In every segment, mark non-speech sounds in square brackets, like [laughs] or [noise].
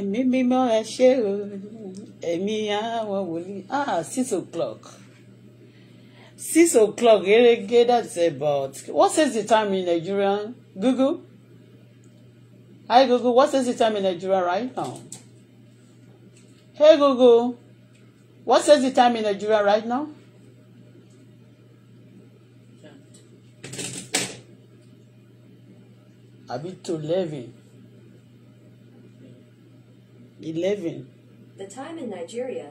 ẹ̀mí mímọ́ ẹ ṣé o ẹ̀mí àwọn wòlíì ah six o'clock six o'clock gẹ́gẹ́ that's about what says the time in Nigeria Google hi Google what says the time in Nigeria right now hey Google what says the time in Nigeria right now. àbí to eleven. 11. The time in Nigeria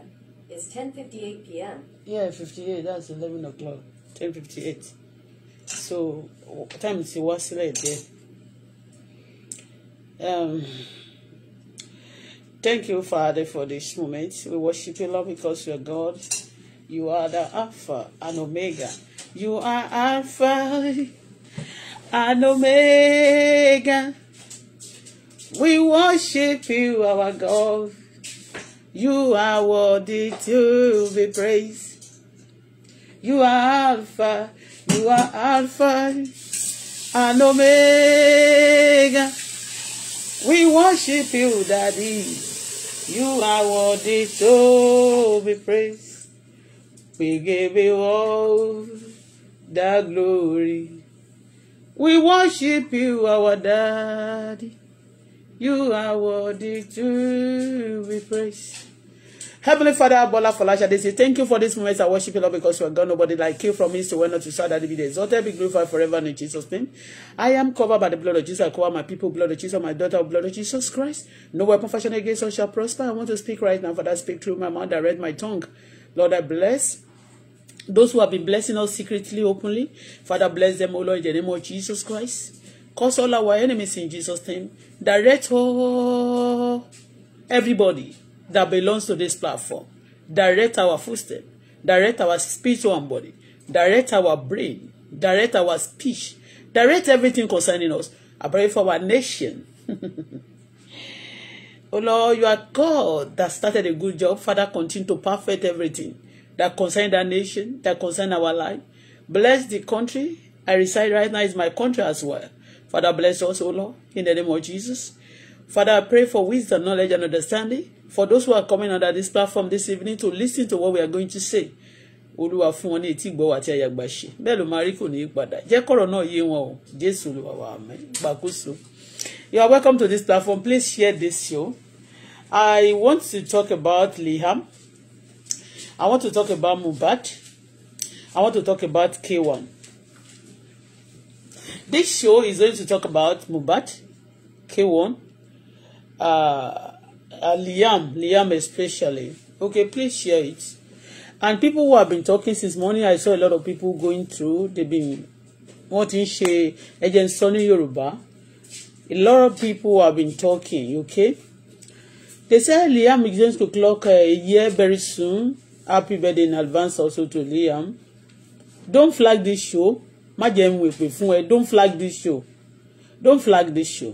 is 10.58 p.m. Yeah, 58, that's 11 o'clock. 10.58. So, time is what's late there. Um, thank you, Father, for this moment. We worship you, Lord, because you are God. You are the Alpha and Omega. You are Alpha and Omega. We worship you, our God. You are worthy to be praised. You are Alpha, you are Alpha and Omega. We worship you, Daddy. You are worthy to be praised. We give you all the glory. We worship you, our Daddy. You are worthy to be praised. Heavenly Father, Bola Falasha, they say, Thank you for this moment. I worship you, Lord, because you are God. Nobody like you from east to west, not to south, that be the exalted, be glorified forever in Jesus' name. I am covered by the blood of Jesus. I call my people, blood of Jesus, my daughter, blood of Jesus Christ. No weapon fashioned against us shall prosper. I want to speak right now, Father. Speak through my mouth, direct my tongue. Lord, I bless. Those who have been blessing us secretly, openly, Father, bless them, O Lord, in the name of Jesus Christ. Cause all our enemies in Jesus' name. Direct all everybody that belongs to this platform. Direct our footstep. Direct our spiritual and body. Direct our brain. Direct our speech. Direct everything concerning us. I pray for our nation. [laughs] Oh Lord, you are God that started a good job. Father, continue to perfect everything that concern that nation, that concern our life. Bless the country I reside right now is my country as well. Father, bless us, O Lord, in the name of Jesus. Father, I pray for wisdom, knowledge, and understanding for those who are coming under this platform this evening to listen to what we are going to say. Olúwa fún wọn ní etí ìgbọ́wọ́ àti àyàgbà ṣe bẹ́ẹ̀ ló máa rí kò ní í padà jẹ́ kọ̀rọ̀ náà yé wọn o Jésù Olúwa wa àmín gbàkóso. You are welcome to this platform. Please share this show. I want to talk about Liam. I want to talk about Mohbad. I want to talk about k One. This show is going to talk about Mubat, K1, uh, uh, Liam, Liam especially. Okay, please share it. And people who have been talking since morning, I saw a lot of people going through. They've been wọ́n ti ń ṣe ẹjẹ̀ ń a lot of people have been talking okay they said Liam is going to clock uh, a year very soon happy birthday in advance also to Liam don't flag this show má jẹ́ ń wèpè fún ẹ don't flag this show don't flag this show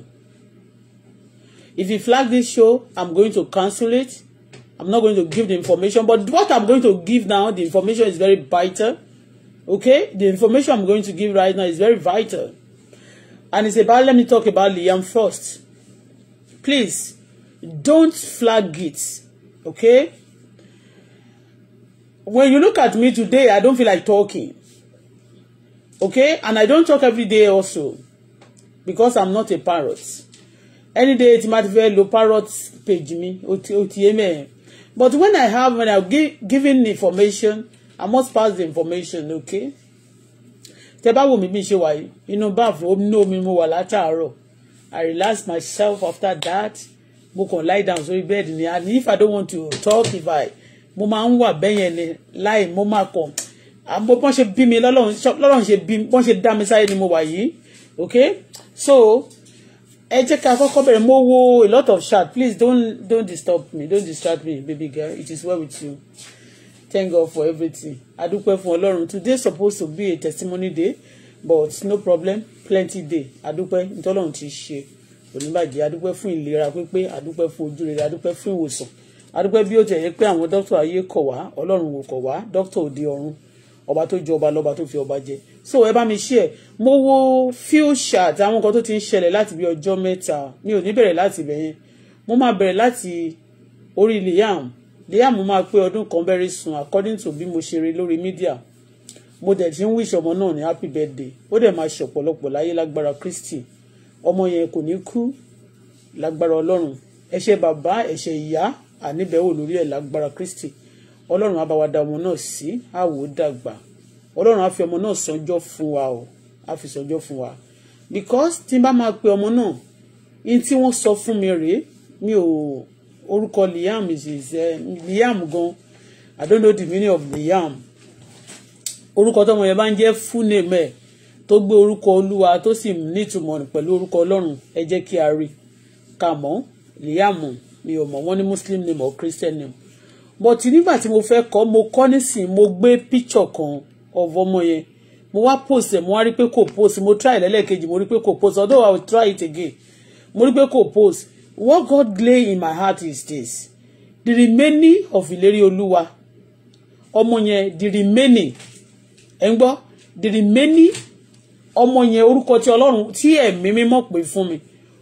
if you flag this show i'm going to cancel it i'm not going to give the information but what i'm going to give now the information is very vital okay the information i'm going to give right now is very vital and it's about let me talk about Liam first please don't flag it okay when you look at me today i don't feel like talking okay and i don't talk every day also because i'm not a parrot any day it might be fẹ́ parrot page me ó ti ó ti yé mẹ́ẹ̀ but when i have when i give giving information i must pass the information okay tẹ bá wò mí bí n ṣe wà yìí inú báàfù omi omi mo wà látàárọ̀ i relax myself after that mo kàn lie down sórí bed ni and if i don't want to talk if i mo máa ń wà bẹ́yẹn ni láì mo máa kàn àmọ́ bọ́n ṣe bí mi lọ́lọ́run ṣe bí bọ́n ṣe dá mi sáyé ni mo wà yìí okay so ẹ jẹ́ ká kọ́kọ́ bẹ̀rẹ̀ mo wo a lot of chat please don't don't disturb me don't distract me baby girl it is well with you thank God for everything adúpẹ́ fún ọlọ́run today supposed to be a testimony day but no problem plenty day adúpẹ́ ntọ́lọ́run ti ṣe oníbàjẹ́ adúpẹ́ fún ìlera pípé adúpẹ́ fún ojú rere adúpẹ́ fún ìwòsàn adúpẹ́ bí ó tẹ̀yẹ pé àwọn dókítà ayé kọ̀ wá ọlọ́run wò kọ̀ wá dókítà òde ọ̀run ọba tó jẹ ọba lọ́ba tó fi ọba jẹ so ẹ bá mi share mo wo few shot àwọn nǹkan tó ti ń ṣẹlẹ̀ láti bí ọjọ́ mẹ́ta mi ò ní bẹ̀rẹ̀ láti bẹ̀yẹn mo máa bẹ̀rẹ̀ láti orí Liam Liam máa pé ọdún kan very soon according to bí mo ṣe rí lórí media mo dẹ̀ ti ń wíṣọ ọmọ náà ní happy birthday ó dẹ̀ máa ṣọ̀pọ̀lọpọ̀ láyé lágbára Kristi ọmọ yẹn kò ní kú lágbára Ọlọ́run ẹ̀ṣẹ̀ bàbá ẹ̀ṣẹ̀ ìyá àníbẹ̀wò lórí ẹ̀ lágbára Kristi ọlọ́run á bá wa dá ọmọ náà sí á wò dàgbà ọlọ́run á fi ọmọ náà sọjọ́ fún wa o á fi sọjọ́ fún wa because tí n bá máa pe ọmọ náà in tí wọ́n sọ fún mi rèé mi ò orúkọ liam is eh, liam gan i don't know the meaning of liam orúkọ tọmọ yẹn bá ń jẹ́ full name ẹ̀ tó gbé orúkọ olúwa tó sì nítumọ̀ pẹ̀lú orúkọ ọlọ́run ẹ jẹ́ kí a rí i liam mi ò mọ̀ wọ́n ní muslim name or christian name but nígbà tí mo fẹ́ kọ́ mo kọ́ nísìn mo gbé picture kan of ọmọ yẹn mo wá post ẹ̀ mo wá rí pé kò post mo try lẹ́lẹ́kejì mo rí pé kò post although I will try it again mo rí pé kò post what God lay in my heart is this the remaining of ìlérí olúwa ọmọ yẹn the remaining ẹ̀ ń gbọ́ the remaining ọmọ yẹn orúkọ tí ọlọ́run tí ẹ̀mí mímọ́ pè fún mi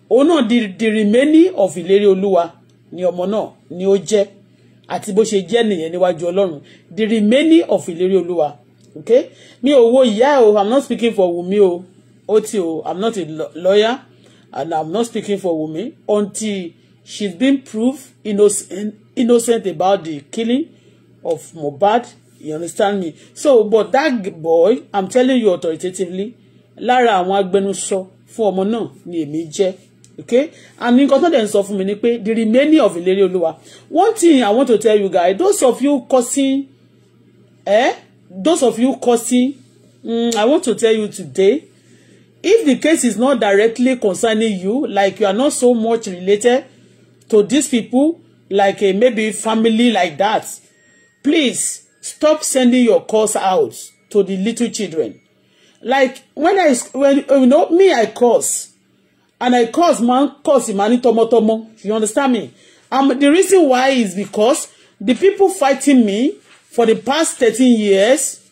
òun náà the remaining of ìlérí olúwa ni ọmọ náà ni ó jẹ́ àti bó ṣe jẹ́ nìyẹn níwájú ọlọ́run the remaining of ìlérí olúwa okay mi ò wo ìyá o i'm not speaking for wumi o ó ti o i'm not a lawyer and i'm not speaking for wumi until she's been proved innocent, innocent about the killing of Mohbad you understand me so but that boy i'm telling you authoritatively lára àwọn agbẹnusọ fún ọmọ náà ni èmi jẹ́ okay and nǹkan tó dẹ̀ ń sọ fún mi ni pé the remaining of ìlérí olúwa one thing i want to tell you guys those of you causing eh those of you causing mm, i want to tell you today if the case is not directly concerning you like you are not so much related to these people like a maybe family like that please stop sending your calls out to the little children like when i when you know me i curse and I cause man cause him ani tọmọtọmọ you understand me um, the reason why is because the people fighting me for the past thirteen years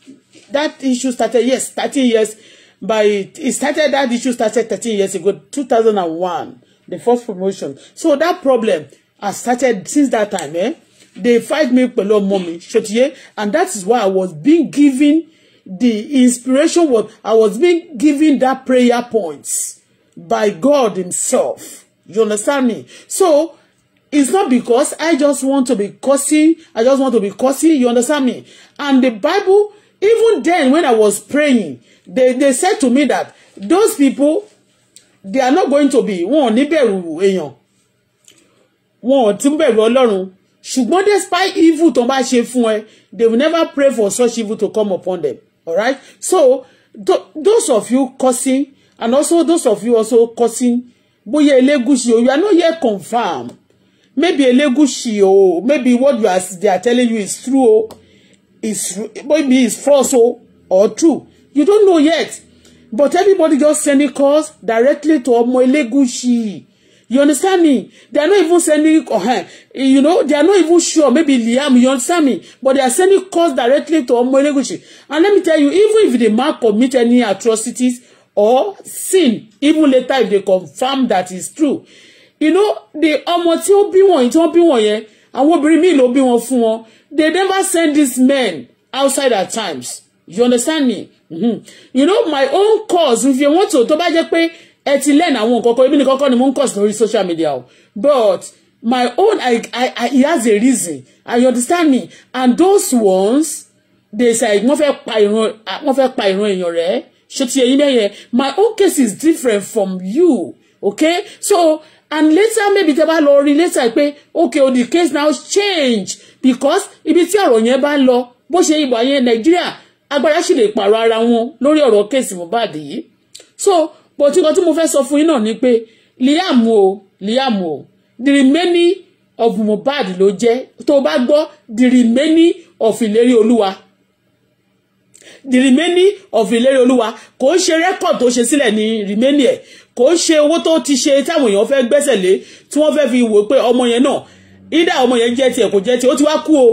that issue started yes thirteen years by it started that issue started thirteen years ago two thousand and one the first promotion so that problem has started since that time eh they fight me pẹ̀lú ọmọ mi ṣòtìyẹ and that is why I was being given the inspiration was I was being given that prayer points by God Himself. You understand me? So it's not because I just want to be cursing, I just want to be cursing, you understand me? And the Bible, even then when I was praying, they, they said to me that those people, they are not going to be, wọn ò ní bẹ̀rù èèyàn, wọn ṣùgbọ́n despite evil tó bá ṣe fún ẹ, they will never pray for such evil to come upon them, all right? So th those of you cursing, and also those of you also causing boye Elegushi o you are not yet confirmed maybe Elegushi o maybe what you are they are telling you is true o is maybe is false o or true you don't know yet but everybody just sending calls directly to ọmọ Elegushi you understand me they are not even sending uh, you know they are not even sure maybe Liam you understand me but they are sending calls directly to ọmọ Elegushi and let me tell you even if the man commit any atrocities or sin even later if they confirm that is true you know the ọmọ tí ó bí wọ̀nyí tí wọ́n bí wọ̀nyí yẹn àwọn obìnrin míì ló bí wọn fún wọn they never send these men outside at times you understand me mm-hmm. you know my own cause if you want to tó bá jẹ́ pé ẹ ti learn àwọn nǹkan kan ebi nìkan kan ni mo ń cause lórí social media o but my own I, I, I, he has a reason and you understand me and those ones they say wọ́n fẹ́ pa ìran wọ́n fẹ́ pa ìran èèyàn rẹ̀ ṣòtí ẹ̀yin my own case is different from you okay so and later maybe tẹ bá law. rí later pé okay o oh, the case now change because ibi tí ọ̀rọ̀ yẹn bá lọ bó ṣe ìbò ayé Nigeria, agbára sì lè pààrọ̀ ara wọn lórí ọ̀rọ̀ case Mohbad yìí so but nǹkan tí mo fẹ́ sọ fún yín náà ni pé Liam o Liam o the remaining of Mohbad ló jẹ́ tó o bá gbọ́ the remaining of ìlérí olúwa the remaining of ìlérí olúwa kò ń ṣe rẹ́kọ̀d tó ṣe sílẹ̀ ní remaining ẹ̀ kò ń ṣe owó tó ti ṣe táwọn èèyàn fẹ́ gbẹ́sẹ̀ lé tí wọ́n fẹ́ fi wò pé ọmọ yẹn náà ìdá ọmọ yẹn jẹ́ tiẹ̀ kò jẹ́ tiẹ̀ ó ti wá kú o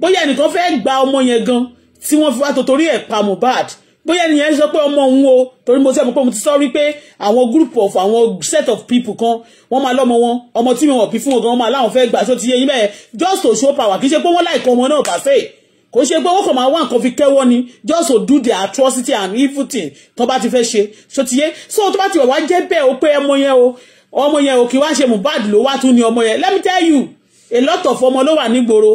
bóyá ẹnìkan fẹ́ gba ọmọ yẹn gan tí wọ́n fi wá tó torí ẹ̀ pa Mohbad bóyá ẹnìyẹn sọ pé ọmọ òun o torí mo sẹ́mu pé mo ti sọ rí pé àwọn group of àwọn set of people kan wọ́n máa lọ́mọ wọn ọmọ tí mi wọ̀n bí fún wọn gan wọ́n máa láwọn fẹ́ gbà sóti yẹ yín bẹ́ẹ̀ just to show power kì í ṣe pé wọ́n láìkọ́ ọmọ náà kàfẹ́ẹ̀ kò ṣe pé owó kan máa wá nǹkan fi kẹ́wọ́ ni just to do the atrocity and evil thing tó bá ti fẹ́ ṣe so ti so tó bá ti wà wá jẹ́ bẹ́ẹ̀ o pé ọmọ yẹn o ọmọ yẹn o kì wá ṣe Mohbad ló wá tún ni ọmọ yẹn let me tell you a lot of ọmọ ló wà nígboro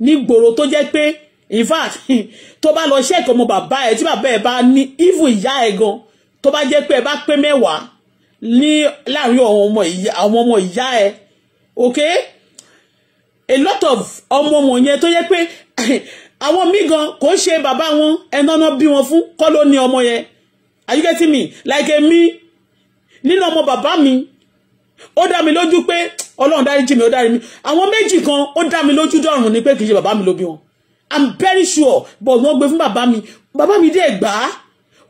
nígboro tó jẹ́ pé in fact [laughs] tó bá lọ ṣẹ́ẹ̀kì ọmọ bàbá ẹ̀ tí bàbá ẹ̀ bá ní even ìyá ẹ̀ gan tó bá jẹ́ pé ẹ bá pé mẹ́wàá ní láàrin àwọn ọmọ ìyá ẹ̀ okay a lot of ọmọ wọ̀nyẹn tó jẹ́ pé àwọn míì gan kò ṣe bàbá wọn ẹnáná bí wọn fún kọ́ ló ní ọmọ yẹn are you getting me like èmi nínú ọmọ bàbá mi ó dá mi lójú pé ọlọ́run dáríjì mi ó dárí mi àwọn méjì kan ó dá mi lójú dọ̀rùn ni pé kì í ṣe bàbá mi ló bí wọn i'm very sure but wọ́n gbé fún bàbá mi bàbá mi dé gbà á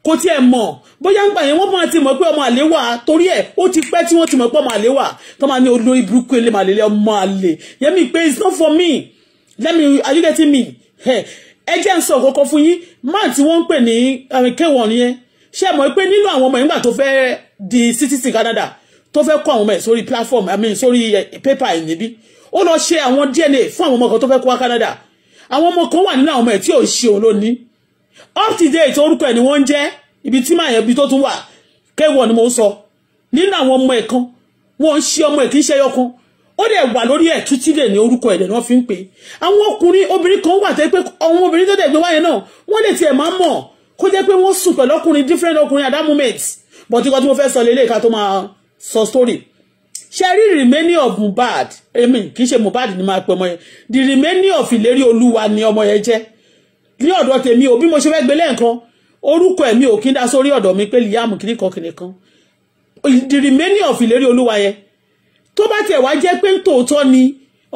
kò tiẹ̀ mọ̀ bóyá ń gbà yẹn wọ́n máa ti mọ̀ pé ọmọ àlè wà torí ẹ̀ ó ti pẹ́ tí wọ́n ti mọ̀ pé ọmọ àlè wà tó máa ní olórí burúkú elémàlélẹ́ ọmọ àlè yẹmi pé it's not for me let me are you getting me ẹ jẹ́ ń sọ kọ́kọ́ fún yín man tí wọ́n ń pè ní eh, kéwọ̀n nìyẹn ṣé ẹ mọ̀ pé nínú àwọn ọmọ nígbà tó fẹ́ di citizen Canada tó fẹ́ kọ́ àwọn ọmọ ẹ̀ sórí platform I mean sórí eh, paper ẹ̀ níbí ó lọ ṣe àwọn DNA fún àwọn ọmọ kan tó fẹ́ kọ́ wá Canada àwọn ọmọ kan wà nínú àwọn ọmọ ẹ̀ tí ò ṣe òun lónìí up to date orúkọ ẹ̀ ni wọ́n ń jẹ́ ibi tí màá yẹn ibi tó tún wà kéwọ̀n ni mo sọ nínú àwọn ọmọ ẹ̀ kan wọ́n ń ṣe ọmọ ẹ̀ kì í ṣe ẹyọ ó dẹ̀ wà lórí ẹ̀ títí dẹ̀ ní orúkọ ẹ̀dẹ̀ náà fi ń pè é àwọn ọkùnrin obìnrin kan wà tẹ́ pé àwọn obìnrin tó dẹ̀ gbé wáyé náà wọ́n lè tiẹ̀ máa mọ̀ kó jẹ́ pé wọ́n sùn pẹ̀lú ọkùnrin different ọkùnrin at that moment but nǹkan tí mo fẹ́ sọ lélẹ̀ ká tó máa sọ story ṣe rí remaining of Mohbad èmi kì í ṣe Mohbad ni máa pe ọmọ yẹn the remaining of ìlérí olúwa ni ọmọ yẹn jẹ́ ní ọ̀dọ̀ tèmi ò bí mo ṣe fẹ́ gbé lẹ́ǹkan orúkọ ẹ̀mí ò kí ń dá sórí ọ̀dọ̀ mi pé Liam kìnnìkan kìnnìkan the remaining of ìlérí olúwa yẹn tó bá tiẹ̀ wá jẹ́ pé tòótọ́ ni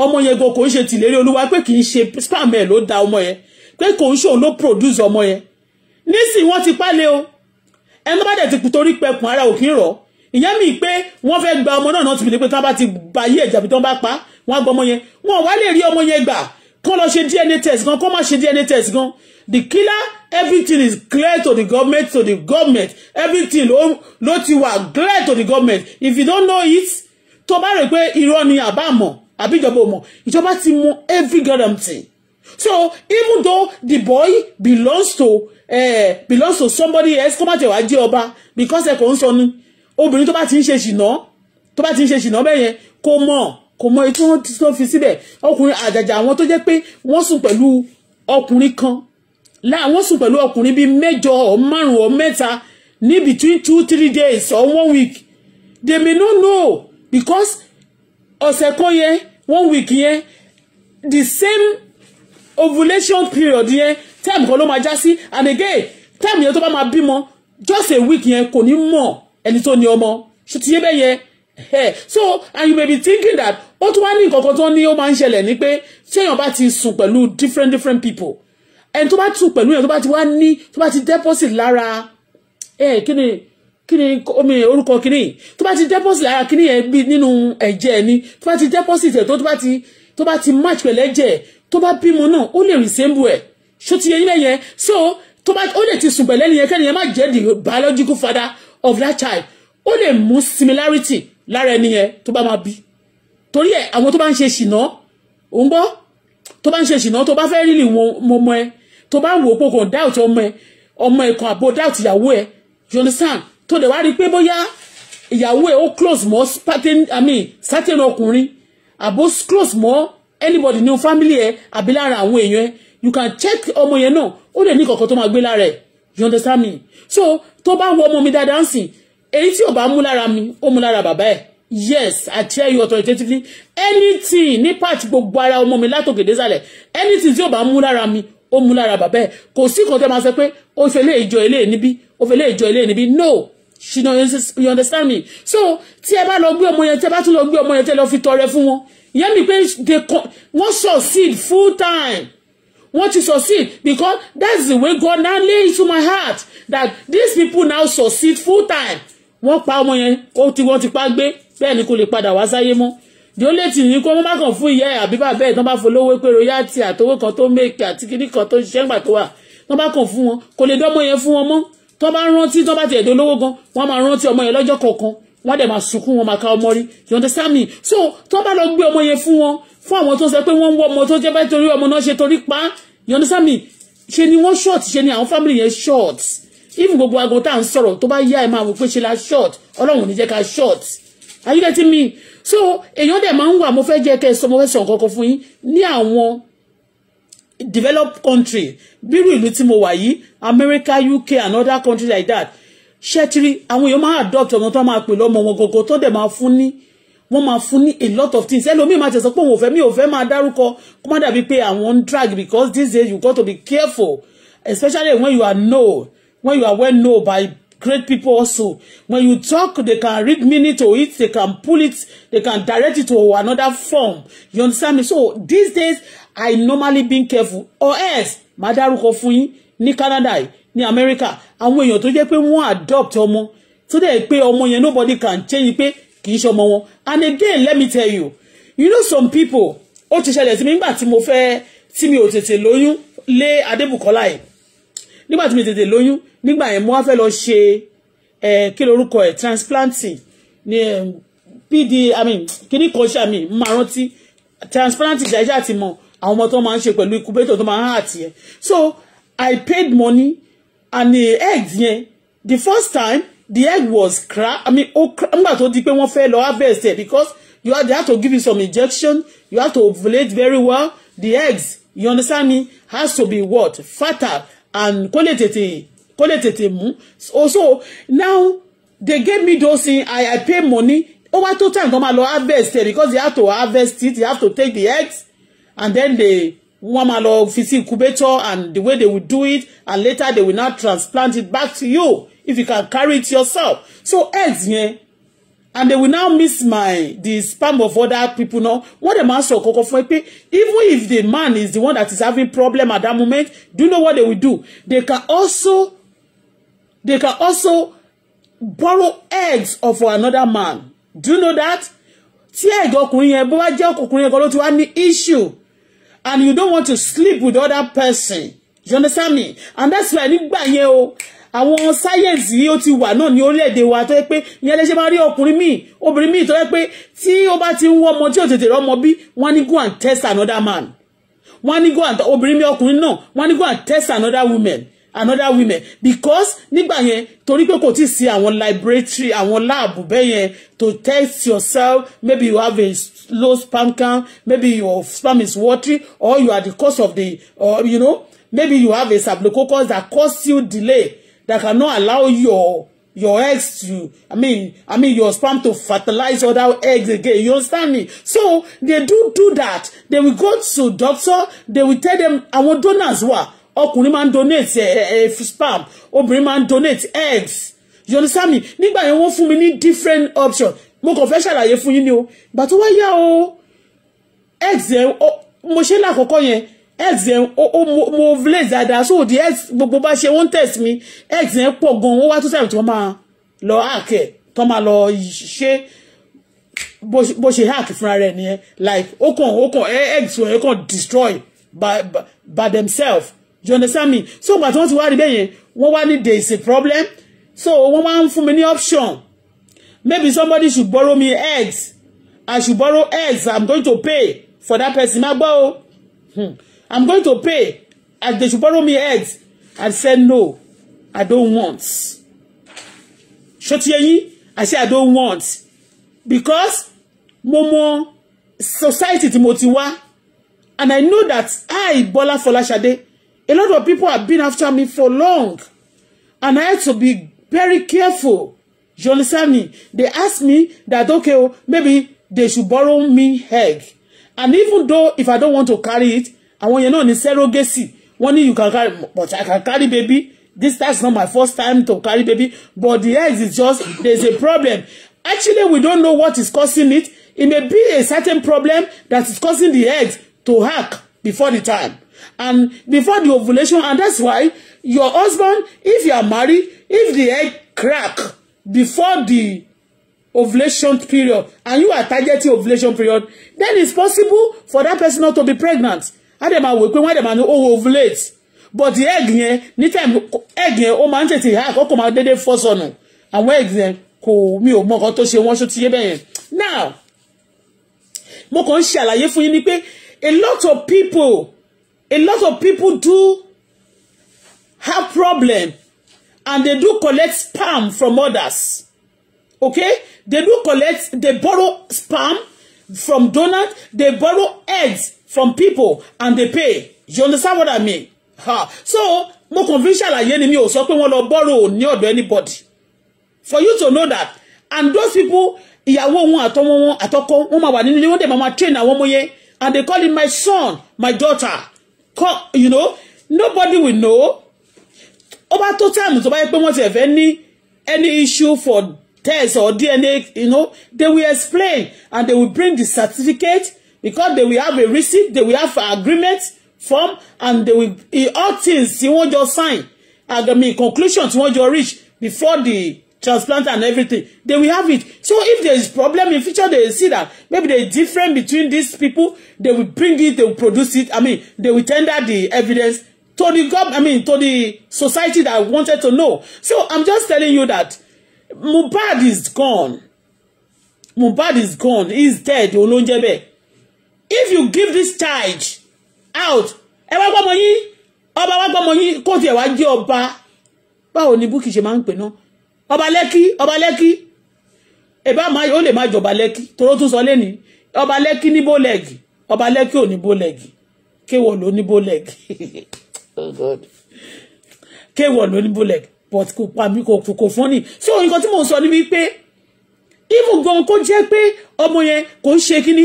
ọmọ yẹn gan kò ń ṣe tìlérí olúwa pé kì í ṣe spam ẹ̀ ló da ọmọ yẹn pé kò ń ṣòun ló produce ọmọ yẹn nísìnyí wọ́n ti pálẹ̀ o ẹnu bá dẹ̀ ti torí pẹkùn ara òkín rọ̀ ìyẹn mi pé wọ́n fẹ́ gba ọmọ náà náà ti fi ní pé tí wọ́n bá ti ba yé ẹ̀jà bí tí wọ́n bá pa wọ́n á gba ọmọ yẹn wọn wá lè rí ọmọ yẹn gbà kán lọ ṣe DNA test gan kán má ṣe DNA test gan the killer everything is clear to the government to the government everything ló ló ti wà clear to the government if you don't know it tó bá rè pé irọ́ ni àbá mọ̀ àbí ìjọba ò mọ̀ ìjọba ti mú every goddamn thing so even though the boy belongs to uh, belongs to somebody else kó má tẹ̀ wá jẹ́ ọba because ẹ̀ kò ń sọ ni obìnrin tó bá ti ń ṣe ṣìnà tó bá ti ń ṣe ṣìnà bẹ́ẹ̀ yẹn kò mọ̀ kò mọ èyí tí wọ́n ti fi síbẹ̀ ọkùnrin àjàjà àwọn tó jẹ́ pé wọ́n sùn pẹ̀lú ọkùnrin kan láwọn sùn pẹ̀lú ọkùnrin bíi mẹ́jọ or márùn or mẹ́ta ní between two three days or one week they may not know because ọ̀sẹ̀ kan yẹn one week yẹn the same ovulation period yẹn time kan ló máa já sí and again time yẹn tó bá máa bímọ just a week yẹn kò ní mọ̀ ẹni tó ní ọmọ ṣe ti yé bẹ́ẹ̀ yẹn Hey, so and you may be thinking that ó tún wá ní nǹkan kan tó ní ó máa ń ṣẹlẹ̀ ni pé téèyàn bá ti sùn pẹ̀lú different different people ẹni tó bá tù pẹ̀lú yẹn tó bá ti wá ní tó bá ti deposit lára ẹ̀ eh, kí ni kí ni omi orúkọ kini. yìí tó bá ti deposit ara ah, kíní yẹn bí nínú ẹ̀jẹ̀ ni tó bá ti deposit ẹ̀ tó bá ti tó bá ti match pẹ̀lú ẹ̀jẹ̀ tó bá bímọ náà ó lè resemble ẹ̀ ṣó ti yẹ yín so tó bá ó lè ti sùn pẹ̀lú ẹnìyẹn kẹ́niyẹn má jẹ́ the biological father of that child ó lè mú similarity lára ẹnìyẹn tó bá máa bí torí ẹ̀ àwọn tó bá ń ṣe ṣìnà ò ń gbọ́ tó bá ń ṣe ṣìnà tó bá fẹ́ rí lè ọmọ ẹ tó bá ń wò ó pokàn doubt ọmọ ẹ ọmọ ẹ kan àbò doubt ìyàwó ẹ you understand tó lè wá rí i pé bóyá ìyàwó ẹ̀ close mọ́ certain i mean certain ọkùnrin àbó close mọ́ anybody new family ẹ̀ àbí lára àwọn èèyàn ẹ̀ you can check ọmọ yẹn náà ó lè ní kankan tó máa gbé lára you understand me so tó bá wo ọmọ mi da dancing. sìn èyí tí ò bá mú lára mi ó mú lára bàbá ẹ̀ yes i tell you authoritatively anything ní part gbogbo ara ọmọ mi látòkè désàlẹ̀ anything tí ò bá mú lára mi ó mú lára bàbá ẹ̀ kò sí kan tẹ́ máa sọ pé ó fẹ́ lé ìjọ ilé níbí ó fẹ́ lé ìjọ ilé níbí no ṣìnà you understand me so tí ẹ bá lọ gbé ọmọ yẹn tí ẹ bá tún lọ gbé ọmọ yẹn tí ẹ lọ fi tọrẹ fún wọn ìyẹn mi pé wọ́n succeed full time wọ́n ti succeed because that's the way God now lay into my heart that these people now succeed full time wọ́n pa ọmọ yẹn ó ti wọ́n ti pa gbé bẹ́ẹ̀ ni kò lè padà wá sáyé mọ́ di ó lè tì ní kó wọ́n má kàn fún ìyá ẹ̀ àbí bàbá ẹ̀ tán bá folówó pé royalty àtowó kan tó make àti kíní kan tó ṣiṣẹ́ ńgbà tó wà tán bá kàn fún wọn kò lè dọ́mọ yẹn fún wọn mọ́ tó bá rántí tó bá ti ẹ̀dọ́ lówó gan wọ́n máa rántí ọmọ yẹn lọ́jọ́ kọ̀ọ̀kan wọ́n dẹ̀ máa sunkún wọn máa ka ọmọ rí you understand me so tó bá lọ gbé ọmọ yẹn fún wọn fún àwọn tó sọ pé wọ́n ń wọ ọmọ tó jẹ́ bá torí ọmọ náà ṣe torí pa you understand me ṣe ni wọ́n short ṣe ni àwọn family yẹn short even gbogbo aago tá à ń sọ̀rọ̀ tó bá yá ẹ máa wò pé ṣe la short ọlọ́run ní jẹ́ ká short are you getting me so èèyàn dẹ̀ máa ń wà mo fẹ́ jẹ́ kẹ́ ẹ sọ mo fẹ́ sọ nǹkan kan fún yín ní àwọn developed country bírú ìlú tí mo wà yìí America UK and other countries like that ṣẹ́tìrì àwọn èèyàn máa adopt ọmọ tó máa pè lọ́mọ wọn gọ́gọ́ tó dẹ̀ máa fún ní wọ́n máa fún ní a lot of things ẹlòmíì máa tẹ̀sán pé òun ò fẹ́ mi ò fẹ́ máa dárúkọ kó má dàbí pé àwọn ń drag because these days you got to be careful especially when you are known when you are well known by great people also when you talk they can read meaning to it they can pull it they can direct it to another form you understand me so these days I normally being careful or else màá dárúkọ fún yín ní Canada yìí ní America àwọn èèyàn tó jẹ́ pé wọ́n adopt ọmọ tó dẹ̀ pé ọmọ yẹn nobody can change pé kì í ṣe ọmọ wọn and again let me tell you you know some people ó ti ṣẹlẹ̀ sí mi nígbà tí mo fẹ́ tí mi ò tètè lóyún lé Adébùkọ́lá yìí nígbà tí mi tètè lóyún nígbà yẹn mo wá fẹ́ lọ ṣe kí lorúkọ ẹ̀ transplanting ní pd i mean kíní kan ṣe àmì mo máa rántí transplanting ṣàìṣà ti mọ̀ àwọn ọmọ tó máa ń ṣe pẹ̀lú incubator tó máa ń hàn tiẹ̀ so I paid money and the egg yẹn the first time the egg was crack I mean ó crack nígbà tó di pé wọ́n fẹ́ lọ harvest it because you have to give you some injection you have to ovulate very well the eggs you understand me has to be what fertile and kó lè tètè kó lè tètè mú also now they gave me those things I I pay money ó two times? time tó máa lọ harvest it because you have to harvest it You have to take the eggs and then the wọ́n máa lọ incubator and the way they will do it and later they will now transplant it back to you if you can carry it yourself so eggs yeah. and they will now miss my the sperm of other people now what the man sọ kọ́kọ́ fún ẹ pé even if the man is the one that is having problem at that moment do you know what they will do they can also they can also borrow eggs of another man do you know that tí ẹ̀gọ́ ọkùnrin yẹn bó wá jẹ́ ọkùnrin yẹn kan ló ti wá ní issue and you don't want to sleep with other person you understand me and that's why nígbà yẹn o àwọn sáyẹ̀nsì yìí ó ti wà náà ní orílẹ̀-èdè wa tó yẹ pé ní ẹlẹ́ṣẹ́ máa rí ọkùnrin míì obìnrin míì tó yẹ pé tí ó bá ti ń wọ́ ọmọ tí ò tètè rọ́mọ bí wọ́n ní go and test another man wọ́n ní go and obìnrin mi ọkùnrin náà wọ́n ní go and test another woman another women because nígbà yẹn torí pé kò tí sí àwọn laboratory àwọn lab bẹ́ẹ̀ yẹn to test yourself maybe you have a low sperm count maybe your sperm is watery or you are the cause of the or you know maybe you have a staphylococcus that cause you delay that cannot allow your your eggs to i mean i mean your sperm to fertilize other eggs again you understand me so they do do that they will go to doctor they will tell them àwọn donors wà. Well, ọkùnrin máa ń donate ẹ eh, ẹ eh, eh, spam obìnrin máa ń donate eggs you understand me nígbà yẹn wọ́n fún mi ní different options. mo kàn fẹ́ ṣàlàyé fún yín ni o gbà tó wá yá o eggs yẹn mo ṣe lákọ̀ọ́kọ́ yẹn eggs yẹn mo ovulate dáadáa so the eggs gbogbo bá ṣe wọ́n test mi eggs yẹn pọ̀ gan-an wọ́n wá tó sáyẹn tí wọ́n máa lọ àkẹ́ tó máa lọ ṣe bó ṣe hack fúnra rẹ̀ nìyẹn like ó kàn ó kàn eggs yẹn kàn destroy by by, by themselves you understand me so but tí wọ́n ti wá rí bẹ́ẹ̀ yẹn wọ́n wá ní there is a problem so wọ́n wá ń fún mi option maybe somebody should borrow me eggs I should borrow eggs I'm going to pay for that person má gbọ́ o hmm. I'm going to pay and they should borrow me eggs I said no I don't want ṣọtiyeyin I say I don't want because mo mọ society tí mo ti wá and I know that I Bola Folashade A lot of people have been after me for long. And I had to be very careful. You understand me? They asked me that, okay, oh, maybe they should borrow me egg. And even though if I don't want to carry it, I want you know, in surrogacy, one you can carry, but I can carry baby. This that's not my first time to carry baby, but the eggs is just, there's a problem. Actually, we don't know what is causing it. It may be a certain problem that is causing the eggs to hack before the time and before the ovulation and that's why your husband if you are married if the egg crack before the ovulation period and you are targeting ovulation period then it's possible for that person not to be pregnant How adema wò pé wọn adema ni ó oh, ovulate but the egg yẹn ní time egg yẹn ó máa ń tètè ha kókò máa dédé fọ́ sọnù àwọn egg yẹn kò mi ò mọ nǹkan tó ṣe wọ́n now mo kàn ń ṣe àlàyé fún yín ni pé a lot of people A lot of people do have problem and they do collect spam from others. Okay? They do collect, they borrow spam from donors, they borrow eggs from people and they pay. You understand what I mean? Ha. So, more conventional, fi ń ṣàlàyé ni mi ò borrow near ọ̀dọ̀ anybody. For you to know that. And those people, ìyàwó wọn àtọmọ wọn àtọkọ wọn máa wà nínú ilé wọn dẹ̀ máa train àwọn ọmọ yẹn and they call him my son, my daughter you know nobody will know ó two times, time tó bá yẹ any any issue for test or DNA you know they will explain and they will bring the certificate because they will have a receipt they will have an agreement form and they will all things you won't just sign agami conclusion tí wọ́n jọ reach before the transplant and everything they will have it so if there is problem in future they see that maybe there is difference between these people they will bring it they will produce it i mean they will tender the evidence to the gov i mean to the society that wanted to know so i'm just telling you that Mubad is gone Mubad is gone he is dead olonjebe if you give this charge out ẹ wá gbọ́mọ yín ọba wá gbọ́mọ yín kó tiẹ̀ wá jẹ́ ọba báwo ni Bukky máa ń pè náà ọba lẹ́kí ọba lẹ́kí ẹ̀bá máa ó lè má jọba lẹ́kí toró tún sọ lẹ́ni ọba lẹ́kí ní bólẹ́gì ọba lẹ́kí ò ní bólẹ́gì kéwọ̀ ló ní bólẹ́gì [laughs] oh kéwọ̀ ló ní bólẹ́gì but kò pa mí kò kò fún ni so nǹkan tí mò ń sọ ni wípé even gan kó jẹ́ pé ọmọ yẹn kò ń ṣe kíní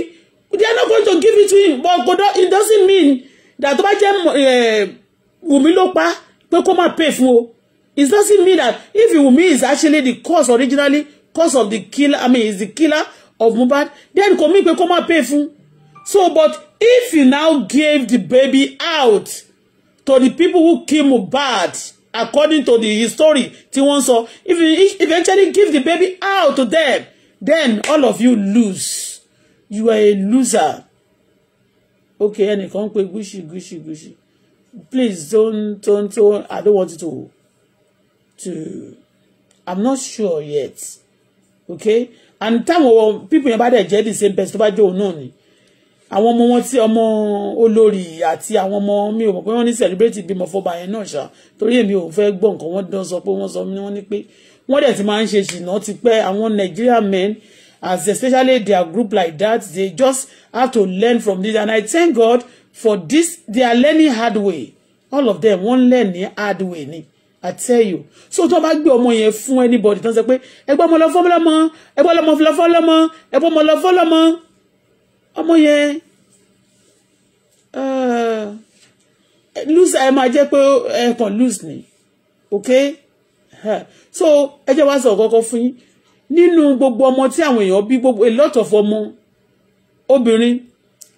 they are not going to give it to him but kò dán it doesn't mean that tó bá jẹ́ eh, wùmí ló pa pé kó má pay fún o. It doesn't mean that if Wunmi is actually the cause originally, cause of the killer, I mean, is the killer of Mubad? then come mí pé kó má pay for. So, but if you now gave the baby out to the people who killed Mubad, according to the history tí wọ́n sọ, if you eventually give the baby out to them, then all of you lose. You are a loser. Okay, any come quick, gúúsì gúúsì gúúsì. Please don't, don't, don't, I don't want you to to i'm not sure yet okay and time of people yẹn bá dẹ̀ jẹ́ the same person tó bá jẹ́ òun náà ni àwọn ọmọ wọn tí ọmọ olórí àti àwọn ọmọ mi ò mọ̀ pé wọ́n ní celebrate ìbímọ fọba yẹn náà ṣá torí èmi ò fẹ́ gbọ́ nǹkan wọ́n dán sọ pé wọ́n sọ ní not ní pé wọ́n dẹ̀ Nigerian men as especially their group like that they just have to learn from this and I thank God for this they are learning hard way all of them wọ́n learn the hard way ni. I tell you so tó bá gbé ọmọ yẹn fún anybody tó ń sọ pé ẹgbẹ́ ọmọ lọ fọ́lọ́mọ ẹgbẹ́ ọmọ lọ fọ́lọ́mọ ẹgbẹ́ ọmọ lọ fọ́lọ́mọ ọmọ yẹn uh, lose ẹ máa jẹ́ pé ẹ kàn lose ni ok so ẹ jẹ́ wá sọ kọ́kọ́ fún yín nínú gbogbo ọmọ tí àwọn èèyàn bí gbogbo a lot of ọmọ obìnrin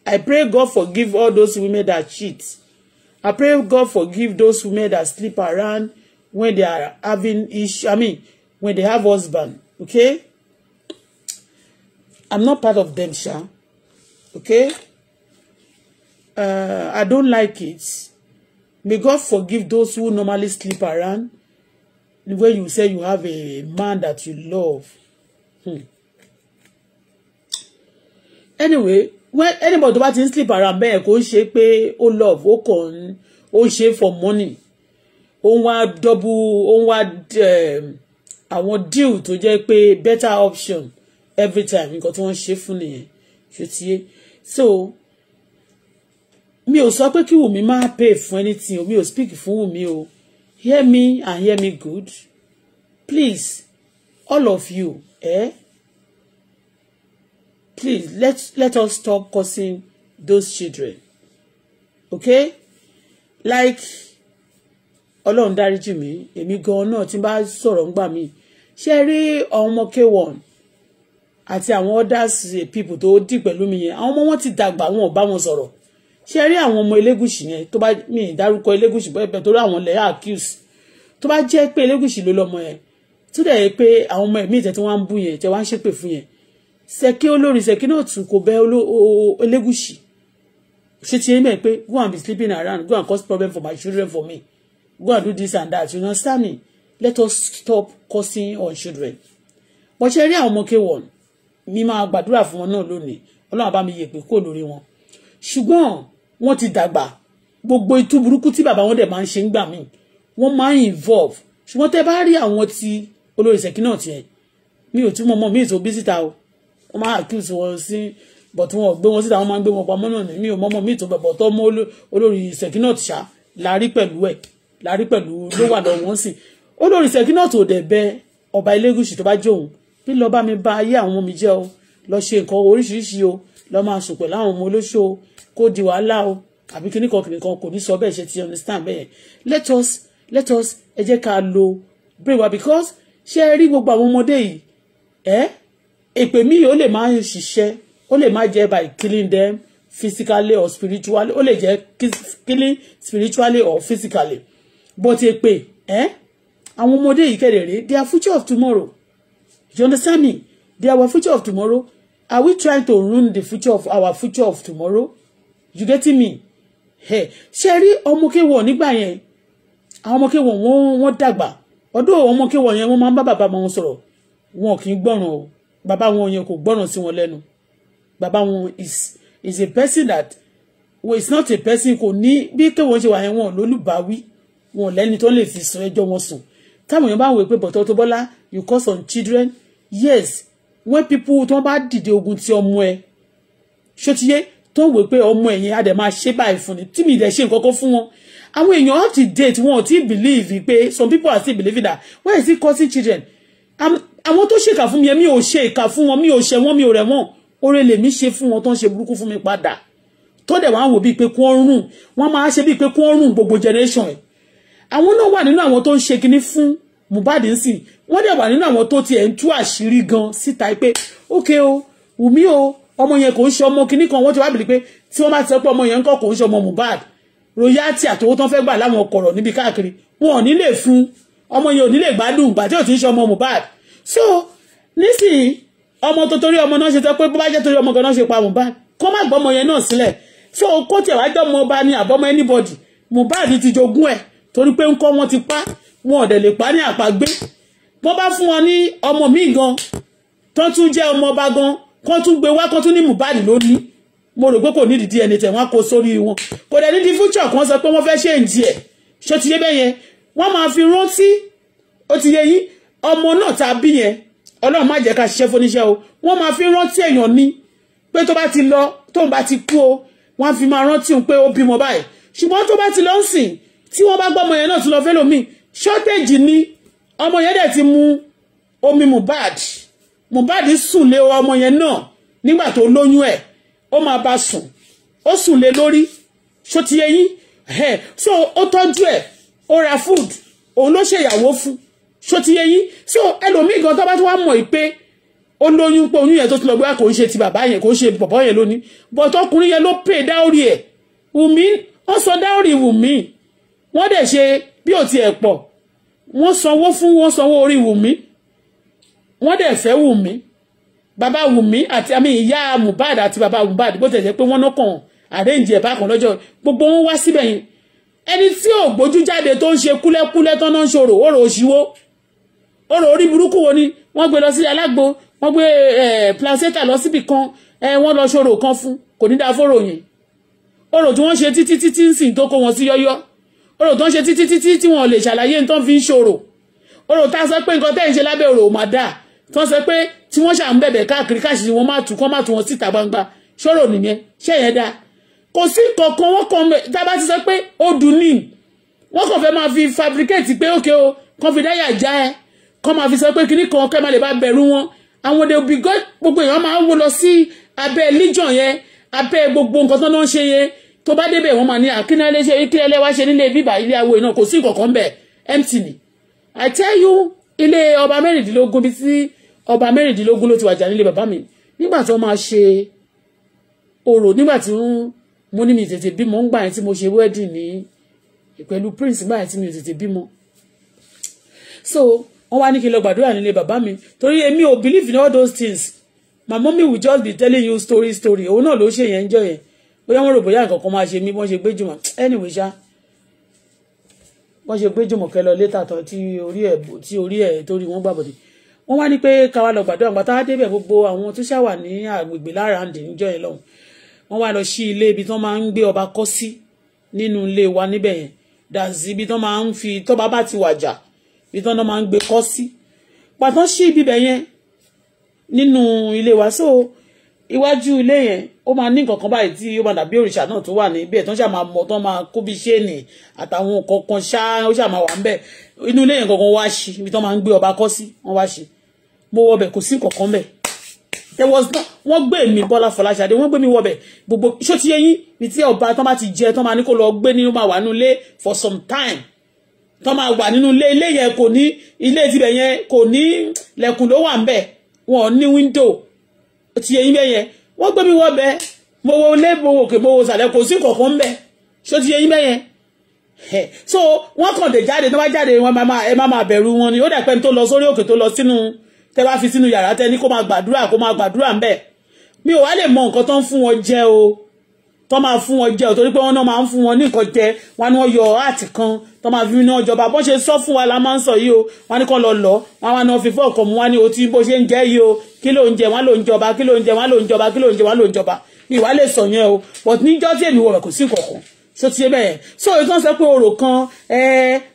I pray God forgive all those women that cheat. I pray God forgive those women that sleep around when they are having issue I mean when they have husband okay I'm not part of them sha okay uh, I don't like it may God forgive those who normally sleep around when you say you have a man that you love hmm. anyway when anybody tó bá sleep around bẹ́ẹ̀ kò shape, ṣe pé love ó con, ń shape for money òun wá dọ́bù òun wá um, àwọn deal tó jẹ́ pé better option every time nǹkan tí wọ́n ṣe fún nìyẹn ṣòtíye so mi ò sọ pé kí Wùmí máa pay fún anything o mi ò speak fún Wùmí o hear me and hear me good please all of you eh? please let, let us stop causing those children okay like ọlọ́run dáríjì mí èmi gan-an náà tí n bá sọ̀rọ̀ ń gbà mí ṣe rí ọmọ k1 àti àwọn others people tó dì pẹ̀lú mi yẹn àwọn ọmọ wọn ti dàgbà wọn ò bá wọn sọ̀rọ̀ ṣe rí àwọn ọmọ Elégùṣì yẹn tó bá mi ìdárúkọ Elégùṣì pẹ́ẹ́pẹ́ torí àwọn lẹ́yà accuse tó bá jẹ́ pé Elégùṣì ló lọ́mọ yẹn tó dẹ̀ yẹ pé àwọn ọmọ ẹ̀mí ìtẹ́ tí wọ́n ń bú yẹn tẹ́ wọ́n ń ṣépè fún yẹn ṣèké olórin ṣèké náà tún kò bẹ́ Elégùṣì ṣé ti yẹn mẹ́ pé go and be sleeping around go and cause problem for my children for me go and do this and that you understand me let us stop cursing on children But ṣe rí àwọn ọmọ kéwọn mi máa gbàdúrà fún wọn náà lónìí ọlọ́run bá mi yè pé kúrò lórí wọn ṣùgbọ́n wọ́n ti dàgbà gbogbo itú burúkú tí bàbá wọn dẹ̀ máa ń ṣe ń gbà míì wọ́n máa ń involve ṣùgbọ́n tẹ́ bá rí àwọn ti olórí ṣèkí náà tiẹ̀ mi ò tún mọ̀ mọ́ mi ìtò bí síta o wọ́n máa accuse wọn sí bọ̀tú wọn gbé wọn síta wọ́n máa ń gbé wọn pamọ́ náà mi ò mọ́ mọ́ mi ìtò bẹ̀bọ̀ tọ́ mọ́ olórí ṣèkí náà ṣá la pẹ̀lú ẹ̀ lárí pẹ̀lú ló wà lọ wọ́n sì olórí Ṣẹ̀kínà tó dẹ̀ bẹ ọba Elégùṣì tó bá jẹ́ òun bí lọ bá mi bá ayé àwọn ọmọ jẹ́ o lọ ṣe nǹkan oríṣiríṣi o lọ máa sùn pẹ̀lú àwọn ọmọ olóṣó kó di wàhálà o àbí kíní kan kìnìkan kò ní sọ bẹ́ẹ̀ ṣe ti understand bẹ́ẹ̀ let us let us ẹ jẹ́ ká lo brain because ṣé ẹ rí gbogbo àwọn ọmọdé yìí ẹ èpè mi ò lè máa ń ṣiṣẹ́ ó lè máa jẹ́ by killing them physically or spiritually ó lè jẹ́ killing spiritually or physically but èpè ẹ́ àwọn ọmọdé yìí kéde rèé they are future of tomorrow you understand me they are our future of tomorrow are we trying to ruin the future of our future of tomorrow you getting me ṣe rí ọmọkéwọ̀ nígbà yẹn àwọn ọmọkéwọ̀ wọ́n dàgbà ọdún ọmọkéwọ̀ yẹn wọ́n máa ń bá bàbá wọn sọ̀rọ̀ wọn kì í gbọ́ràn o bàbá wọn yẹn kò gbọ́ràn sí wọn lẹ́nu bàbá wọn is is a person that well, it's not a person kò ní bí kéwọn ṣe wà yẹn wọn lólùbáwí wọn lẹ́ni tó lè fi sùn ẹjọ́ wọn sùn táwọn èèyàn bá ń wò pé bọ̀tọ̀ tó bọ́lá you cause on children yes when people tí wọ́n bá dìde ogun ti ọmọ ẹ ṣó ti yé tó wò pé ọmọ ẹ̀yìn a dẹ̀ máa ṣe báyìí fún ni tí mi dẹ̀ ṣe nǹkan kan fún wọn àwọn èèyàn up to date wọn ò tí believe pé some people are still believing that why is it causing children àwọn tó ṣèkà fún mi ẹ mi ò ṣe ìkà fún wọn mi ò ṣe wọn mi ò rẹ̀ wọn oore lèmi ṣe fún wọn tó ń ṣe burúkú fún mi padà tó dẹ̀ wá ń wò bíi pé kún ọrùn wọn máa ṣe bíi pé kún ọrùn gbogbo generation ẹ̀ àwọn náà wà nínú àwọn tó ń ṣe kinní fún Mohbad nsìn wọ́n dẹ̀ wà nínú àwọn tó tiẹ̀ ń tú àṣírí gan síta pé ókè o Wùmí o ọmọ yẹn kò ń ṣe ọmọ kinní kan wọ́n ti wá bìlí pé tí wọ́n bá ti sọ pé ọmọ yẹn ń kọ́ kò ń ṣe ọmọ Mohbad royalty àtòwó tán fẹ́ gbà láwọn ọkọ̀rọ̀ níbi káàkiri wọn ò ní lè fún ọmọ yẹn ò ní lè gbádùn ìgbà tí ò ti ń ṣe ọmọ Mohbad so nísìnyí ọmọ tó torí ọmọ náà ṣe tọ́ pé bó bá jẹ́ torí ọmọ gan náà ṣe pa Mohbad kó má gbọ́ ọmọ yẹn náà sílẹ̀ so kó tiẹ̀ wá jọ́ ọmọ ọba ni àbọ́mọ anybody Mohbad ti jogún ẹ̀ torí pé ńkọ́ wọn ti pa wọn ọ̀dẹ̀ lè pa ní àpagbé bọ́n bá fún wọn ní ọmọ míì gan tán tún jẹ́ ọmọ ọba gan kán tún gbé wá kán tún ní Mohbad lónìí mo rò pé kò nídìí DNA tẹ̀ wọ́n á kó sórí wọn kò dẹ̀ nídìí future kan sọ pé wọ́n fẹ́ ṣe ìdí ẹ̀ ṣé ti yé bẹ́ẹ̀ yẹn wọ́n máa fi rántí ó ti yé yín ọmọ náà tá a bí yẹn ọlọ́run má jẹ́ ká ṣiṣẹ́ fóníṣẹ́ o wọ́n máa fi rántí èèyàn ní pé tó bá ti lọ tóun bá ti kú o wọ́n á fi máa rántí òun pé ó bímọ báyìí ṣùgbọ́n tó bá ti lọ ń sìn tí wọ́n bá gbọ́ ọmọ yẹn náà tún lọ fẹ́ lómi shortage ni ọmọ yẹn dẹ̀ ti mu omi Mohbad Mohbad sùn lé ọmọ yẹn náà nígbà tó lóyún ẹ̀ ó máa bá sùn ó sùn lé lórí ṣó ti yẹ so ó tọ́jú ẹ̀ ó ra food òun ló ṣèyàwó fún ṣó ti so ẹlòmíì gan tó bá tún wá mọ̀ pé ó lóyún pé oyún yẹn tó ti lọ gbéra kò ń ṣe ti bàbá yẹn kò ń ṣe bọ̀bọ̀ yẹn lónìí bọ̀tọ́kùnrin yẹn ló pè dáórì ẹ̀ wùmí ó sọ dáórì wùmí wọ́n dẹ̀ ṣe bí ò tiẹ̀ pọ̀ wọ́n sanwó fún wọ́n sanwó orí Wùmí wọ́n dẹ̀ fẹ́ Wùmí bàbá Wùmí àti àmì ìyá Mohbad àti bàbá Mohbad bó tẹ̀ jẹ́ pé wọ́n nọ́kàn àrẹ́ǹjì ẹ̀ bákan lọ́jọ́ gbogbo wọn wá síbẹ̀ yẹn ẹni tí ò gbójú jáde tó ń ṣe kúlẹ́kúlẹ́ tó náà ń ṣòro òrò òṣìwó òrò orí burúkú wo ni wọ́n gbé lọ sí alágbo wọ́n gbé placenta lọ síbì kan wọ́n lọ ṣòro kan fún kò ní dáa fóró yẹn òrò tí wọ́n ṣe títí títí ń sìn tó kó wọn sí yọ́yọ́ orò tó ń ṣe títí títí tí wọn lè ṣàlàyé ní tó ń fi ń ṣòro orò tá a sọ pé nǹkan tẹ́ ń ṣe lábẹ́ orò ò má dà tó ń sọ pé tí wọ́n ṣà ń bẹ̀bẹ̀ káàkiri káàṣì wọn má tù kọ́ má tù wọn síta gbangba ṣòro nìyẹn ṣé yẹn dáa kò sí kankan wọ́n kàn mẹ́ tá a bá ti sọ pé ó dùn ní wọ́n kàn fẹ́ máa fi fabricate pé ókè o kàn fi dáyà já ẹ kàn máa fi sọ pé kinní kan kẹ́ máa lè bá bẹ̀rù wọn àwọn òde òbí gbogbo èèyàn máa ń wó lọ sí abẹ́ legion yẹn abẹ́ gbogbo nǹkan tó ń ṣe yẹn tó bá débẹ̀ wọ́n máa ní akínẹ́lẹ́ ah, ṣe kílẹ̀ ṣe nílé bíbà ilé awo iná kò sí nǹkankan bẹ̀ empty ni I tell you ilé ọba mẹ́rìndínlógún bíi tí ọba mẹ́rìndínlógún ló ti wàjà nílé bàbá mi nígbà tí wọ́n máa ṣe orò nígbà tí mo ní mi tètè bímọ ń yẹn tí mo ṣe wedding ní pẹ̀lú prince gbà yẹn tí mi ò tètè bímọ so wọ́n wá ní kí n lọ gbàdúrà nílé bàbá mi torí èmi ò believe in all those things my mommy will just be telling you story story òun náà ló ṣe yẹn ń jọ yẹn bóyá wọ́n rò bóyá nǹkan kan máa ṣe mí bọ́n ṣe gbé jùmọ̀ anyway ṣá bọ́n ṣe gbé jùmọ̀ kẹ lọ létà tán tí orí ẹ̀ tí orí ẹ̀ torí wọ́n gbàbọ̀dé wọ́n wá ní pé káwa lọ gbàdúrà gbàtà débẹ̀ gbogbo àwọn tó ṣàwà ní agbègbè láràndì níjọ́ yẹn lọ́hùn wọ́n wá lọ sí ilé ibi tí wọ́n máa ń gbé ọba kọ́ sí nínú ilé wa níbẹ̀ yẹn dàzí ibi tí wọ́n máa ń fi tọ́ba bá ti wàjà iwájú ilé yẹn ó máa ní nǹkan báyìí tí ó máa dàbí òrìṣà náà tó wà ní bẹ́ẹ̀ tó ṣàmà mọ tó máa kó bí ṣéènì àtàwọn nǹkan ṣá ó ṣàmà wà ń bẹ inú ilé yẹn kankan wá ṣí ibi tó máa ń gbé ọba kọ́ sí wọ́n wá ṣí mo wọ bẹ̀ kò sí nǹkan bẹ̀ was no wọ́n gbé mi Bọ́lá Fọláṣadé wọ́n gbé mi wọ bẹ̀ gbogbo iṣó ti yẹyìn ní tí ọba tó bá ti jẹ tó máa ní kó lọ gbé nínú máa wà nínú ilé for some time tó máa wà nínú ilé ilé yẹn kò ní ilé tibẹ̀ yẹn kò ní lẹ̀kùn ló wà ń bẹ̀ wọn ò ní window ti eyín bẹ́ẹ̀ yẹn wọ́n gbé mi wọ́ bẹ́ẹ̀ mo wo lé mo wò kè mo wò sàlẹ̀ kò sí kọ̀ọ̀kan ń bẹ̀ ti eyín bẹ́ẹ̀ yẹn so wọ́n kàn dé jáde tó bá jáde wọn mama, má mama Beru wọn ni ó dẹ̀ pé tó lọ sórí òkè tó lọ sínú tẹ bá fi sínú yàrá tẹ ní kó máa gbàdúrà kó máa gbàdúrà ń mi ò wá lè mọ nǹkan tó ń fún wọn o tó máa fún wọn jẹ torí pé wọn náà máa ń fún wọn ní nǹkan jẹ wọn ni wọn yọ àti kan tó máa fi iná ìjọba bó ṣe sọ fún wa la máa ń sọ yìí o wọn ní kàn lọ lọ wọn wá ní wọn fi fọ ọkọ mu wọn ní o ti bó ṣe ń jẹ yìí o kí ló ń jẹ wọn ló ń jọba kí ló ń jẹ wọn ló ń jọba kí ló ń jẹ wọn ló ń jọba ìwà lè sọ yẹn o but níjọ́ tí èmi wọ̀ rẹ̀ kò sí kankan so ti ṣe bẹ́ẹ̀ so èyí kan sọ pé ọ̀rọ̀ kan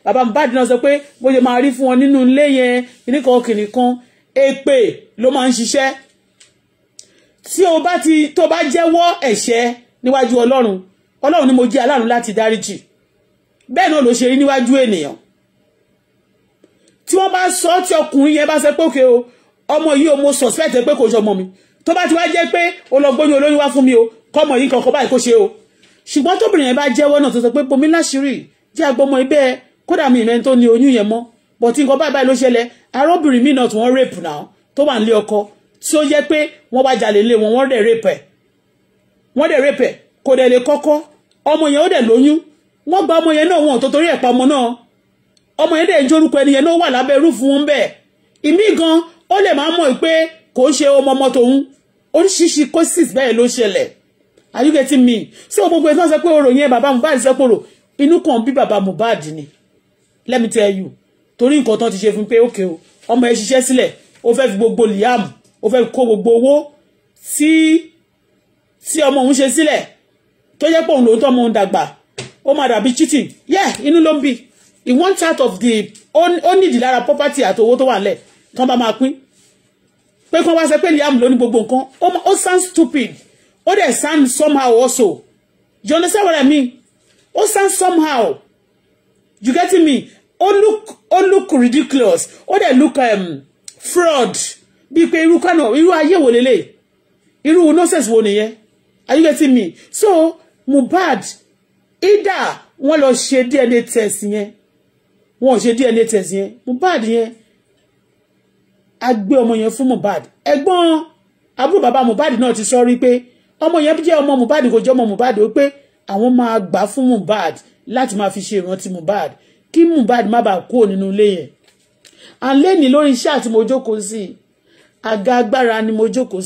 bàbá Mohbad náà sọ pé bó ṣe máa rí fún wọn nínú ilé yẹn kìnìkan kìnìkan èpè ló máa ń ṣiṣẹ́ tí o bá ti tó bá jẹ́wọ́ ẹ̀ṣẹ̀ níwájú ọlọ́run ọlọ́run ni mo jẹ́ aláàánú láti dáríjì bẹ́ẹ̀ náà ló ṣe rí níwájú ènìyàn tí wọ́n bá sọ tí ọkùnrin yẹn bá sọ pé òkè o ọmọ yìí o mo suspect pé kò ṣọmọ mi tó bá ti wá jẹ́ pé olọ́gbóyún olóyún wá fún mi o kọ́mọ yìí kankan báyìí kó ṣe o ṣùgbọ́n tóbìnrin yẹn bá jẹ́wọ́ náà tó sọ pé bomi láṣìírí jẹ́ agbọmọ ibẹ̀ kódà mi ìmẹ́ni tó ní oyún yẹn mọ́ bọ̀tí nǹkan báyìí báyìí ló ṣẹlẹ̀ arábìnrin mi náà tí wọ́n rape náà tó wà nílé ọkọ tí ó jẹ́ pé wọ́n bá jalè lé wọn wọ́n rẹ̀ rape ẹ̀ wọ́n dẹ̀ rẹ́pẹ̀ kò dẹ̀ lè kọ́kọ́ ọmọ yẹn ó dẹ̀ lóyún wọ́n gba ọmọ yẹn náà wọn ò tó torí ẹ̀ pa ọmọ náà ọmọ yẹn dẹ̀ ń jórúkọ ẹni yẹn náà wà lábẹ́ rúfù wọn bẹ́ẹ̀ ìmí gan ó lè máa mọ̀ pé kò ń ṣe ọmọ ọmọ tòun oríṣiríṣi courses bẹ́ẹ̀ ló ṣẹlẹ̀ are you getting me sí o gbogbo ìtàn sọ pé ọ̀rọ̀ yẹn bàbá Mohbad sọ pé ọ̀rọ̀ inú kan bí bàbá Mohbad ni let me tell you torí nǹkan tán ti ṣe fún pé ókè o ọmọ ẹ ṣiṣẹ́ sílẹ̀ ó fẹ́ fi gbogbo liam ó fẹ́ kó gbogbo owó sí sí ọmọ òun ṣe sílẹ̀ tó jẹ́ pé òun lòótọ́ ọmọ òun dàgbà ó máa dàbí cheating yeah inú ló ń bi he want out of the ó nídìí lára property àti owó tó wà lẹ̀ tán bá máa pín pé kí wọ́n wá sọ pé Liam ló ní gbogbo nǹkan ó sound stupid ó dẹ̀ sound somehow also you understand what I mean ó sound somehow you get me ó look ó look ridiculous ó dẹ̀ look um, fraud bíi pé irú kánò irú ayé wo lélẹ̀ irú nonsense wo nìyẹn are you getting me so Mubad, either wọ́n lo ṣe DNA test yẹn wọ́n ṣe DNA test yẹn Mohbad yẹn a gbé ọmọ yẹn fún Mohbad ẹ̀gbọ́n àbúrò bàbá Mohbad náà ti sọ rí pé ọmọ yẹn jẹ́ ọmọ Mohbad kò jẹ́ ọmọ Mohbad ó pé àwọn máa gbà fún Mohbad láti máa fi ṣe ìrántí Mohbad kí Mohbad má bàa kúrò nínú ilé yẹn à ń léèní lórí iṣẹ́ àti mo jókòó sí àga ni mo jókòó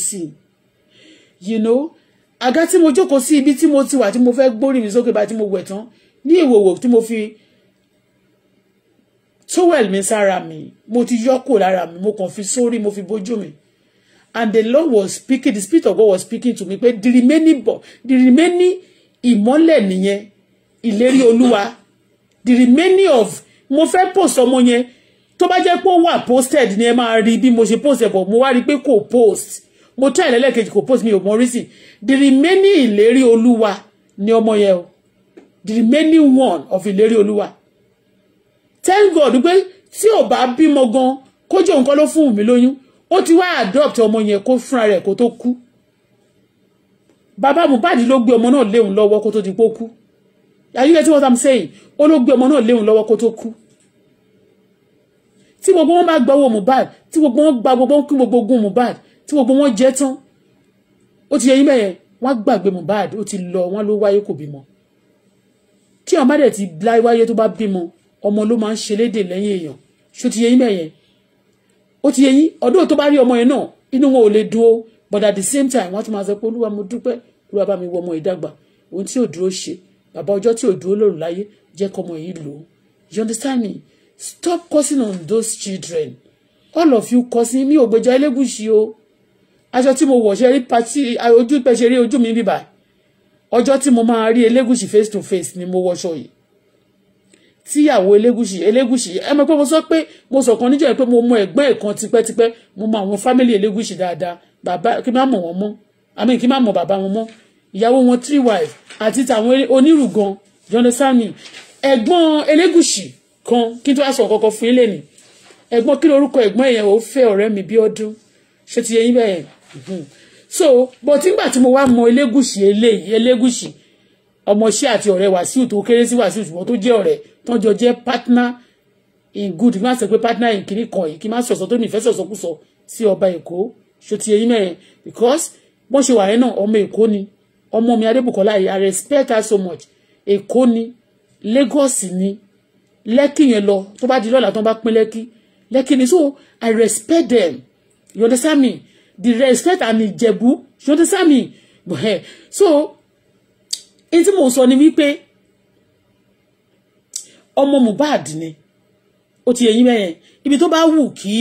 you know àga tí mo jókòó sí ibi tí mo ti wà tí mo fẹ́ gbórí mi sókè bá tí mo wẹ̀ tán ní ìwòwò tí mo fi towel mi sára mi mo ti yọ kó lára mi mo kàn fi sórí mo fi bójú mi and the Lord was speaking the Spirit of God was speaking to me pé the remaining the remaining ìmọ́lẹ̀ nìyẹn ìlérí olúwa the remaining of mo fẹ́ post ọmọ yẹn tó bá jẹ́ pé ó wà posted ni ẹ máa rí bí mo ṣe post ẹ̀ bọ̀ mo wá rí i pé kò post mo tọ́ ẹ̀lẹ́lẹ́kejì kò post mi ò mọ orísìn the remaining ìlérí oluwa ni ọmọ yẹn o the remaining one of ìlérí oluwa. Tell God pé tí ò Bi bímọ gan kójú nǹkan ló fún mi lóyún ó ti wá adopt ọmọ ko kó fúnra rẹ̀ kó tó kú bàbá Mohbad ló gbé ọmọ náà léhùn lọ́wọ́ kó tó di poku. are you getting what I'm saying ó ló gbé ọmọ náà léhùn lọ́wọ́ kó tó kú tí gbogbo wọn bá gbọ́wọ́ Mohbad tí gbogbo wọn gba gbogbo kí gbogbo ogun Mohbad tí gbogbo wọn jẹ tán ó ti yẹ yín bẹ́ẹ̀ wọ́n gbàgbé Mohbad ó ti lọ wọ́n ló wáyé kò bímọ tí àwọn ti láì wáyé tó bá bímọ ọmọ ló máa ń ṣe léde lẹ́yìn èèyàn ṣó ti yẹ yín bẹ́ẹ̀ yẹn ó ti yẹ yín ọdún tó bá rí ọmọ yẹn náà inú wọn ò lè dúró but at the same time wọ́n tún máa sọ pé olúwa mo dúpẹ́ olúwa bá mi wọ ọmọ ìdàgbà ohun tí ò ṣe bàbá ọjọ́ tí ò lòrùn láyé jẹ́ kọ́mọ yìí lò ó you understand me stop cursing on those children all of you cursing mi ò gbèjà Elégùṣì o aṣọ tí mo wọ̀ ṣe rí pati ojú pẹ́ ṣe rí ojú mi bíbà ọjọ́ tí mo máa rí Elégùṣì face to face ni mo wọṣọ yìí tíyàwó Elégùṣì Elégùṣì ẹ mọ̀ pé mo sọ pé mo sọ̀kan níjọ́ yẹn pé mo mọ ẹ̀gbọ́n ẹ̀ kan tipẹ́tipẹ́ mo mọ àwọn fámìlì Elégùṣì dáadáa bàbá kí n má mọ̀ wọ́n mọ́ àmì kí má mọ̀ bàbá wọn mọ́ ìyàwó wọn three wife àti tàwọn onírù gan you understand me ẹ̀gbọ́n Elégùṣì kan kí n tó wá sọ kọ́kọ́ fún ilé ni ẹ̀gbọ́n kí lorúkọ ẹ̀gbọ́n ẹ̀yẹn ò fẹ́ ọ̀rẹ́ mi bí ọdún ṣe ti yẹ yín bẹ́ẹ̀ Hmm. so but nígbà tí mo wá mọ Elégùṣì eléyìí Elégùṣì ọmọọṣẹ́ àti ọ̀rẹ́ Wàsíù tó kéré sí Wàsíù ṣùgbọ́n tó jẹ́ ọ̀rẹ́ tó jọ jẹ́ partner in good má sọ pé partner in kiri kan yìí kí má sọ̀sọ̀ tó nífẹ̀ẹ́ sọ̀sọ̀kúsọ sí ọba Èkó ṣó ti eyín because wọ́n ṣe wà yẹn náà ọmọ Èkó ni ọmọ mi Adébùkọ́lá yìí I respect her so much Èkó ni Lagos ni Lẹ́kì yẹn lọ tó bá di lọ́la tó bá pín Lẹ́kì Lẹ́kì ni so I respect them you understand me the respect and ìjẹ̀bú you understand me eh, so n tí mo sọ ni wípé ọmọ Mohbad ni ó ti yẹyin mẹ́yẹn ibi tó bá wù kí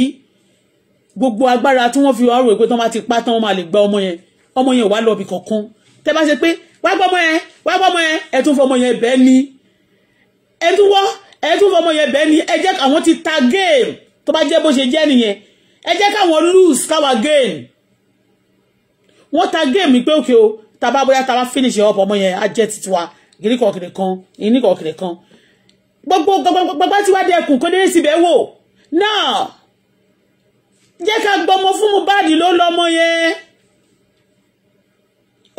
gbogbo agbára tí wọ́n fi wá rò pé tí wọ́n bá ti pa tán wọ́n máa lè gba ọmọ yẹn ọmọ yẹn wà lọ́ọ̀bì kankan tẹ́ bá ṣe pé wá gbọ́ ọmọ yẹn wá gbọ́ ọmọ yẹn ẹ̀ tún fọ ọmọ yẹn bẹ́ẹ̀ ni ẹ̀ tún wọ́ ẹ̀ tún fọ ọmọ yẹn bẹ́ẹ̀ ni ẹ jẹ́ àwọn ti ta géèmù tó bá jẹ́ bó ṣe jẹ́ nìyẹn ẹ jẹ́ káwọn lose káwa gain wọ́n ta game mi pé òkè o tàbá bóyá tàbá finish up ọmọ yẹn á jẹ́ titiwa gíríkọ̀ọ̀kìnì kan ìníkọ̀ọ̀kìnì kan gbogbo gbogbo tí wàá di ẹkùn kó dé síbẹ̀ wò náà jẹ́ ká gbọmọ fún Mohbad ló lọ́mọ yẹn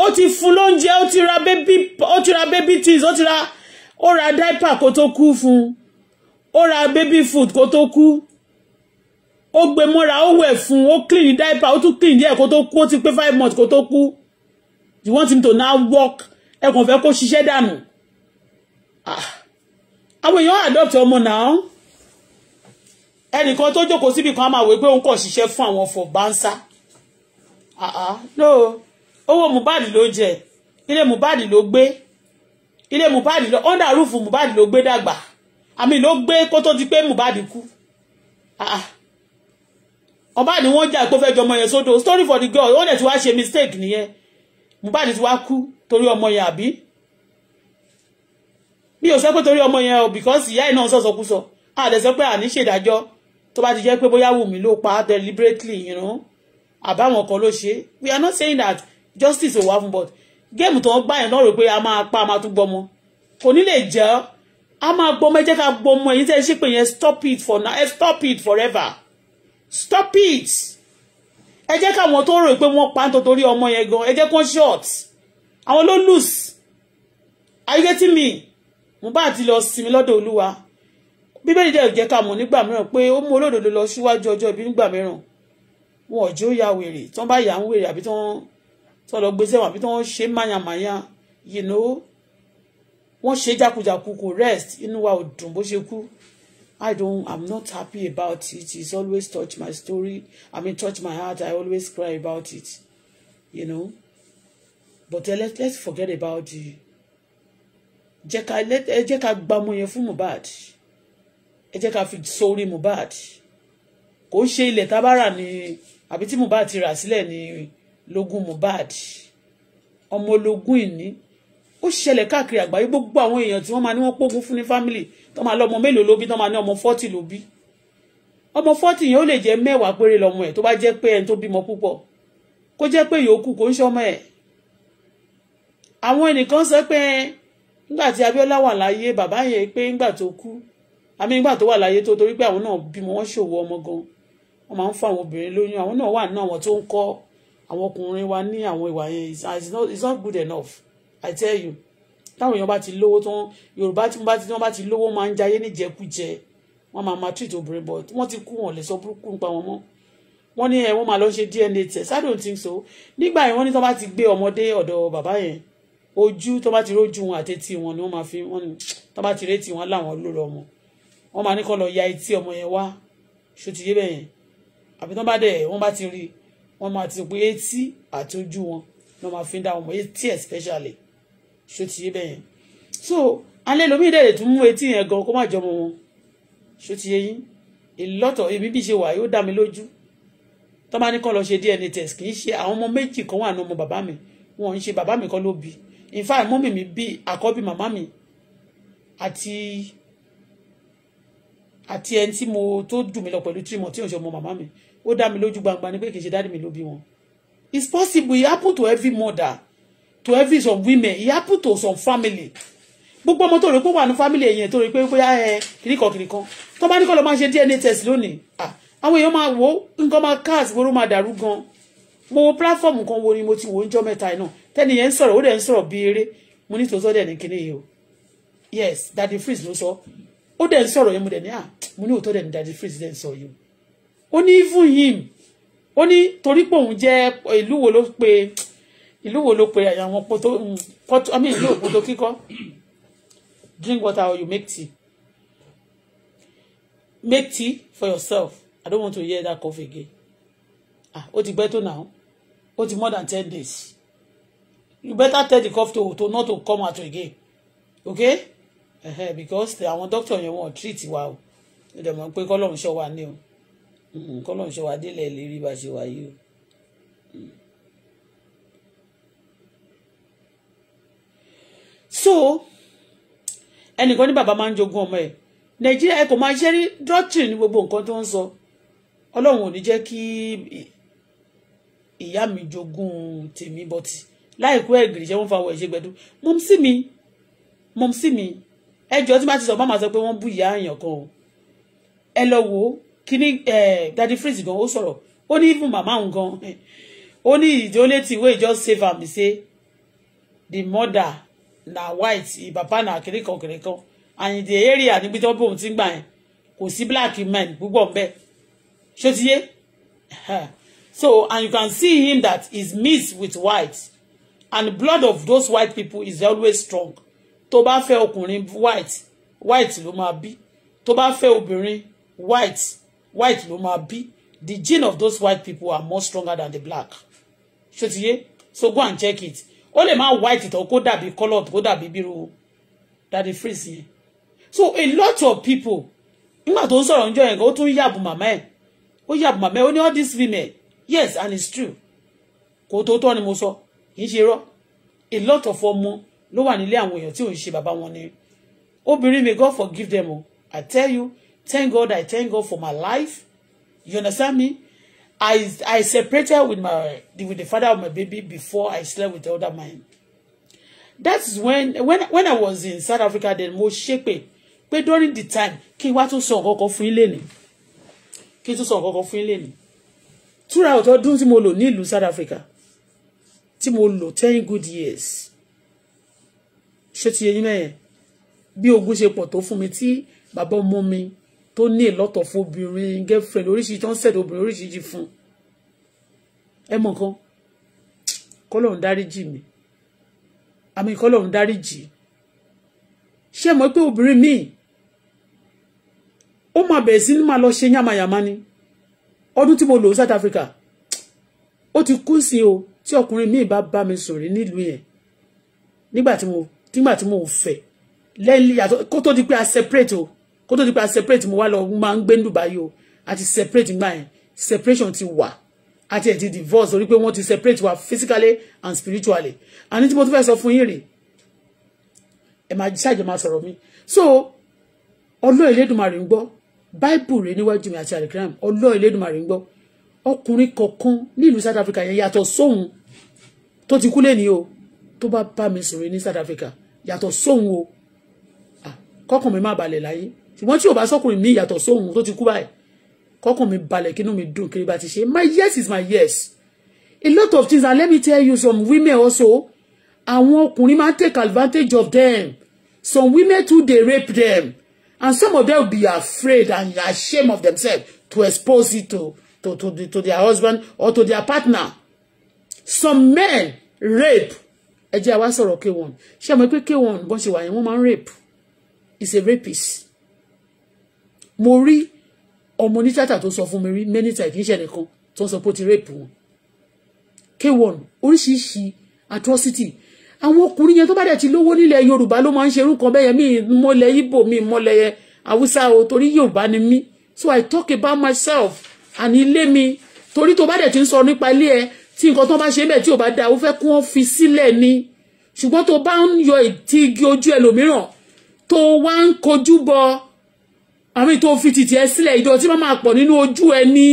ó ti fún lóúnjẹ ó ti ra baby ó ti ra baby things ó ti ra ó ra diaper kó tó kú fún ó ra baby food kó tó kú ó gbé mọ́ra ó wẹ̀ fún ó clean diaper ó tún clean díẹ̀ kó tó kú ó ti pé five months kó tó kú you want him to now work ẹ kàn fẹ́ kó ṣiṣẹ́ dànù ah. àwọn èèyàn adopt ọmọ náà ẹnìkan tó jókòó síbi kan á máa wé pé òun kò ṣiṣẹ́ fún àwọn fọ̀ bánsá ah, ah. no owó Mohbad ló jẹ ilé Mohbad ló gbé ilé Mohbad ló under roof Mohbad ló gbé dàgbà àmì ló gbé kó tó di pé Mohbad kú. Ah, ah Mohbad ni wọ́n jà pé ó fẹ́ jọmọ yẹn sódò story for the girl ó dẹ̀ ti wá ṣe mistake nìyẹn Mohbad ti wá kú torí ọmọ yẹn àbí mi ò sọ pé torí ọmọ yẹn o because ìyá ẹ̀ náà sọ̀sọ̀kúsọ a dẹ̀ sọ pé àní ṣèdájọ́ tó bá ti jẹ́ pé bóyá Wùmí ló pa deliberately you know àbáwọn kan ló ṣe we are not saying that justice ò wá fún but géèmù tó ń gbà yẹn náà rò pé a máa pa a máa tún gbọmọ kò ní lè jẹ́ a máa gbọmọ ẹ jẹ́ ká gbọmọ ẹ̀yin tẹ́ ẹ ṣépè yẹn stop it for now stop it forever stop it ẹ jẹ́ káwọn tó rò pé wọ́n pa nítorí ọmọ yẹn gan ẹ jẹ́ kó short àwọn ló loose are you getting me Mohbad ti lọ sinmi lọ́dọ̀ olúwa bíbélì dẹ̀ jẹ́ ká mọ̀ nígbà mìíràn pé ó mú olódodo lọ síwájú ọjọ́ ìbí nígbà mìíràn wọn ò jó ya wèrè tí wọ́n bá yà ń wèrè àbí tí wọ́n tí wọ́n lọ gbé sẹ́wọ̀n àbí tí wọ́n ṣe máyàmáyà you know wọ́n ṣe jákujàku kò rest inú wa ò dùn bó ṣe kú I don't, I'm not happy about it. It's always touch my story. I mean, touch my heart. I always cry about it, you know. But uh, eh, let, let's forget about the. Jeka let Jeka eh, jẹ́ yefu gba ọmọ yẹn fún Mohbad. Ẹ jẹ́ ká fi abiti Mohbad. Kò ṣe ni àbí tí Mohbad ti rà sílẹ̀ ni lógún Mohbad. Ọmọ ológun ìní. Ó ṣẹlẹ̀ káàkiri àgbáyé gbogbo àwọn èèyàn tí wọ́n máa tó máa lọ́mọ mélòó ló bí tó máa ní ọmọ fọ́tì ló bí ọmọ fọ́tì yẹn ó lè jẹ́ mẹ́wàá péré lọ́mọ ẹ̀ tó bá jẹ́ pé ẹni tó bímọ púpọ̀ kó jẹ́ pé yòókù kò ń ṣọmọ ẹ̀ àwọn ẹnìkan sọ pé nígbà tí Abíọ́lá wà láyé bàbá yẹn pé nígbà tó kú àmì nígbà tó wà láyé tó torí pé àwọn náà bímọ wọn ṣòwò ọmọ gan wọn máa ń fún àwọn obìnrin lóyún àwọn náà wà náà wọn tó ń kọ́ àwọn ọkùnrin wa ní àwọn ìwà yẹn it's not good enough I tell you táwọn èèyàn bá ti lówó tí wọ́n yorùbá tí wọ́n bá ti lówó máa ń jayé níjẹkújẹ wọ́n máa máa treat obìnrin but wọ́n ti kú wọn lè sọ burúkú nípa wọn mọ́ wọ́n ní ẹ̀ wọ́n máa lọ ṣe DNA test I don't think so nígbà yẹn wọ́n ní tó bá ti gbé ọmọdé ọ̀dọ̀ bàbá yẹn ojú tó bá ti rójú wọn àti wọn ni wọ́n máa fi wọ́n ní tó bá ti rétí wọn láwọn ló ọmọ wọ́n máa ní kó lọ ya etí ọmọ yẹn wá ṣòtìyé bẹ́ẹ̀ yẹn àbí tó bá dẹ̀ wọ́n bá ti rí wọ́n máa ti pé etí àti ojú wọn ni wọ́n máa fi ń dá ọmọ etí especially ṣó ti yé bẹ́yẹn so alẹ́ lomi ìdẹ̀rẹ̀ tún mú etí yẹn gan kó má jọmọ wọn ṣó ti yé yín ìlọ́tọ̀ èmi bí ṣe wà yóò dá mi lójú tó bá ní kàn lọ ṣe DNA test kì í ṣe àwọn ọmọ méjì kan wà ní ọmọ bàbá mi wọn ń ṣe bàbá mi kan ló bí in fact mọ́mì mi bí àkọ́bí màmá mi àti àti ẹni tí mo tó dùn mí lọ pẹ̀lú tìrìmọ̀ tí òun ṣe ọmọ màmá mi ó dá mi lójú gbangba ni pé kì í ṣe dáàdì mi ló wọn it's possible it happen to every mother to every some women iyapu to some family gbogbo ọmọ tó rí pé wà ní family èèyàn tó rí pé bóyá ẹ kìnnìkan kìnnìkan tó bá ní kọ́ lọ máa ṣe DNA test lónìí àwọn èèyàn máa wo nǹkan máa káàsì wóró máa dàrú gan mo wo platform kan wo ni mo ti wò ó ń iná tẹ́ni yẹn ń sọ̀rọ̀ ó dẹ̀ ń sọ̀rọ̀ bí eré mo ní tòótọ́ dẹ̀ ní yìí o yes Daddy Freeze ló sọ ó dẹ̀ ń yẹn mo dẹ̀ ní à mo ní òótọ́ dẹ̀ ní Daddy Freeze dẹ̀ ń sọ yìí o ó ní even him ó ní torí jẹ́ ìlú wo ló pe ìlú wo ló pe àwọn poto mm, pọtọ i mean ìlú òpoto kíkọ drink water or you make tea make tea for yourself i don't want to hear that cough again ah ó ti gbẹ́ tó now ó ti more than ten days you better tell the cough to to not to come out again okay uh-huh, because àwọn doctor yẹn wọ́n treat wa o ìdẹ̀mọ̀ pé kọ́lọ́run ṣọ́ wa ní o kọ́lọ́run ṣọ́ wa délẹ̀ lérí bá ṣe wà yìí o. so ẹnìkan ní bàbá máa ń jogún ọmọ ẹ̀ nàìjíríà ẹ kò máa ṣe rí doctrine ní gbogbo nǹkan tó ń sọ ọlọ́run ò ní jẹ́ kí ìyá mi jogún tèmi bọ́tì láìkú ẹ̀gìrì ṣe wọ́n fa ọwọ́ ẹ̀ ṣe gbẹ̀dú mọ̀mísí mi mọ̀mísí mi ẹjọ́ tí bá ti sọ máma sọ pé wọ́n bú ìyá àyàn kan o ẹ lọ wo kíní dadi freeze gan ó sọ̀rọ̀ ó ní fún màmá òun gan ó ní ìdílé tí wey just save am say the mother na white bàbá na kìnìkan kìnìkan and the area níbi tó bóun ti ń gbà yẹn kò sí black men púpọ̀ ń bẹ̀ ṣó ti yé so and you can see him that is mixed with white and blood of those white people is always strong tó bá fẹ́ ọkùnrin white white ló máa bí tó bá fẹ́ obìnrin white white ló máa bí the gene of those white people are more stronger than the black ṣó ti yé so go and check it ó lè máa white tán kó dàbí colour kó dàbí bírò dàdí freeze yẹn so a lot of people nígbà tó ń sọ̀rọ̀ ń jọ yẹn ó tún yàbù màmá ẹ̀ ó yàbù màmá ẹ̀ ó ní all these women yes and it's true kò tó tọ́ ni mo sọ kì í ṣe rọ́ a lot of ọmọ ló wà nílé àwọn èèyàn tí ò ń ṣe bàbá wọn ni obìnrin may God forgive them o I tell you thank God I thank God for my life you understand me I I separated with my with the father of my baby before I slept with the other man. That's when when when I was in South Africa then mo ṣépè pé during the time kí n wá tún sọ nǹkan kan fún yín lénìí kí n tún sọ nǹkan kan fún yín lénìí túra ọ̀tọ̀ ọdún tí mo lò ní ìlú South Africa tí mo lò ten good years ṣé ti yẹ yín mẹ́yẹn bí ogún ṣe pọ̀ tó mi tí bàbá ọmọ mi tó ní ìlọ́tọ̀ fún obìnrin girlfriend oríṣiríṣi tó ń sẹ̀dọ̀ obìnrin oríṣiríṣi fún ẹ mọ̀ kan kọ́lọ̀ ń dáríjì mi àmì kọ́lọ̀ ń dáríjì ṣé mọ̀ pé obìnrin míì ó máa bẹ̀rẹ̀ sí ní máa lọ ṣe yàmàyàmá ni ọdún tí mo lò South Africa ó ti kú sí o tí ọkùnrin míì bá bá mi sùn rí nílùú yẹn nígbà tí mo nígbà tí mo fẹ́ lẹ́yìn yàtọ̀ kó tó di pé a separate o kó tó di pa separate mo wá lọ máa ń gbé ní Dubai o àti separate gbà yẹn separation ti wà àti ẹ̀ ti divorce orí pé wọ́n ti separate wa physically and spiritually àní tí mo tún fẹ́ sọ fún yín rèé ẹ máa ṣàjọ máa sọ̀rọ̀ mi so ọlọ́ọ̀ Elédùmarè ń gbọ́ báìbù rèé níwájú mi àti àlìkíram ọlọ́ọ̀ Elédùmarè ń gbọ́ ọkùnrin kọ̀ọ̀kan nílùú South Africa yẹn yàtọ̀ sóhun tó ti kú lẹ́ni o tó bá bá mi sọ̀rọ̀ ní South Africa yàtọ̀ sóhun o kọ́kàn mi má balẹ̀ láyé ṣùgbọ́n tí ò bá sọ́kùnrin mi ìyàtọ̀ sóhun tó ti kú báyìí kọ́kùn mi balẹ̀ kínú mi dùn kiri bá ti ṣe my yes is my yes a lot of things and let me tell you some women also àwọn ọkùnrin máa ń take advantage of them some women too dey rape them and some of them be afraid and ashamed of themselves to expose it to to to, the, to their husband or to their partner some men rape ẹ jẹ́ àwa sọ̀rọ̀ k1 ṣé àmọ́ pé k1 bọ́n ṣe wà yẹn wọ́n máa ń rape is a rapist mo rí ọmọ onítìátà tó sọ fún mi rí many times kì í ṣe nìkan tó sọ pé ó ti rape wọn k1 oríṣiríṣi atrocity àwọn ọkùnrin yẹn tó bá dẹ̀ ti lówó nílẹ̀ yorùbá ló máa ń ṣerú kan bẹ́yẹn mí mọ́lẹ̀ ibo mí mọ́lẹ̀ haúsá o torí yorùbá ni mí so i talk about myself and ilé mi torí tó bá dẹ̀ ti ń sọ nípa ilé ẹ tí nǹkan tó bá ṣe bẹ́ẹ̀ tí ò bá da ó fẹ́ kún fi sílẹ̀ ni ṣùgbọ́n tó bá ń yọ ìtìgi ojú ẹlòmíràn tó wá ń kojú bọ àmì tó fi tìtì ẹ sílẹ̀ ìdọ̀tí máa máa pọ̀ nínú ojú ẹ ní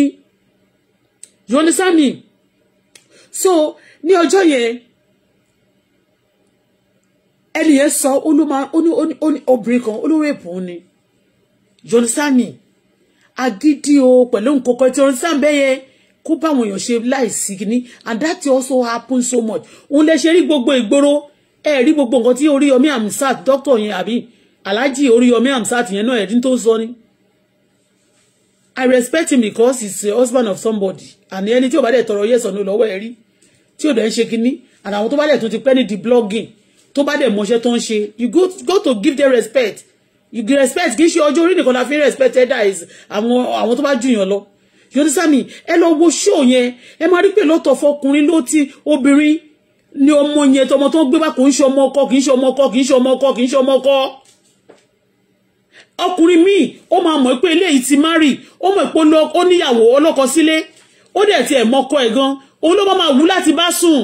you understand me so ní ọjọ́ yẹn ẹni yẹn sọ obìnrin kan olówó èpò ni you understand me agídí o pẹ̀lú nǹkan kan tí you understand bẹ́ẹ̀ yẹn kó báwọn èèyàn ṣe láìsí kíní and that also happen so much òun lè ṣe rí gbogbo ìgboro ẹ rí gbogbo nǹkan tí orí Yomi Amsat doctor yẹn àbí Alaji, Alhaji Oriyomi Hamzat yẹn náà ẹ̀rín tó sọ ni. I respect him because he's the husband of somebody and ẹni tí ò bá dẹ̀ tọrọ yes or no lọ́wọ́ ẹ̀ rí tí ò dẹ̀ ń ṣe and àwọn tó bá dẹ̀ tún ti pẹ́ ní di blogging To bá dẹ̀ mọṣẹ́ tó ń ṣe you go, go to give them respect you give respect give í ṣe ọjọ́ orí nìkan la fi respect That is, àwọn tó bá jù yàn lọ you understand me ẹ lọ wo show yẹn ẹ máa rí pé lọ́tọ̀ fọkùnrin ló ti obìnrin ni ọmọ yẹn tọmọ tó ń gbé bá kò ń ṣe ọmọ ọkọ kì í ṣe ọmọ ọkọ kì í ṣe ọmọ ọkọ kì í ṣe ọmọ ọkọ ọkùnrin míì ó máa mọ̀ pé eléyìí ti márì ó mọ̀ pé ó níyàwó ọlọ́kọ sílé ó dẹ̀ tiẹ̀ mọ́kọ ẹ̀ gan òun ló máa wú láti bá sùn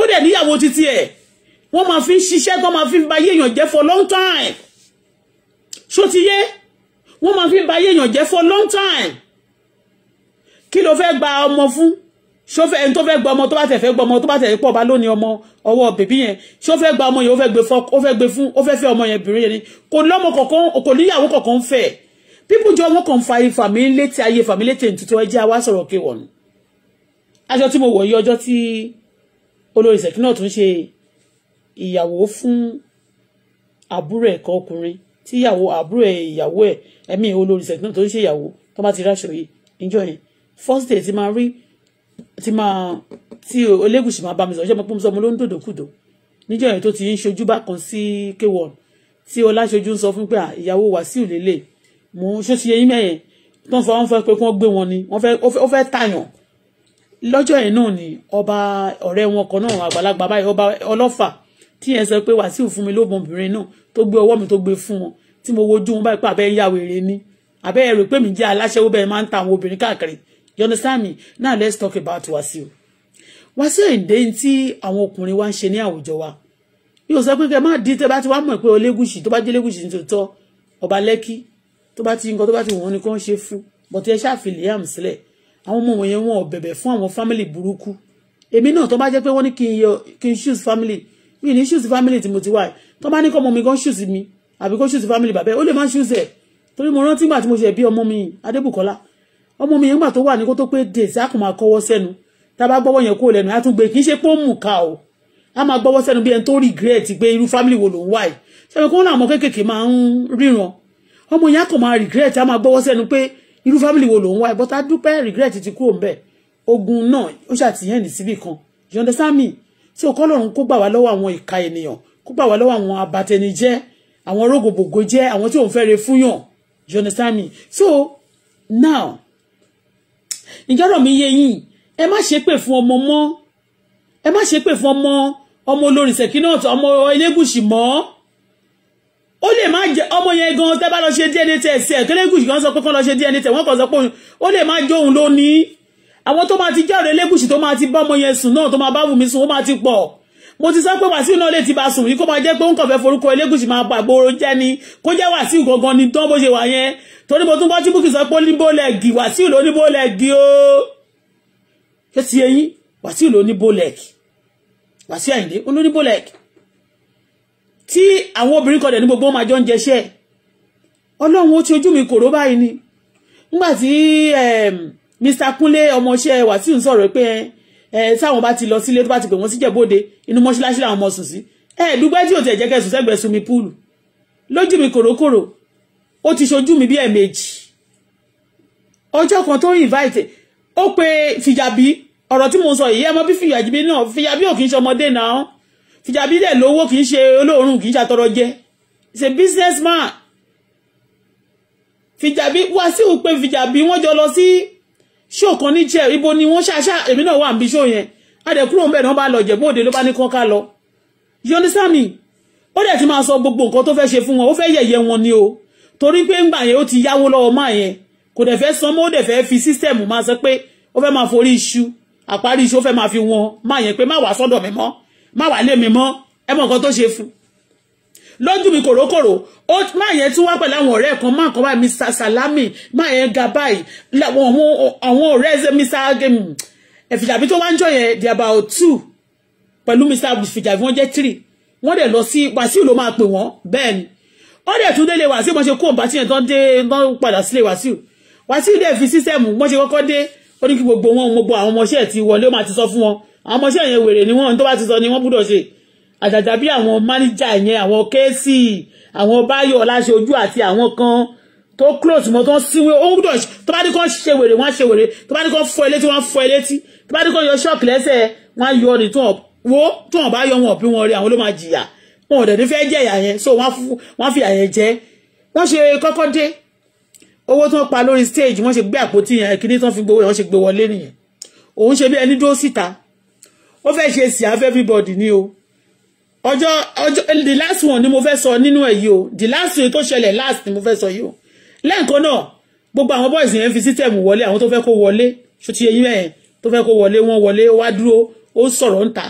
ó dẹ̀ níyàwó títí ẹ̀ wọ́n máa fi ń ṣiṣẹ́ gan máa fi ń ba ayé èèyàn jẹ́ for long time ṣó ti yé wọ́n máa fi ń ba ayé èèyàn jẹ́ for long time kí ló fẹ́ gba ọmọ fún ṣó fẹ́ ẹni tó fẹ́ gba ọmọ tó bá tẹ̀ fẹ́ gba ọmọ tó bá tẹ̀ pọ̀ bá lónìí ọmọ ọwọ́ bèbí yẹn ṣó fẹ́ gba ọmọ yẹn ó fẹ́ gbé fún ó fẹ́ gbé fún ó fẹ́ fẹ́ ọmọ yẹn bìnrin yẹn ni kò lọ́mọ kọ̀ọ̀kan kò níyàwó kọ̀ọ̀kan fẹ́ pípù jọ wọn kàn fa ìfàmì létí ayé fàmì létí ètùtù ẹjẹ́ àwa sọ̀rọ̀ ké wọ̀n aṣọ tí mo wọ̀ yí ọjọ́ tí olórí ṣèkí náà tún ṣe ìyàwó fún àbúrò ẹ̀ kan ọkùnrin tí ìyàwó àbúrò ẹ̀ ìyàwó ẹ̀ ẹ̀mí olórí ṣèkí náà tó ń ṣe ìyàwó tó bá ti ráṣọ yìí níjọ́ yẹn first day ti máa rí ti máa tí Olégùṣì ma bá mi sọ ṣé mo pọ́n sọ mo ló ń dòdò kùdò níjọ́ yẹn tó ti ń ṣojú bákan sí kéwọ̀n tí Ọláṣojú ń sọ fún pé ìyàwó Wàsíù lélẹ̀ mò ń ṣó ti yẹ yín mẹ́yẹn tó ń sọ wọn fẹ́ pé kí wọ́n gbé wọn ni ó fẹ́ tàyàn lọ́jọ́ yẹn náà ni ọba ọ̀rẹ́ wọn kan náà àgbàlagbà báyìí ọba ọlọ́fà tí yẹn sọ pé Wàsíù fún mi lóbìnrin náà tó gbé ọwọ́ mi tó gbé fún wọn tí mo wojú wọn báyìí pé àbẹ́ ń yàwó èrè ni àbẹ́ ẹ̀rọ pé mi jẹ́ aláṣẹ́wó bẹ́ẹ̀ máa ń ta àwọn obìnrin káàkiri you understand me now let's talk about Wasiu Wasiu in Denti, àwọn ọkùnrin wa ń ṣe ní àwùjọ wa yóò sọ pé kẹ má dín tẹ bá ti wá mọ̀ pé Olégùṣì tó bá jẹ́ Olégùṣì ní tòótọ́ ọba lẹ́kí tó bá ti nǹkan tó bá ti wọ́n ni kàn ṣe fún but ẹ ṣáà fi Liam sílẹ̀ àwọn ọmọ wọ̀nyẹn wọn ò bẹ̀bẹ̀ fún àwọn family burúkú èmi náà tó bá jẹ́ pé wọ́n ní kí n yọ kí choose family mi ní choose family tí mo ti wà tó bá ní kọ́ ọmọ mi kàn choose mi àbí kó choose family bàbá ẹ̀ ó lè má choose ẹ̀ torí mo rántí gbà tí mo ṣe bí ọmọ mi Adébùkọ́lá ọmọ mi nígbà tó wà ní kó tó pé days á kò máa kọ́wọ́ sẹ́nu tá a bá gbọ́wọ́ yẹn kúrò lẹ́nu á tún kì í ṣe pé mù ká o á máa gbọ́wọ́ sẹ́nu bí ẹni tó regret pé irú family wo ló ń wáyé ṣàbẹ̀ kó láwọn ọmọ kéékèèké máa ń ríran ọmọ yẹn kò máa regret á máa gbọ́wọ́ sẹ́nu pé irú family wo ló ń wáyé but dúpẹ́ regret ti kúrò ńbẹ̀ ogun náà ó ṣàtìyàn ní síbì kan you understand me tí o kọ́lọ́run kó kó you now ìjọ́rọ̀ mi yé yín ẹ má ṣe pè fún ọmọ mọ́ ẹ má ṣe pè fún ọmọ ọmọ olórin sẹ̀kínọ́ọ̀tì ọmọ elégùsì mọ́ ó lè má jẹ ọmọ yẹn gan tẹ́ bá lọ ṣe DNA test ẹ̀ kélégùsì kan sọ pé kán lọ ṣe DNA test wọ́n kàn sọ pé ó lè má jó òun lónìí àwọn tó máa ti jẹ́ ọ̀rẹ́ elégùsì tó máa ti bá ọmọ yẹn sùn náà tó máa bá wù mí sùn ó máa ti pọ̀ mo ti sọ pé Wàsíù náà lè ti bá sùn rí kó máa jẹ́ pé ó ń kàn fẹ́ forúkọ Elégùṣì máa bà gbòòrò jẹ́ ni kó jẹ́ Wàsíù gangan ni tán bó ṣe wà yẹn torí mo tún bọ́ tí Bukky sọ pé ó ní bólẹ̀gì Wàsíù ló ní bólẹ̀gì o ṣé ti eyín Wàsíù ló ní bólẹ̀gì Wàsíù Àyìndé ó ló ní bólẹ̀gì tí àwọn obìnrin kan dẹ̀ ní gbogbo wọn máa jọ ń jẹṣẹ́ ọlọ́run ó ti ojú mi kòró báyìí ni nígbà tí ehm, Mr. Kúnlé ọmọọṣẹ́ Wàsíù sọ̀rọ̀ pé eh táwọn bá ti lọ sílé tó bá ti pè wọ́n sí jẹ̀bóde inú mọ́ṣáláṣí làwọn ọmọ sùn sí ẹ eh, dúpẹ́ tí ò tiẹ̀ jẹ́ kẹsùn sẹ́gbẹ̀ẹ́ sunmi púùlù lójú mi kòrókòrò ó ti ṣojú mi bí ẹ̀ẹ̀mejì ọjọ́ kan tó invite ó pe fìjàbí ọ̀rọ̀ tí mo sọ yìí ẹ mọ bí fìjàbí náà fìjàbí ò kì í ṣe ọmọdé náà fìjàbí dẹ̀ lówó kì í ṣe olóòórùn kì í ṣe atọrọ jẹ ṣe business fìjàbí wá sí òpin fìjàbí wọ́n jọ lọ sí. Si, ṣó kan ní chair ibo ni wọ́n ṣáṣá èmi náà wà níbi ṣó yẹn adẹ kúrò ń bẹ̀ náà bá lọ jẹ̀bú òde ló bá ní kán ká lọ you understand me ó dẹ̀ ti máa sọ gbogbo nǹkan tó fẹ́ ṣe fún wọn ó fẹ́ yẹ̀yẹ́ wọn ni o torí pé ńgbà yẹn ó ti yáwó lọ́wọ́ máa yẹn kò dẹ̀ fẹ́ san mọ́ ó dẹ̀ fẹ́ fi sísítẹ̀mù máa sọ pé ó fẹ́ máa forí iṣu àparí iṣu ó fẹ́ máa fi wọn máa yẹn pé má wàá sọ́dọ̀ mi mọ́ má wàá lé mi mọ́ ẹ mọ nǹkan tó ṣe fún un lójú mi kòrókòrò ó máa yẹn tún wá pẹ̀lú àwọn ọ̀rẹ́ kan máa kan báyìí mr salami máa yẹn ga báyìí àwọn ọ̀rẹ́ ẹ̀sẹ̀ mr ẹ̀fìjàbí tó wá ń jọ yẹn they about two pẹ̀lú mr ẹ̀fìjàbí wọ́n jẹ́ three wọ́n dẹ̀ lọ sí wàsíù ló máa pè wọ́n bẹ́ẹ̀ ni ó dẹ̀ tún délé wàsíù bọ́n ṣe kó òǹbá tiẹ̀ tán dé tán padà sílé wàsíù wàsíù dẹ̀ fi sísẹ́mù bọ́n ṣe kọ́kọ́ dé ó ní kí gbogbo wọn gbogbo àwọn ọmọọṣẹ́ ti wọlé ó máa ti sọ fún wọn àwọn ọmọọṣẹ́ yẹn wèrè ni wọ́n tó bá ti sọ ni wọ́n gbúdọ̀ ṣe àjàjà bí àwọn máníjà yẹn àwọn kéésì àwọn báyọ̀ ọláṣojú àti àwọn kan tó close mọ́ tó ń síwé ó gbọ́dọ̀ tó bá ní kó ṣe wèrè wọ́n á ṣe wèrè tó bá ní kó fọ́ elétí wọ́n á fọ́ elétí tó bá ní kó yọ ṣọ́ọ̀kì lẹ́sẹ̀ wọ́n á yọ ní tó wo tó wọ́n bá yọ wọn bí wọn rí àwọn ló máa jìyà wọn ò dẹ̀ ní fẹ́ jẹ́ ìyà yẹn so wọ́n fi àyẹ̀ jẹ́ wọ́n ṣe kọ́kọ́ dé owó tó ń pa lórí stage wọ́n ṣe gbé àpótí yẹn kíní tó ń fi gbowó yẹn wọ́n ṣe gbé wọlé nìyẹn òun ṣe bí ẹni dúró síta ó fẹ́ ṣe sí afẹ́ everybody ni o ọjọ́ ọjọ́ the last one ni mo fẹ́ sọ nínú ẹ̀ yìí o the last one tó ṣẹlẹ̀ last ni mo fẹ́ sọ yìí o lẹ́ẹ̀kan náà gbogbo àwọn boys yẹn fi system wọlé àwọn tó fẹ́ kó wọlé ṣùtì eyín mẹ́yẹn tó fẹ́ kó wọlé wọ́n wọlé wá dúró ó ń sọ̀rọ̀ ń ta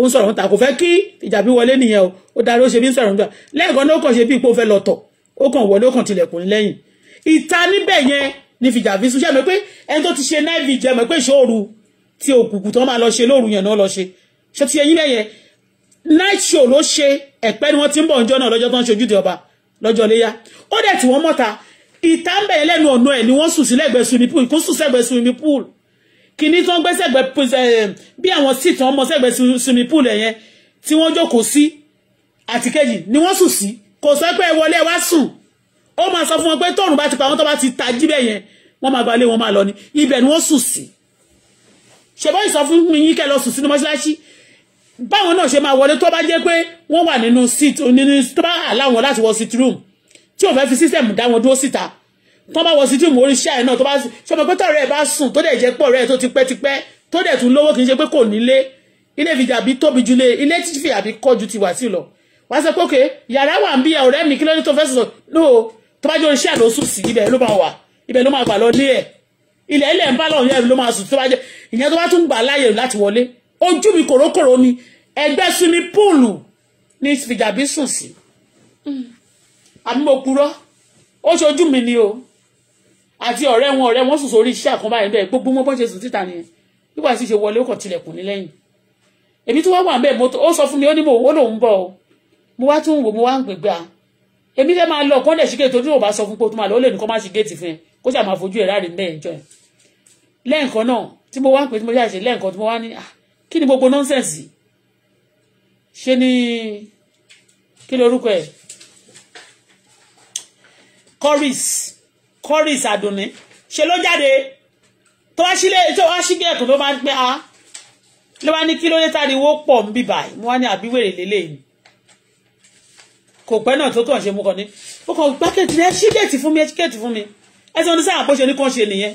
ó ń sọ̀rọ̀ ń kò fẹ́ kí ìjàbí wọlé nìyẹn o ó darí ó ṣe bí ń sọ̀rọ̀ ń gbà lẹ́ẹ̀kan náà ó kàn ṣe bí ipò fẹ́ lọ tọ̀ ó kàn wọlé ó kàn tilẹ̀kùn lẹ́yìn ìta níbẹ̀ yẹn ní fìjàbí sùn ṣàmì pé ẹni tó ti ṣe náà fi jẹ́ mọ̀ pé ìṣòro Ti òkùnkùn tó máa lọ ṣe lóru yẹn náà lọ ṣe ṣe ti eyín mẹ́yẹn night show ló ṣe ẹ̀pẹ́ ni wọ́n ti ń bọ̀ ọjọ́ náà lọ́jọ́ tó ń ṣojú di lọ́jọ́ léyà ó dẹ̀ tí wọ́n mọ́ta ìta ń bẹ̀yẹ lẹ́nu ọ̀nà ẹ̀ ni wọ́n sùn sílẹ̀gbẹ̀ swimming pool kó sùn sẹ́gbẹ̀ swimming pool kìíní tó ń gbé sẹ́gbẹ̀ eh, bí àwọn sì tán mọ́ sẹ́gbẹ̀ swimming pool ẹ̀yẹn tí wọ́n jókòó sí àti kejì ni wọ́n sùn sí kò sọ pé wọlé wá sùn ó máa sọ fún wọn pé tóòrùn bá ti pa àwọn tó bá ti tají bẹ́yẹn wọ́n máa gbalé wọn máa lọ ni ibẹ̀ ni wọ́n sùn sí ṣe bọ́ yín kẹ́ lọ sùn sínú mọ́ṣáláṣí báwọn náà ṣe máa wọlé tó bá jẹ́ pé wọ́n wà nínú sit nínú tó bá aláwọn láti wọ sit room tí ò fẹ́ fi system dá wọn dúró síta tó bá wọ sit room orí iṣẹ́ ẹ̀ náà tó bá ṣọmọ pé tọ̀rẹ́ ẹ̀ bá sùn tó dẹ̀ jẹ́ pọ̀ rẹ̀ tó ti pẹ́ ti pẹ́ tó dẹ̀ tún lówó kì í ṣe pé kò nílé ilé fìjàbí tóbi ju lé ilé tí fìjàbí kọ́ ju ti wà sí lọ wá sọ pé òkè yàrá wà ń bí ọ̀rẹ́ mi kí ló ní tó fẹ́ sọ no tó bá jẹ́ orí iṣẹ́ àlọ́ sùn sí ibẹ̀ ló máa wà ibẹ̀ ló máa gbà lọ lé ẹ̀ ilẹ̀ ilẹ̀ ń bá lọ́run yẹn ló máa sùn tó bá jẹ́ ìyẹn tó bá tún gbà láàyè láti wọlé ojú mi kòrókòrò ni ẹgbẹ́ sinmi púùlù ní fìjàbí sùn sí àmì mo purọ́ ó ṣojú mi ni o àti ọ̀rẹ́ wọn ọ̀rẹ́ wọn sùn sórí iṣẹ́ àkànbá yẹn bẹ́ẹ̀ gbogbo wọn bó ṣe sùn síta nìyẹn nígbà tí ṣe wọlé ó kàn tilẹ̀kùn ní lẹ́yìn èmi tí wọ́n wà mẹ́ẹ̀ mọ́tò ó sọ fún mi ó ní mo ó lòun bọ̀ o mo wá tún wò mo wá ń gbègbè a èmi fẹ́ máa lọ kọ́ndẹ̀ sí géètì ojú bá sọ fún pé o tún máa má sí géètì fún ẹ kó sì àmà fojú ẹ̀ láàrin bẹ́ẹ̀ jọ ẹ̀ lẹ́ẹ̀kan náà tí mo wá ń pè tí mo ṣàṣe lẹ́ẹ̀kan tí mo wá ní ah kí ni gbogbo nọ́ńsẹ̀sì ṣe ni kí ni orúkọ ẹ̀ Chorus Chorus Àdùnní ṣe ló jáde tó wá sílé tó wá sí gẹ̀ẹ́kùn ló máa ń pẹ́ a ah. ló wá ní kí ló dé táriwo pọ̀ ń bì báyìí mo wá ní àbíwèrè lélẹ́yìn kò pẹ́ náà tó kàn ṣe mú kàn ní ó kàn gbá ẹ ṣí kéètì fún mi ẹ ṣí kéètì fún mi ẹ ti ní sáà bó ṣe ní kàn ṣe nìyẹn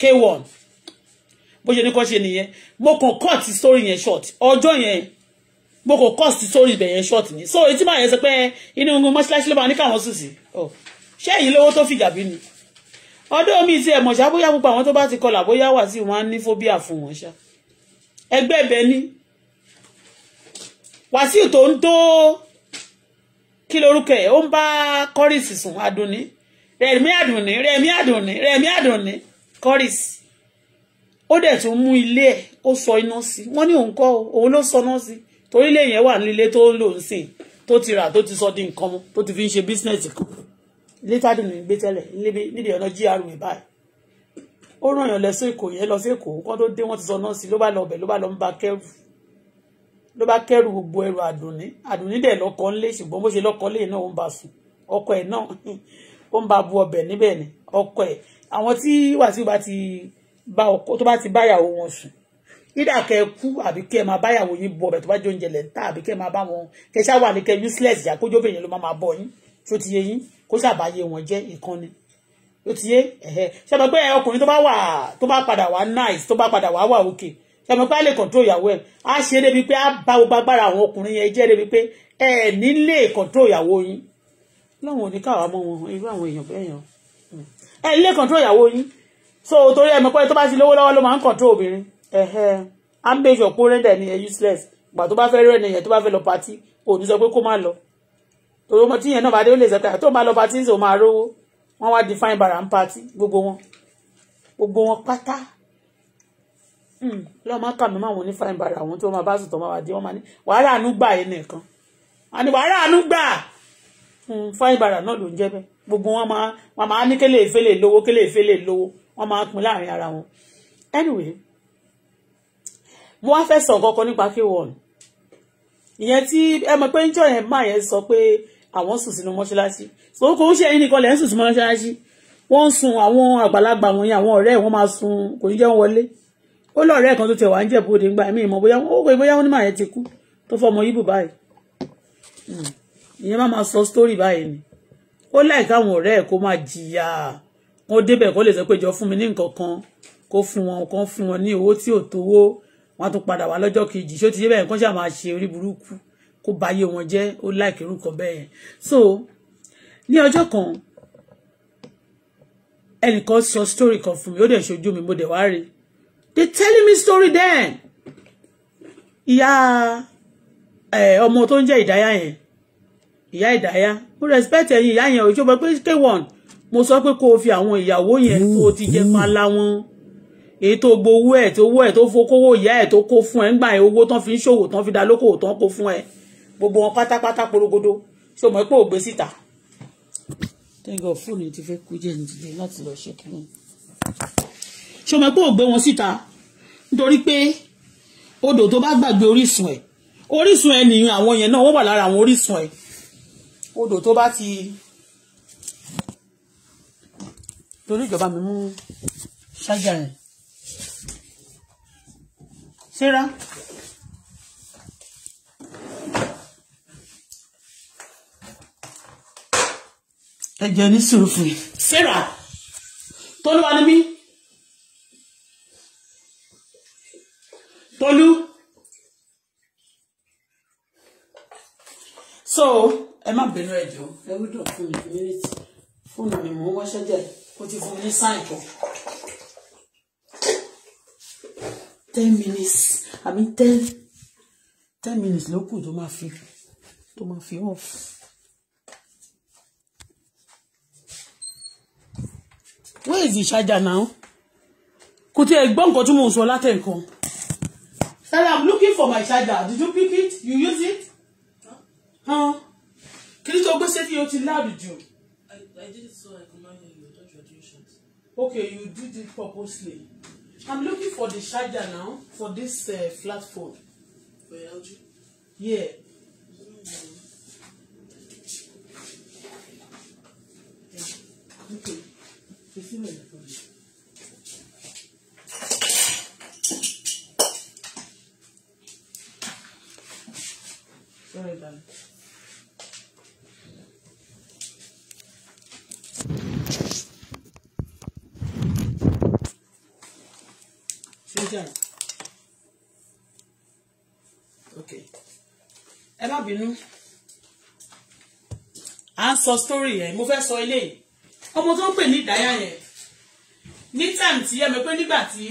K1 bó ṣe ní kọ́ ṣe nìyẹn mo kàn cut story yẹn short ọjọ́ yẹn mo kàn cut story ibẹ̀ yẹn short ni so etí màá yẹn sọ pé inú ngun mọ́ṣáláṣí ló máa ní káwọn sùn sí ṣé èyí lówó tó fi gàbí ni ọdún mi ti ẹ̀mọ̀ ṣá bóyá gbogbo àwọn tó bá ti kọlà bóyá wà sí wọn á ní fóbíà fún wọn ṣá ẹgbẹ́ ibẹ̀ ni wàsíù tó ń tó kí lorúkọ ẹ̀ ó ń bá kọ́rìsì sùn adùnní rẹ̀mí adùnní rẹ̀mí adùnní rẹ̀mí adùnní kọ́rìsì ó dẹ̀ tún mú ilé ẹ̀ ó sọ iná sí wọ́n ní òun kọ́ òun ló sọ náà sí torí ilé yẹn wà ní ilé tó ń lò ń sìn tó ti rà tó ti sọ di nǹkan mọ́ tó ti fi ń ṣe bísínẹ́sì kan ilé tádùn ní gbé tẹ́lẹ̀ nídìí ọ̀nà gr báyìí ó ràn yàn lọ sí èkó yẹn lọ sí èkó kó tó dé wọ́n ti sọ náà sí ló bá lọ ọbẹ̀ ló bá lọ ń ba kẹ́rù ló bá kẹ́rù gbogbo ẹrù àdùnní àdùnní dẹ̀ lọ́kọ ńlé ṣùgbọ́n bó ṣe lọ́kọ lé náà ó ń ba sùn ọkọ ẹ̀ náà [laughs] ó ń ba bu ọbẹ̀ níbẹ̀ ni ọkọ ẹ̀ àwọn tí wàsíù ti bá ọkọ tó bá ti báyàwó wọn sùn ìdá kẹ kú àbí kẹ máa báyàwó ba bọ ọbẹ tó bá jẹ oúnjẹ lẹ ń tà àbí kẹ máa bá wọn kẹ ṣá wà ní kẹ useless yà kójó bẹyẹn ló máa bọ yín tó ti yé yín kó ṣàbàyè wọn jẹ ìkànnì tó ti yé ẹhẹ ṣàbẹ pé ọkùnrin tó bá wà tó bá padà wá nice tó bá padà wa wà òkè ṣàbẹ pé a lè control ìyàwó ẹ á ṣe débi a á bá gbogbo agbára àwọn ọkùnrin yẹn jẹ débi pé ẹ ní lè control ìyàwó yín láwọn oníkàwá mọ wọn irú àwọn èèyàn bẹ́ẹ̀ yẹn ẹ ní lè control ìyàwó yín so torí ẹ̀mí pé tó bá ti lówó lọ́wọ́ ló máa ń control obìnrin ẹ̀hẹ́ à ń bèjọ pé rẹ́ndẹ̀ ni ẹ̀ useless ìgbà tó bá fẹ́ rẹ́ ni ìyẹn tó bá fẹ́ lọ patí kò ní sọ pé kó má lọ torí ọmọ tí ìyẹn náà bá dé ó lè sọ pé àtó ah, máa lọ patí ṣò máa rówó wọ́n wá define bara ń patí gbogbo wọn gbogbo wọn pátá hmm, lọ́wọ́ máa kà mí máa wọn ní fine bara àwọn tí wọ́n máa bá sùn tó máa wà dé wọ́n máa ní wàhálà àánú gbà yẹn nìkan àní wàhálà àánú gbà hmm, fine bara náà ló ń jẹ́ wọ́n máa ń pín láàrin ara wọn anyway mo wá fẹ́ sọ kankan nípa k1 ìyẹn tí ẹ mọ̀ pé níjọ́ yẹn máa yẹn sọ pé àwọn sùn sínú mọ́ṣáláṣí so kò ń ṣe ẹni nìkan lẹ́ ń sùn sínú mọ́ṣáláṣí wọ́n ń sun àwọn àgbàlagbà wọn yẹn àwọn ọ̀rẹ́ wọn máa sun kò ní jẹ́ wọn wọlé ó lọ́ọ̀rẹ́ kan tó tẹ̀ wá ń jẹ̀bú òde ńgbà mí ìmọ̀ bóyá ó pé bóyá wọn ní màá yẹn ti kú tó fọmọ yìí bù báyìí hmm. ìyẹn má máa sọ sítórì báyìí ni ó láìka àwọn ọ̀rẹ́ ẹ̀ kó máa jìyà kó débẹ̀ kó lè sọ pé jọ fún mi ní nǹkan kan kó fún wọn kó fún wọn ní owó tí ò tówó wọn á tún padà wá lọ́jọ́ kejì ṣó ti débẹ̀ nǹkan ṣáà ṣe orí burúkú kó ba wọn jẹ́ ó láìkí orúkọ bẹ́ẹ̀ so ní ọjọ́ kan ẹnìkan sọ story kan fún mi ó dẹ̀ ṣojú mi mo dẹ̀ wá rí they telling me story then ìyá ọmọ tó ń jẹ́ ìdáyà yẹn ìyá ìdáyà mo respect ẹ̀yin ìyá yẹn òjò mọ̀ pé k one mo sọ pé kó o fi àwọn ìyàwó yẹn tó o ti jẹ pala wọn èyí tó gbowó ẹ̀ tó owó ẹ̀ tó fokówó ìyá ẹ̀ tó kó fún ẹ̀ ńgbà yẹn owó tán fi ń ṣòwò tán fi dá lókòwò tán kó fún ẹ̀ gbogbo wọn pátápátá porogodo ṣó mọ̀ pé ò gbé síta. tẹ́ńgọ̀ fóònù ti fẹ́ kú jẹ́ nítorí láti lọ ṣe kí ni. ṣó mọ̀ pé ò gbé wọn síta nítorí pé odò tó bá gbàgbé orísun ẹ̀ orísun ẹ̀ nìyẹn àwọn yẹn náà wọ́n wà lára àwọn orísun ẹ̀ odò tó bá ti torí ìjọba mi mú ṣájà yẹn ṣera. ẹ jẹ́ ní sùúrù fún mi. ṣera tolú wa ni mí tolú. so ẹ má bẹ̀rù ẹ̀jọ̀ ẹ wúdọ̀ fún mi fún mi fóònù mi mò ń wáṣẹ́ jẹ́ kó ti fún ní sáìn kan ten minutes àbí ten ten minutes ló kù tó máa fi tó máa fi off. where is the charger now Could you ẹ gbọ́ nǹkan tí mò ń sọ látẹ̀kan. I'm looking for my charger. Did you pick it? You use it? Huh? Can Kí ló tó gbé sétí o ti láàrú jù? I did it so I okay you did it purposely i'm looking for the charger now for this uh, flat phone. for your LG. yeah. Okay. You see my phone. Sorry, darling. Nigerians okay ẹ má bínú à ń sọ story yẹn mo fẹ́ sọ eléyìí ọmọ tó ń pè ní ìdáyà yẹn ní time tí ẹ mọ̀ pé nígbà tí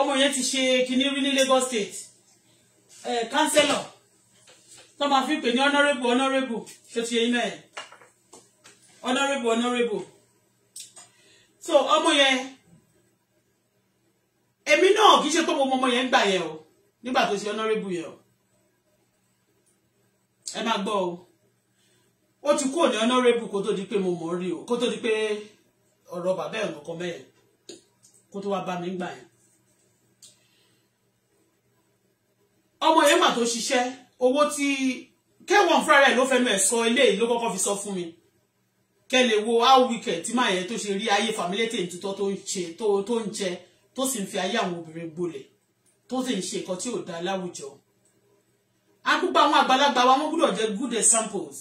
ọmọ yẹn ti ṣe kinní rí ní Lagos State ẹ councillor tó máa fi pè ní honourable honourable ṣe ti yẹn náà honourable honourable so ọmọ yẹn èmi náà kì í ṣe pé mo mọ ọmọ yẹn gbà yẹn o nígbà tó ṣe honourable yẹn o ẹ máa gbọ́ o ó ti kúrò ní honourable kó tó di pé mo mọ̀ ọ́ rí o kó tó di pé ọ̀rọ̀ bàbá ẹ̀ nǹkan mẹ́yẹn kó tó wá bá mi gbà yẹn ọmọ yẹn mà tó ṣiṣẹ́ owó tí kẹwọn fúnra rẹ̀ ló fẹnu ẹ̀ sọ eléyìí ló kọ́kọ́ fi sọ fún mi kẹlẹ wo how wicked tí máa yẹn tó ṣe rí ayé fàmílétè ntutọ tó ń ṣe tó ń jẹ tó sì ń fi ayé àwọn obìnrin gbolẹ̀ tó sì ń ṣe nǹkan tí ò dáa láwùjọ agbúgbà àwọn àgbàlagbà wa wọ́n gbúdọ̀ jẹ́ good examples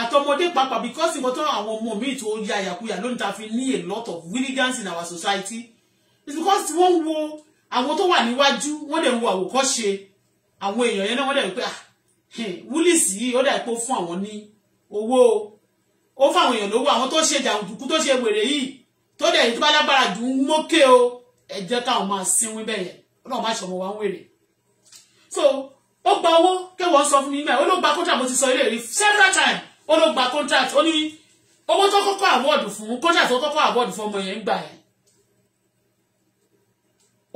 àtọmọdé pàápàá because ìwọ́n tán àwọn ọmọ míì tó ya àyàkuyà ló ń ta fi ní a lot of willigans in our society it's because wọ́n ń wo àwọn tó wà níwájú wọ́n dẹ̀ ń wo àwòkọ́ṣe àwọn èèyàn yẹn náà wọ́n dẹ̀ ń pé ah hmm, willis yìí ó dà pé ó fún àwọn ní owó ó fáwọn èèyàn lówó àwọn tó ṣe jàǹdùkú tó ṣe wèrè yìí tó dẹ̀ yìí tó bá lágbára jù ń mókè o ẹ jẹ́ káwọn máa sinwin bẹ́ẹ̀ yẹn ọlọ́run má ṣọmọ wa ń wèrè so ó gba owó kẹwọ́n sọ fún mi nígbà ó ló gba contract mo ti sọ ilé rí several times ó ló gba contract ó ní owó tó kọ́kọ́ award fún contract tó kọ́kọ́ award fún ọmọ yẹn ń gbà yẹn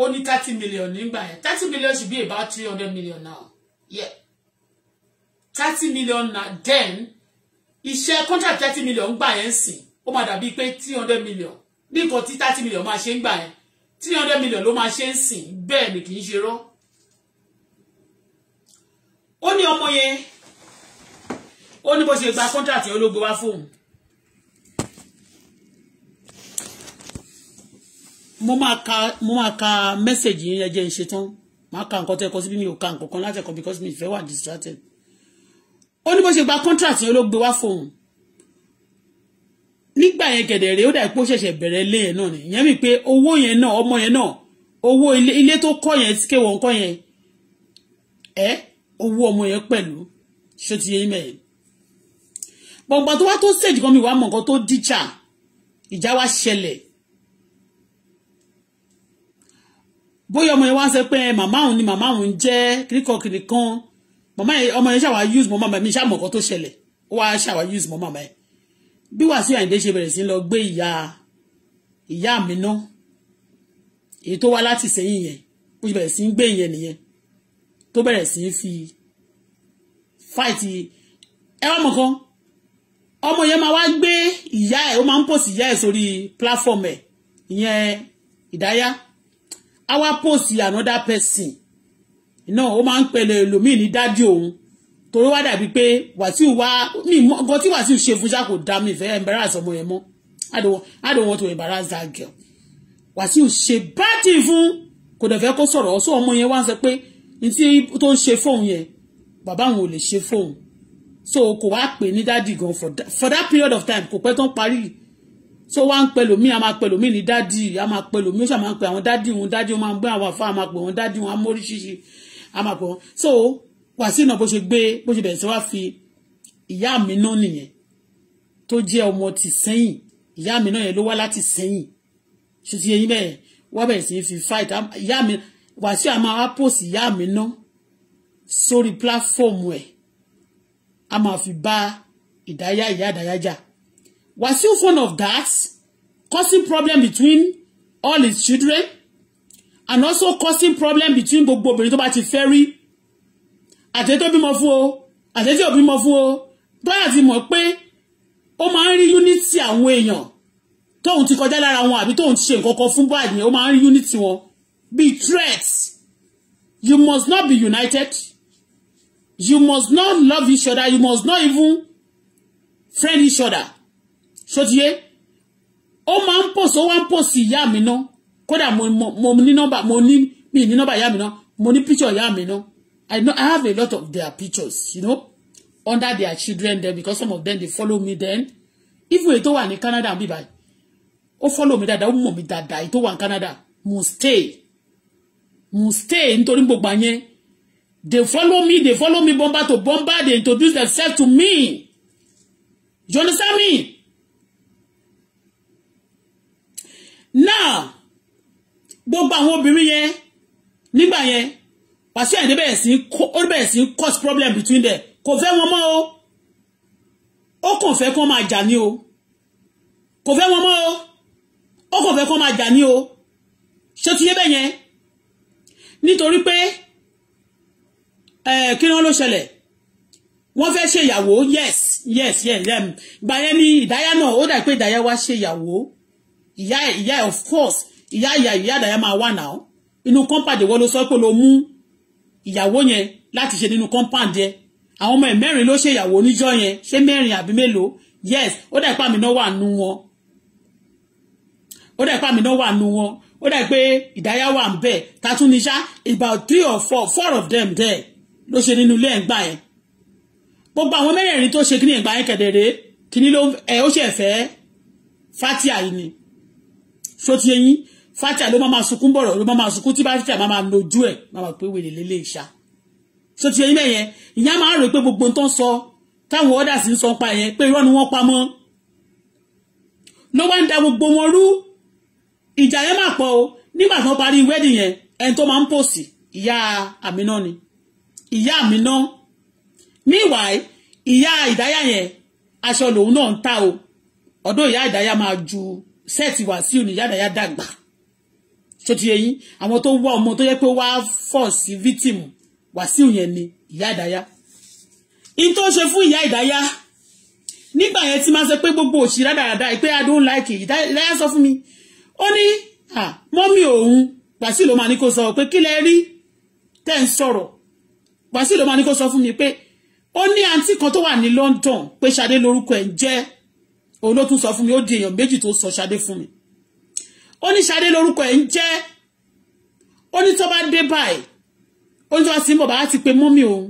ó ní thirty million nígbà yẹn thirty million should be about three hundred million now yeah thirty million na then iṣẹ́ contract thirty million gbà yẹn sìn ó máa dàbí pé three hundred million bí nǹkan tí thirty million máa ṣe ń gbà yẹn three hundred million ló máa ṣe ń sìn bẹ́ẹ̀ ni kì í ṣe rọ́ ó ní ọmọ yẹn ó ní bó ṣe gba contract yẹn olóògbé wá fóun mo máa ka mo máa ka mẹ́sẹ̀gì yẹn yẹn jẹ́ ń ṣe tán máa ka nǹkan tó ẹ̀kọ́ síbi mi ò ka nǹkan kan láti ẹ̀kọ́ because mi ìfẹ́ wà distracted ó ní bó ṣe gba contract yẹn olóògbé wá fóun nígbà yẹn gẹ̀dẹ̀ rèé ó dà pé ó ṣẹ̀ṣẹ̀ bẹ̀rẹ̀ ilé yẹn náà ni ìyẹn mi pé owó yẹn náà ọmọ yẹn náà owó ilé tó kọ́ yẹn tí kéwọ́n kọ́ yẹn ẹ owó ọmọ yẹn pẹ̀lú ṣó ti yẹ mẹ́ẹ̀. bọ̀ǹgbà tó wá tó stage kan mi wá mọ̀ nǹkan tó dìjà ìjà wá ṣẹlẹ̀ bóyá ọmọ yẹn wá ń sẹ pé màmá òun ni màmá òun jẹ́ kíríkọ̀kìnì kan màmá ọmọ yẹn ṣàwá use mọ́ màmá mi ṣàmọ̀ nǹkan tó ṣẹlẹ̀ ó wá ṣàwá use mọ́ màmá yẹn bí Wàsíù Àyìndé ṣe bẹ̀rẹ̀ sí lọ gbé ìyá ìyá mi ná èyí tó wá láti sẹ́yìn yẹn bó ṣe bẹ̀rẹ̀ sí ń gbé ìyẹn nìyẹn tó bẹ̀rẹ̀ sí ń fi fáìtì ẹ wá mọ̀ kan ọmọ yẹn máa wá gbé ìyá ẹ̀ ó máa ń post ìyá ẹ̀ sórí platform ẹ̀ ìyẹn ìdáyà á wá post another person náà ó máa ń pẹ̀lẹ́ ẹlòmíì ní dádì òun torí wá dàbí pé wàsíù wá ní nǹkan tí wàsíù ṣe fún ṣáà kò dá mi ìfẹ́ embarrass ọmọ yẹn mọ́ I don't, I don't want to embarrass that girl wàsíù ṣe báàtì fún kò dẹ̀ fẹ́ kó sọ̀rọ̀ ọ̀ṣọ́ ọmọ yẹn wá ń sọ pé ní tí tó ń ṣe fóun yẹn bàbá àwọn ò lè ṣe fóun so kò wá pè ní dádì gan for that, for that period of time kò pẹ́ tó parí so wá ń pẹ lòmíì a máa pẹ lòmíì ní dádì a máa pẹ lòmíì ó ṣà máa ń pẹ àwọn dádì wọn dádì wọn máa ń gbé àwọn àfa a pẹ wọn dádì wọn amóríṣiṣi a pẹ wọn so wàsíù náà bó ṣe gbé bó ṣe bẹ̀rẹ̀ sí wá fi ìyá mi náà nìyẹn tó jẹ́ ọmọ ti sẹ́yìn ìyá mi náà yẹn ló wá láti sẹ́yìn ṣe ti bẹ́ẹ̀ wọ́n bẹ̀rẹ̀ sí fi fight ìyá mi wàsíù àmọ́ wá post ìyá mi náà sórí platform ẹ̀ a máa fi bá ìdáyà ìyá ìdáyà jà wàsíù fond of that causing problem between all his children and also causing problem between gbogbo obìnrin tó bá ti fẹ́ rí àtẹ́tí ó bímọ fún o àtẹ́tí ò bímọ fún o bóyá ti mọ̀ pé ó máa ń rí unity àwọn èèyàn tóun ti kọjá lára wọn àbí tóun ti ṣe nǹkan kan fún báyìí yẹn ó máa ń rí unity wọn be threat you must not be united you must not love each other you must not even friend each other ṣòtìyé ó máa ń pòsò ó wá ń pòsì ìyá mi ná kódà mo ní nọ́mbà mo ní mi ní nọ́mbà ìyá mi ná mo ní píṣọ̀ ìyá mi ná. I know I have a lot of their pictures, you know, under their children there because some of them they follow me then. If we tó one in Canada be by, oh follow me that that mọ̀ that die èyí one wà Canada, must stay, must stay nítorí gbogbo àyẹn. They follow me, they follow me bomba to bomba, they introduce themselves to me. You understand me? Now, gbogbo àwọn obìnrin yẹn nígbà yẹn Wàsíù Àyìndé bẹ̀rẹ̀ sí ó bẹ̀rẹ̀ sí cause problem between them kò fẹ́ wọn mọ́ o ó kàn fẹ́ kó máa jà ní o kò fẹ́ wọn mọ́ o ó kàn fẹ́ kó máa jà ní o ṣé ti yé bẹ́ẹ̀ yẹn nítorí pé kí wọ́n ló ṣẹlẹ̀ wọ́n fẹ́ ṣe ìyàwó yes yes yes gbà yẹn ni ìdáyà náà ó dà pé ìdáyà wá ṣe ìyàwó ìyá ìyá of course ìyá ìyá ìyá ìdáyà máa wà náà inú kọ́ńpàdé wọ́n ló sọ pé ló mú ìyàwó yẹn láti ṣe nínú compound yẹn àwọn ọmọ ẹ̀ mẹ́rin ló ṣe ìyàwó oníjọ́ yẹn ṣé mẹ́rin àbí mélòó yes ó dẹ̀ pé àmì náà wà nù wọn ó dẹ̀ pé àmì náà wà nù wọn ó dẹ̀ pé ìdáyà wà ń bẹ̀ tatúnisá about three or four four of them there ló ṣe nínú ilé ẹ̀ ń gbà yẹn gbogbo àwọn mẹ́rẹ̀ẹ̀rin tó ṣe kí ni ìgbà yẹn kẹ̀dẹ̀rẹ́ kí ni ló ẹ̀ ó ṣe ẹ̀fẹ́ fatia yìí ni ṣó ti yẹn fatia ló máa ma sunkún bọ̀rọ̀ ló máa ma sunkún tí fatia máa ma lójú ẹ̀ máa ma pé wèrè lélẹ̀ ìṣá so ti ẹyin yẹn ìyá máa rò pé gbogbo tó ń sọ táwọn ọ̀dà sì ń sọ pa yẹn pé irọ́ ni wọ́n pa mọ́ ló wá ń da gbogbo wọn rú ìjà yẹn máa pọ̀ o nígbà tó parí wẹ́ẹ̀dì yẹn ẹni tó máa ń pòsì ìyá àmínà ni ìyá àmínà meanwhile ìyá ìdáyà yẹn aṣọ lòun náà ń ta o ọ̀dọ̀ ìyá ìdáyà máa ju sẹ́ẹ̀tì wàsíù ní ìyá ìdáyà dàgbà ṣé ti yé yín àwọn tó wá ọmọ tó yẹ pé wá fọ̀ sí victim Wàsíù yẹn ni ìyá ìdáyà in tó ṣe fún ìyá ìdáyà nígbà yẹn tí máa sọ pé gbogbo òṣì rádaràda pé I don't like it ìdáyà sọ fún mi ó ní mọ́mí òun Wàsíù ló máa ní kó sọ pé kí lẹ rí tẹ́ ń sọ̀rọ̀ Wàsíù ló máa ní kó sọ fún mi pé ó ní àǹtí kan tó wà ní London pé Ṣadé lórúkọ ẹ̀ ń jẹ́ òun ló tún sọ fún mi ó di èèyàn méjì tó sọ Ṣadé fún mi ó ní Ṣadé lórúkọ ẹ̀ ń jẹ́ ó ní tó bá dé báyìí ó ní tó bá sì ń bọ̀ bàbá ti pe mọ́mì òun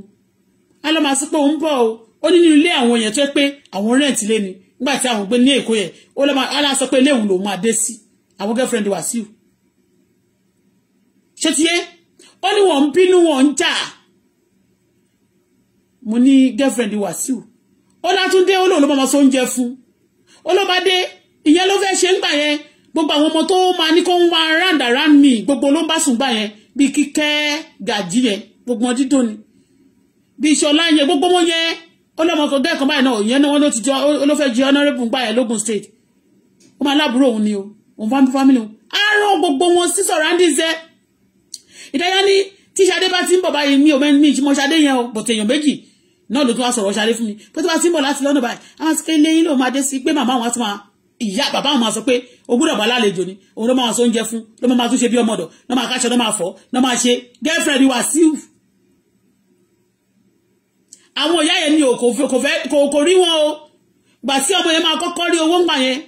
á lọ́ máa sọ pé òun bọ̀ o ó ní nínú ilé àwọn èèyàn tó pé àwọn rẹ́ǹtì lé ni nígbà tí àwọn gbé ní Èkó yẹn ó lọ́ máa á sọ pé ilé òun lòun máa dé sí àwọn girlfriend Wàsíù ṣé ti yé ó ní wọ́n ń bínú wọ́n ń jà mo ní girlfriend Wàsíù ó látúndé ó lóun ló máa sọ oúnjẹ fún ó ló bá dé ìyẹn ló fẹ́ ṣe ń gbà yẹn gbogbo àwọn ọmọ tó máa ní kó ń wá round around me gbogbo ló ń bá sùn gbà yẹn bíi kíkẹ́ gàjí yẹn gbogbo wọn dídùn ni bíi ṣọlá yẹn gbogbo wọn yẹn ọlọ́mọ kan gẹ́ẹ̀kan báyìí náà ìyẹn náà wọn ló ti jọ olófẹ́ jẹ honourable gbà yẹn lógun state ó máa láàbúrò òun ni o òun fámi family òun á rán gbogbo wọn sí surroundings ẹ ìdáyà ní tí Ṣadé bá ti ń bọ̀ báyìí mi ò mẹ́ni mi ìjìmọ̀ Ṣadé yẹn o bọ̀tẹ̀ èèyàn méjì náà ló tún wá sọ̀rọ̀ Ṣadé fún mi pé tó bá ti ń bọ̀ láti lọ́nà báyìí àwọn àti pé lẹ́yìn lòun máa dé sí pé màmá àwọn àti máa ìyá bàbá wọn máa sọ pé o gbúdọ̀ bá lálejò ni òun ló máa sọ oúnjẹ fún ló máa tún ṣe bí ọmọdọ̀ ló máa káṣọ ló máa fọ̀ ló máa ṣe girlfriend wà síù àwọn ìyá yẹn ni o kò fẹ́ kò rí wọn o gbà sí ọmọ yẹn máa kọ́kọ́ rí owó ń gbà yẹn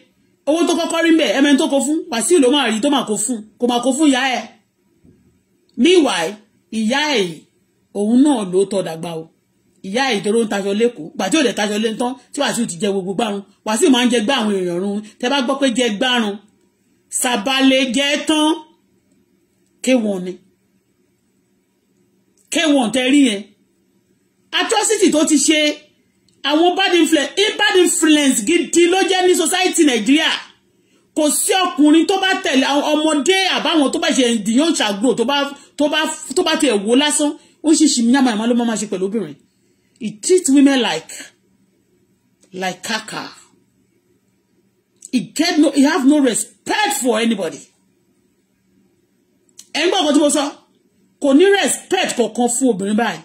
owó tó kọ́kọ́ rí ń bẹ̀ ẹmẹ́ni tó kó fún gbà sí ìlú máa rí tó máa kó fún kò máa kó fún ìyá ẹ̀ meanwhile ìyá ẹ̀ òun náà ló tọ́ dàgbà o ìyá ìdòrò ń taṣọ lẹ́kọ̀ọ́ gbàtí ò lè taṣọ lé tán tí wàásù ti jẹ gbogbo gbárùn wàásù máa ń jẹ gbá àwọn èèyàn run tẹ bá gbọ́ pé jẹ gbárùn sàbálẹ̀ jẹ tán kéwọn ni kéwọn tẹ rí yẹn atrocity tó ti ṣe àwọn bad influence bad influence gidi ló jẹ́ ní society Nàìjíríà kò sí ọkùnrin tó bá tẹ̀lé ọmọdé àbáwọn tó bá ṣe ìdíyàn ṣàgbò tó bá tó bá tó bá tẹ̀ wò lásán ó ṣì ṣì ní àmàlà ló máa ṣe pẹ̀lú obìnrin He treats women like like caca. He get no he have no respect for anybody. Ẹ̀yin gbọ́dọ̀ tí mo sọ kò ní respect kankan fún obìnrin báyìí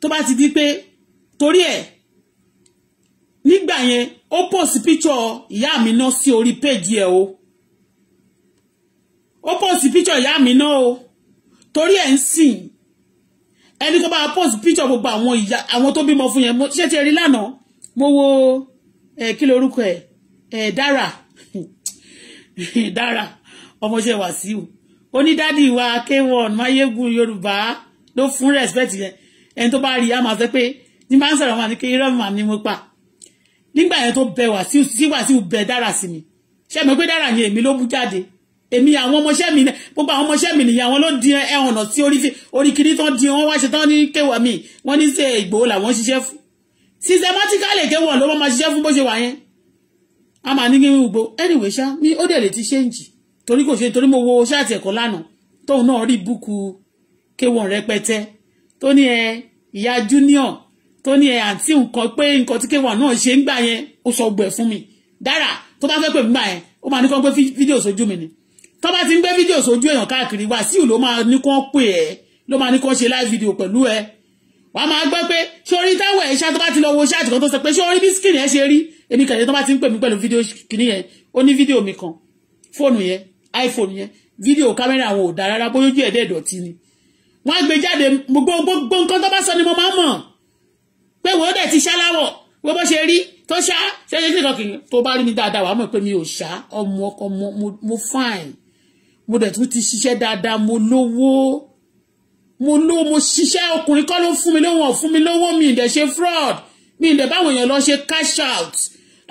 tó bá ti di pé torí ẹ̀ nígbà yẹn ó post picture ìyá mi náà sí orí péjì ẹ̀ o ó post picture ìyá mi náà o torí ẹ̀ ń ẹni kó bá a post picture gbogbo àwọn ìyá àwọn tó bímọ fún yẹn ṣé ti rí lánàá mo wo ẹ kí lorúkọ ẹ ẹ dára [laughs] dára ọmọọṣẹ wàsíù onídàádì wa k1 mayegun yorùbá ló fún respect yẹn ẹni tó bá rí i á máa fẹ́ pé ní bá ń sọ̀rọ̀ wọn ni kí irọ́ màá ní mo pa nígbà yẹn tó bẹ wàsíù sí wàsíù bẹ dára sí mi ṣé mo pé dára ni èmi ló mú jáde èmi àwọn ọmọọṣẹ́ mi gbogbo àwọn ọmọọṣẹ́ mi nìyẹn àwọn ló di ẹ̀hànà sí orí kiri tán di wọn wá ṣe tán ní kéwàá mi wọ́n ní ṣe Ìgbòho làwọn ṣiṣẹ́ fún systematically kéwàá ló máa ṣiṣẹ́ fún bó ṣe wà yẹn a máa ní kíni gbogbo anyway ṣá mi ó dẹ̀ lè ti ṣéǹjì torí kò ṣe torí mo wo ṣáàtì ẹ̀kọ́ lánàá tóun náà rí búùkù kéwàá rẹpẹtẹ tó ní ẹ ìyá junior tó ní ẹ àǹtí nǹkan pé nǹkan tí kéwàá náà ṣe ń gbà yẹn ó sọ gbẹ fún mi dára tó bá fẹ́ pè mí gbà yẹn ó máa ní kán pé fídíò sójú mi ni tó bá ti ń gbé fídíò sójú èèyàn káàkiri Wàsíù ló máa ní kán pè ẹ́ ló máa ní kán ṣe live video pẹ̀lú ẹ wàá máa gbọ́ pé ṣé orí táwọn ẹ̀ tó bá ti lọ wo ṣáàtì kan tó sọ pé ṣé orí bí skin yẹn ṣe rí èmi kẹ̀lẹ́ tó bá ti ń pè mí pẹ̀lú fídíò kìíní yẹn ó ní fídíò mi kan fóònù yẹn iPhone yẹn fídíò kámẹ́rà àwọn ò rárá bóyá ojú ẹ̀dẹ̀ ìdọ̀tí ni wọ́n á gbé jáde gbogbo nǹkan tó bá sọ ni mo máa ń mọ̀ pé wò ó dẹ̀ ti ṣá wo bó ṣe rí tó ṣá ṣe ṣe ṣe kankan tó bá rí mi dáadáa wàá mọ̀ pé mi ò ṣá ọmọ ọkọ mo fine mo dẹ̀ tún ti ṣiṣẹ́ dáadáa mo lówó mo lówó mo ṣiṣẹ́ ọkùnrin kọ́ ló fún mi lówó ó fún mi lówó mi ìdẹ̀ ṣe fraud mi ìdẹ̀ báwọn èèyàn lọ ṣe cash out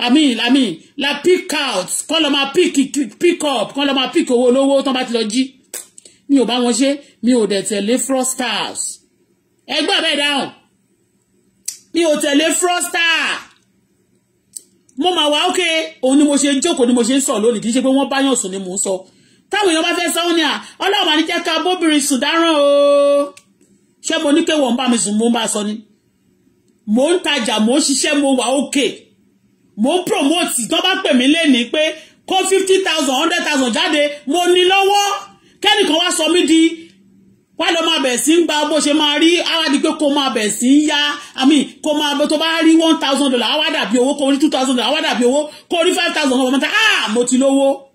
i mean i mean la pick out kọ́ lọ máa pick pick up kọ́ lọ máa pick owó lówó tán bá ti lọ jí mi ò bá wọn ṣe mi ò dẹ̀ tẹ̀lé fraudsters ẹgbẹ́ bẹ́ẹ̀ dáhùn mi ò tẹ̀lé fraudster mo mà wá ókè òun ni mo ṣe ń jókòó ni mo ṣe ń sọ lónìí kì í ṣe pé wọ́n báyàn sùn ni mò ń sọ. So táwọn èèyàn bá fẹ́ sọ́wọ́n ni à ọlọ́run máa ní jẹ́ ká bóbìnrin sùn dáràn o ṣé mo ní pé bá mi sùn mo ń bá sọ ni mo ń tajà mo ń ṣiṣẹ́ mo wà òkè mo ń promote tó bá pè mí lẹ́nìí pé kó fifty thousand hundred thousand jáde mo ní lọ́wọ́ kẹ́nìkan wá sọ mí di wá lọ máa bẹ̀ sí ń gba bó ṣe máa rí àwa di pé kó máa bẹ̀ sí ń yá àmì kó máa bẹ tó bá rí one thousand dollar àwa dàbí owó kó rí two thousand dollar àwa dàbí owó kó rí five thousand dollar ọmọ mẹ́ta ah mo ti lówó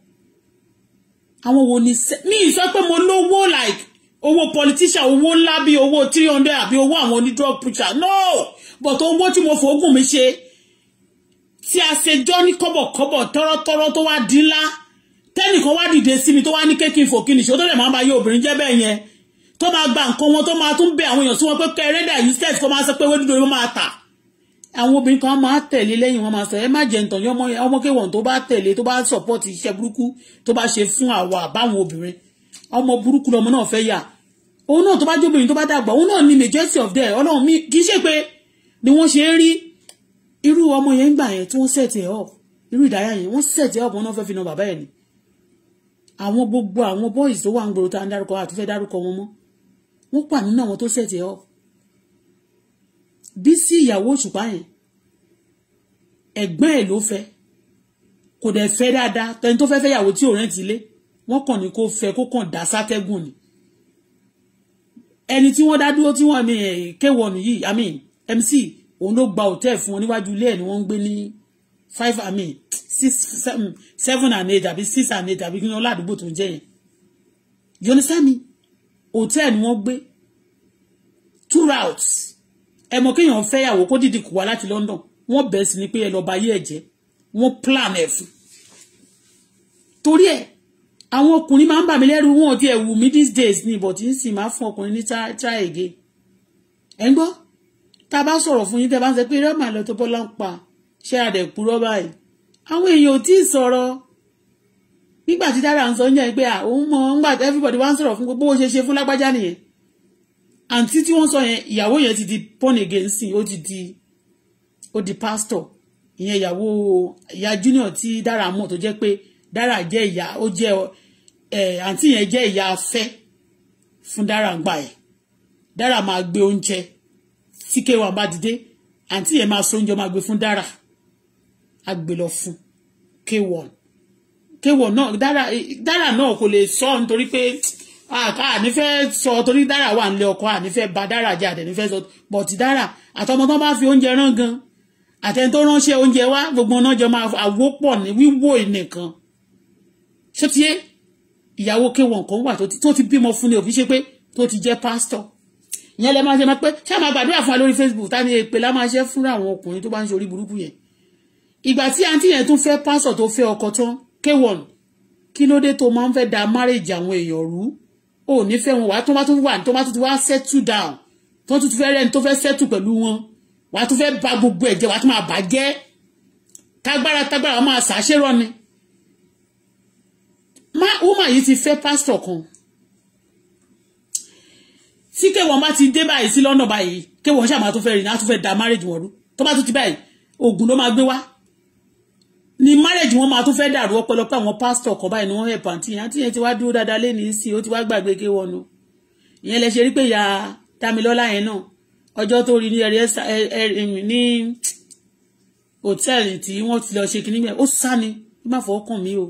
àwọn wo ni sẹ mi sọ pé mo lówó like owó politician owó ńlá bí owó three hundred àbí owó àwọn drug preacher no but owó tí mo fòógùn mi ṣe tí a ṣe jọ ní kọ́bọ̀kọ́bọ̀ tọ́rọ́tọ́rọ́ tó wá dín ńlá tẹ́nìkan wá dìde sí mi tó wá ní kékin fòkìnì ṣe ó tó lè máa bá yé obìnrin jẹ́ bẹ́ẹ̀ yẹn tó máa gba nǹkan wọn tó máa tún bẹ àwọn èèyàn sí wọn pé kẹrẹ́dà useless kó máa sọ pé wédúdú ló máa tà àwọn obìnrin kan máa tẹ̀lé lẹ́yìn wọn máa sọ ẹ má jẹ ntàn yọmọ ọmọ kéwọ̀n tó bá tẹ̀lé tó bá support iṣẹ́ burúkú tó bá ṣe fún àwa àbáwọn obìnrin ọmọ burúkú lọmọ náà fẹ́ yà òun náà tó bá jóbìnrin tó bá dàgbà òun náà ni majority of them ọlọ́run mi kì í ṣe pé ni wọ́n ṣe rí irú ọmọ yẹn gbà yẹn tí wọ́n set ẹ̀ up irú ìdáyà yẹn wọ́n set ẹ̀ up wọn fẹ́ fi na bàbá ẹ̀ ni àwọn gbogbo àwọn boys tó wà ń gbòòrò tá à ń dárúkọ àti dárúkọ wọn mọ́ wọ́n pà nínú àwọn tó set ẹ̀ up Bísí ìyàwó òṣùpá yẹn ẹ̀gbọ́n ẹ̀ ló fẹ́ kò dẹ̀ fẹ́ dáadáa tẹni tó fẹ́ fẹ́ ìyàwó tí ò rẹ́ǹtì ilé wọ́n kàn ní kó fẹ́ kó kàn dá sátẹ́gùn ni ẹni tí wọ́n dá dúró tí wọ́n mi kéwọ̀n eh, yìí i mean mc òun ló gba hòtẹ́ẹ̀ fún wọn níwájú ilé ẹ̀ ni wọ́n ń gbé ní five i mean six seven, seven and eight àbí six and eight àbí kí wọ́n ládùúgbò tó ń jẹ́ yẹn you understand me hòtẹ́ẹ̀ ni wọ́n gbé two routes ẹ mọ̀ kéèyàn fẹ́yàwó kó dìdì kù wá láti London wọ́n bẹ̀ sí ni pé ẹ lọ́ọ́ ba ayé ẹ̀ jẹ́ wọ́n plan ẹ̀ fún torí ẹ̀ àwọn ọkùnrin máa ń bà mí lẹ́rù wọn ti ẹ̀ wù mí these days ni but n sì máa fún ọkùnrin ní try again ẹ̀ ń gbọ́ tá a bá sọ̀rọ̀ fún yín tẹ́ bá ń sọ pé rẹ́mà lọ tó bọ́lá ń pa ṣé àdẹ̀kú rọ́bà yìí àwọn èèyàn ò tí ì sọ̀rọ̀ nígbà tí dára ń sọ ń yẹn pé àwọn ọmọ ń gbà everybody wá ń sọ̀rọ̀ fún gbogbo bó ṣe ṣe fún lágbájá nìyẹn àǹtí tí wọ́n sọ yẹn ìyàwó yẹn ti di born again sin ó ti di ó di pastor ìyẹn ìyàwó ìyá junior tí dára mọ̀ tó jẹ́ pé dára jẹ́ ìyá ó jẹ́ àǹtí yẹn jẹ́ ìyá afẹ́ fún dára ń gbà ẹ̀ dára máa gbé oúnjẹ tí kéwàá bá dìde àǹtí yẹn máa so oúnjẹ máa gbé fún dára á gbé lọ fún k1 náà dára náà kò lè sọ nítorí pé ànífẹ́ ah, sọ torí dára wà nílé ọkọ ànífẹ́ ba dára jẹ́ àtẹ̀nífẹ́ sọ bọ̀tì dára àtọmọ tán bá fi oúnjẹ rán gan àtẹni tó ránṣẹ́ oúnjẹ wá gbogbo náà jọ máa àwòpọ̀ ní wíwò nìkan ṣé tiẹ́ ìyàwó kéwọn kan wà tó ti bímọ fún ni òfin ṣe pé tó ti jẹ́ pásítọ̀ ìyẹn lẹ máa ṣe máa pé ṣé a máa gbàdúrà fún wa lórí Facebook tá ni èpè lá máa ṣe fúnra àwọn ọkùnrin tó bá ń ṣe orí burúkú yẹn ìgbà tí àǹtí yẹn tún fẹ́ pásítọ̀ tó fẹ́ ọkọ tán kéwọn kí ló dé tó máa ń fẹ́ da márèèjì àwọn èèyàn rú ò ní fẹ́ wọn wàá tó wá tó wà tó wá tó ti wá settle down tó tún fẹ́ rẹ́ni tó fẹ́ settle pẹ̀lú wọn wàá tó fẹ́ ba gbogbo ẹ̀ wàá tó máa bàjẹ́ tágbára tágbára máa ṣàṣẹ́rọ̀ ni má wúmà yìí ti fẹ́ pásítọ̀ kan tí kéwọn bá ti dé báyìí sí lọ́nà báyìí kéwọn ṣàmà tó fẹ́ rìn náà tó fẹ́ da marriage wọn rú tó bá tó ti báyìí oògùn ló máa gbé wá ni marriage wọn máa tún fẹ́ dàrú ọpẹ́lọpẹ́ àwọn pásítọ̀ kan báyìí ni wọ́n hẹ̀ pàǹtí yẹn àti yẹn ti wá dúró dáadáa lé ní sí ó ti wá gbàgbé ké wọnú ìyẹn lẹ ṣe rí pé ìyá Tamilọ́lá yẹn náà ọjọ́ tó rí ní ẹ̀rí ní hòtẹ́ẹ̀lì tí wọ́n ti lọ ṣe kí nígbà ó sá ni má fọwọ́ kàn mí o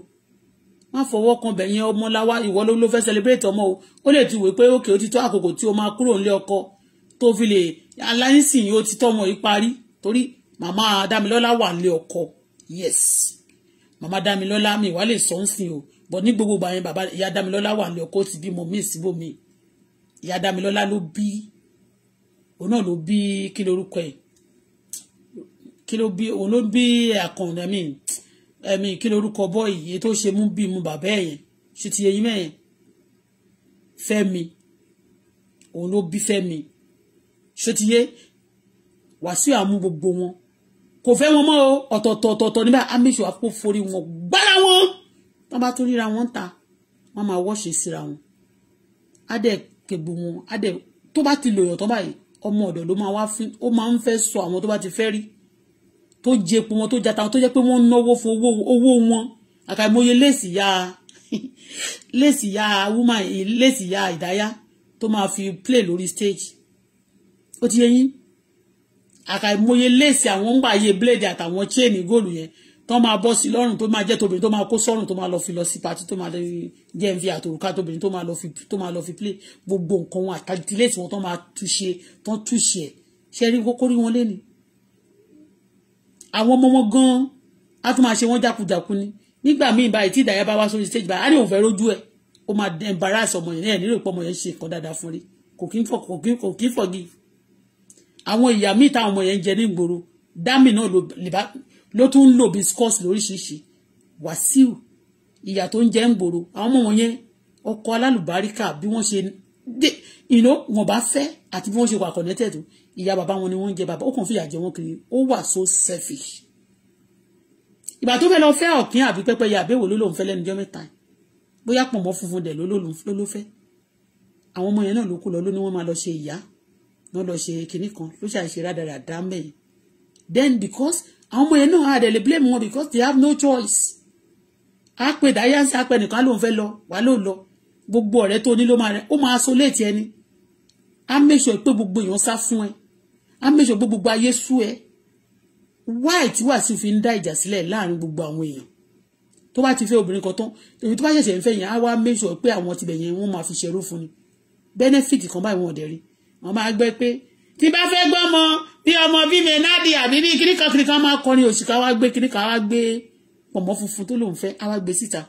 má fọwọ́ kàn bẹ̀yẹn ọmọ láwa ìwọ ló ló fẹ́ celebrate ọmọ o ó lè ti wò pé òkè ó ti tó àkókò tí o máa kúrò nílé ọkọ tó fi lè aláìsìn ó ti tọ́ ọmọ yìí parí torí màmá Dámilọ́lá wà nílé ọkọ yes màmá Dámilọ́lá mi wà lè sọ ń sìn o but ní gbogbo gbà yẹn bàbá ìyá Dámilọ́lá wà lé ọkọ ti bímọ míì síbòmíì ìyá Dámilọ́lá ló bí òun náà ló bí kí lorúkọ ẹ̀ kí ló bí òun ló bí àkànnà mi ẹ̀mí kí lorúkọ bọ́ọ̀yì èyí tó ṣe mú bí mu bàbá ẹ̀yẹn ṣe ti eyín mẹ́yẹn Fẹ́mi òun ló bí Fẹ́mi ṣe ti yé Wàsíù àmú gbogbo wọn kò fẹ́ wọn mọ́ o ọ̀tọ̀ọ̀tọ̀ọ̀tọ̀ nígbà amíṣù àpò forí wọn gbára wọn tó bá tún ríra wọn ta wọn máa wọ́ọ̀ṣì e síra wọn adẹ kẹgbù wọn adẹ tó bá ti lòyàn tó báyìí ọmọ ọ̀dọ̀ ló máa wá fún ó máa ń fẹ́ sọ àwọn tó bá ti fẹ́ rí tó jẹ epo wọn tó jata wọn tó jẹ pé wọ́n náwó fún owó wọn àkàìmọye léèsì ya [laughs] léèsì ya woman léèsì ya ìdáyà tó máa fi play lórí stage ó ti yẹ yín àkàìmọye léèsì àwọn ń gbà yé blade àtàwọn chain góòlù yẹn tó máa bọ́ sí lọ́rùn tó máa jẹ́ tóbìnrin tó máa kó sọ́rùn tó máa lọ fi lọ sí pàtí tó máa lọ jẹ́ ń fi àtòrùká tóbìnrin tó máa lọ fi tó máa lọ fi play gbogbo nǹkan wọn àtàdílé tí wọn tó máa túṣe tó ń túṣe ẹ̀ ṣe rí kókórí wọn lẹ́nu. àwọn ọmọ wọn gan-an á tún máa ṣe wọ́n jákujàku ni nígbà míì báyìí tí ìdàyà bá wá sórí stage báyìí á ní òun fẹ́ rójú ẹ̀ ó máa embarrass ọmọ yẹn ní ẹ̀ nílò ìpọ́mọ yẹn ṣe nǹkan dáadáa fún rí kò kí ń forgive àwọn ìyá míì táwọn ọmọ yẹn jẹ ní ìgboro dami náà ló tún ń lò biscuits lóríṣiríṣi wàsíù ìyà tó ń jẹ ń gboro àwọn ọmọ wọn yẹn ọkọ alálùbáríkà bí wọ́n ṣe dé ìná wọn bá fẹ́ àti bí wọ́n ṣe wà connected o ìyá bàbá wọn ni wọ́n ń jẹ bàbá ó kàn fìyà jẹ wọn kiri ó wà so selfish ìgbà tó fẹ́ lọ fẹ́ ọ̀kín àbí pẹ́pẹ́ ya àbẹ́wò ló lòun fẹ́ lẹ́nu jọ́ mẹ́ta bóyá pọ̀nmọ́ funfun dẹ̀ ló ló fẹ́ àwọn ọmọ yẹn náà ló kú lọ ló ní máa lọ ṣe ìyá ló lọ ṣe kinní kan ló ṣàṣe rádaràdá mẹ́yìn then because àwọn ọmọ yẹn náà àdẹ̀lẹ̀ blame wọn because they have no choice á pè dáyánsì á pè nìkan ló ń fẹ́ lọ wà ló lọ gbogbo ọ̀rẹ́ tó ní ló máa rẹ ó máa so léètì ẹni á mẹ́sọ̀ pé gbogbo èèyàn sá fún ẹ á mẹ́sọ̀ pé gbogbo ayé sú ẹ wáì tí wàásù fi ń dá ìjà sílẹ̀ láàrin gbogbo àwọn èèyàn tó bá ti fẹ́ obìnrin kan tán èyí tó bá ṣẹ̀ṣẹ̀ ń fẹ́ yẹn á wá mẹ́sọ̀ pé àwọn tibẹ̀ yẹn wọ́n máa fi ṣerú fún ni benefit kan báyìí wọn ò dẹ̀ rí wọ́n máa gbé pé tí bá fẹ́ gbọ́mọ bí ọmọ bíbẹ náàdì àbí bí kíríkan kíríkan máa kọrin òṣìkà wá gbé kíríkan wá gbé pọ̀mọ́ funfun tó lòun fẹ́ á wá gbé síta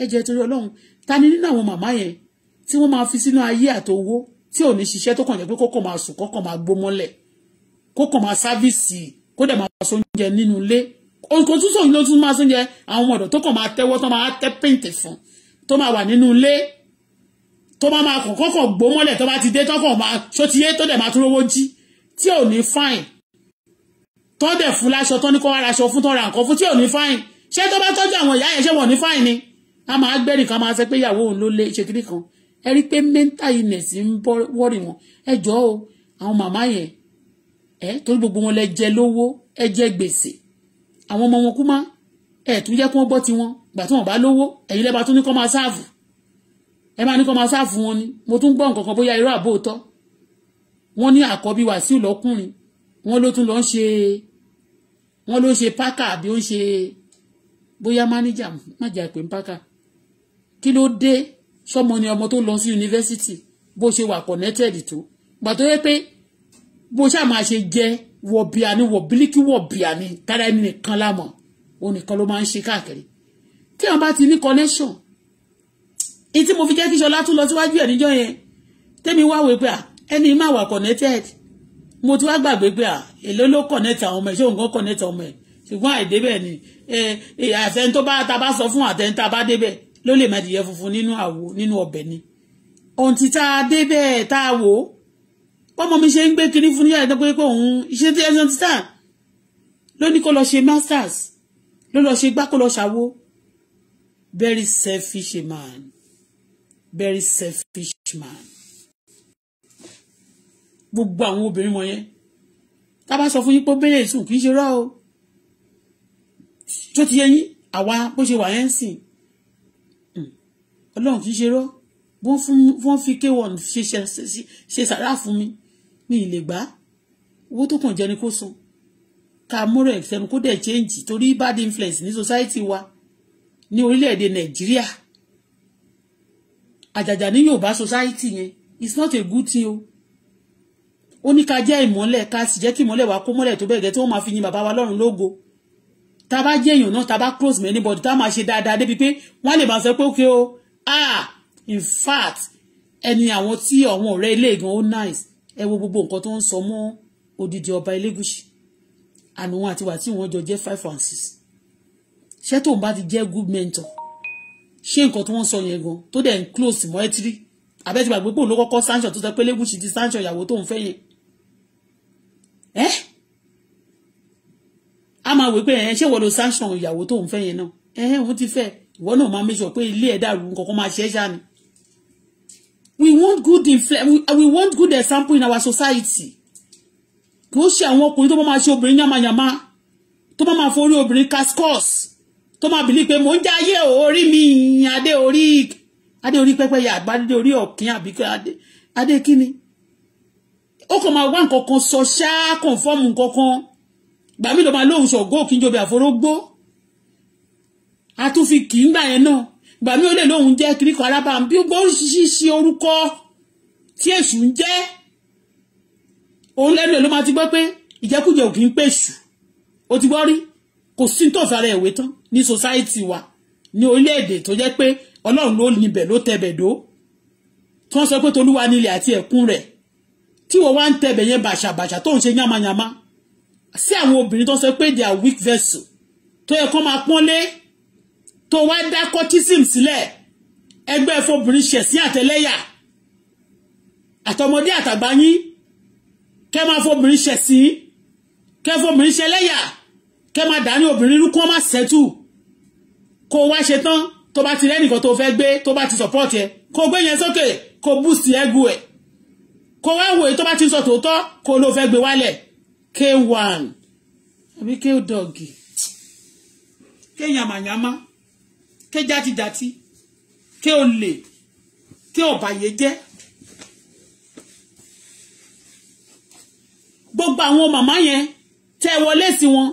ẹ jẹ́ torí ọlọ́run ta ni nínú àwọn màmá yẹn tí wọ́n máa fi sínú ayé àtowó tí ò ní ṣiṣẹ́ tó kàn jẹ́ pé kókò máa sùn kókò máa gbó mọ́lẹ̀ kókò máa sáfìsì kó dẹ̀ máa sọ oúnjẹ nínú ilé kò tún sóyún ló tún máa sóúnjẹ àwọn ọ̀dọ́ tó kàn máa tẹ́wọ́ tó máa tẹ́ péǹtì fún tó máa wà nínú ilé tó máa máa kàn kọ́kàn gbó mọ́lẹ̀ tó bá ti dé tọ́kàn máa tó ti yé tó dẹ̀ máa tún rówó jí tí ò ní fáìn tó dẹ̀ fún láṣọ tó ní kó wára aṣọ fún tó ra nǹkan fún tí ò ní fáìn ṣé tó bá tọ́jú àwọn ìyá yẹn ṣé wọ́n ní fáìn ni a máa gbẹ́rìn kan máa sọ pé ìyàwó òun ló lé ṣe kiri kan ẹ rí i pé mental illness ń bọ́ wọ́rì wọn ẹ jọ o àwọn màmá yẹn ẹ torí gbogbo wọn lẹ jẹ lówó ẹ jẹ gbèsè àwọn ọmọ wọn kú má ẹ tún jẹ́ kí wọ́n gbọ́ tiwọn gbà tí wọ́n bá lówó ẹ̀yin lẹ́ba tún ní kọ́ máa sáàfù ẹ máa ní kó máa sáàfù wọn ni mo tún gbọ́ nǹkan kan bóyá irọ́ àbó tọ́ wọ́n ní àkọ́bí wàsíù lọ́kùnrin wọ́n ló tún lọ ń ṣe wọ́n ló ń ṣe pákà àbí ó ń ṣe bóyá mánéjà májà pé ń pákà kí ló dé sọmọ ni ọmọ tó lọ sí yunifásitì bó ṣe wà connected tó gbà tó yẹ pé bó ṣáà máa ṣe jẹ wọ̀bìà ni wọ̀bílíkì wọ̀bìà ni tára ẹni nìkan lámọ̀ òun ló máa ń ṣe káàkiri tí wọn bá ti ní connection èyí tí mo fi jẹ́ kí ṣọlá tún lọ síwájú ẹ̀ níjọ́ yẹn tẹ́mi wá wò pé à ẹni má wà connected mo ti wá gbàgbé pé à èló ló connect àwọn ọmọ ẹ̀ ṣé òun kan connect ọmọ ẹ̀ ṣùgbọ́n àìdébẹ̀ ni àtẹni tó bá ta bá sọ fún àtẹni tá a bá débẹ̀ ló lè má dìyẹ funfun nínú àwo nínú ọbẹ̀ ni ohun tí tá débẹ̀ tá wò ọmọ mi ṣe ń gbé kinní fún níyàrá pé pé òun iṣẹ́ tí ẹ̀sán ti tà ló ní kó lọ ṣe masters ló lọ ṣe gbá kó lọ ṣàwo very selfish man very selfish man gbogbo àwọn obìnrin wọn yẹn tá a bá sọ fún yín pé bẹ́ẹ̀ sùn kì í ṣe rá o tó ti yẹ yín àwa bó ṣe wà yẹn ń sìn hmm. ọlọ́run kì í ṣe rọ́ wọ́n fi k1 ṣe sàrà fún mi mi ì lè gbà á owó tó kàn jẹ́ ni kó san ká múrò ẹ̀sẹ̀nu kó dẹ̀ change torí bad influence ní society wa ní orílẹ̀-èdè nàìjíríà àjàjà ní yorùbá society yẹn it's not a good thing o ó ní ká jẹ́ ìmọ́lẹ̀ ká sì jẹ́ kí ìmọ́lẹ̀ wa kó mọ́lẹ̀ tó bẹ́ẹ̀ gẹ́ tí wọ́n máa fi yin bàbá wa lọ́run lógo tá a bá jẹ́ èèyàn náà tá a bá close mọ́ anybody tá a máa ṣe dáadáa débi pé wọ́n á lè máa sọ pé ókè o ah in fact ẹni àwọn tí àwọn ọ̀rẹ́ ilé gan ó nice ẹ wo gbogbo nǹkan tó ń sọ mọ́ odidi ọba elégùsì àná wọn àti wàtí wọn jọ jẹ́ five and six ṣé tóun bá ti jẹ́ good mentor ṣé nǹkan tí wọ́n sọ yẹn gan tó dẹ̀ ń close mọ́ ẹtírí abẹ́tí gbàgbé pò ló kọ́kọ́ sanction tó sọ pé lẹ́gùn sì ti sanction ìyàwó tó ń fẹ́ yẹn ẹ́ a máa wí pé ẹ̀ ṣé wọ́n sanction ìyàwó tó ń fẹ́ yẹn náà ẹ̀ òun ti fẹ́ ìwọ náà máa mẹ́sọ̀ pé ilé ẹ̀ dàrú nǹkan kan máa ṣẹ́ ṣáà ni we want good infle we want good example in our society kò ṣe àwọn ọkùnrin tó bá máa ṣe obìnrin yàmàyàmà tó bá máa forí obìnrin cascos tó máa bìlí pé mò ń já ayé orí mi adé orí adé orí pẹ́pẹ́ yà àgbàdé orí ọ̀kín àbí adé adé kíni ó kàn máa wá nǹkan kan sọ ṣáá kàn fọ́ọ̀mù nǹkan kan gbàmí ló máa lóhùn ṣọ̀gbọ́ òkínjọba àforógbó àtúnfi kì í gbà yẹn náà gbàmí ó lè lóhùn jẹ́ kíríkọ̀ alábàámu bí ó gbọ́ ṣíṣe orúkọ tí èṣù ń jẹ́ òun lẹ́nu ẹ̀ ló máa ti gbọ́ pé ìjẹkújẹ ò pèṣù ó ti gbọ́ rí kò sí tó sára tán ní society wa ní orílẹ̀-èdè tó jẹ́ pé ọlọ́run ló níbẹ̀ ló tẹ̀bẹ̀ dó tí wọ́n sọ pé tolúwa nílẹ̀ àti ẹ̀kún rẹ̀ tí wọ́n wá ń tẹ̀bẹ̀ yẹn bàṣàbàṣà tó ń ṣe yánmayánmá sí àwọn obìnrin tó sọ pé they are weak vessel tó yẹ kán máa pọ́nlé tó wá dá cortism sílẹ̀ ẹgbẹ́ ìfobìnrin ṣẹ̀sín àtẹlẹ́yà àtọmọdé àtàgbáyín kẹ́ máa fobìnrin ṣẹ̀sín kẹ́ fobìnrin ṣẹlẹ́yà kẹ́ máa dání obìnrin rú kí wọ́n má settle kó wá ṣe tán tó bá ti rẹ́nìkan tó fẹ́ gbé tó bá ti support ẹ kó gbé yẹn sókè kó boost ego ẹ̀ kó wá wòye tó bá ti sọ tòótọ́ kó ló fẹ́ gbé wálẹ̀ k1 àbí k-dọ̀gì k-yamayama k-jatijati k-olè k-ọ̀bàyéjẹ́ gbogbo àwọn màmá yẹn tẹ́ wọlé sí wọn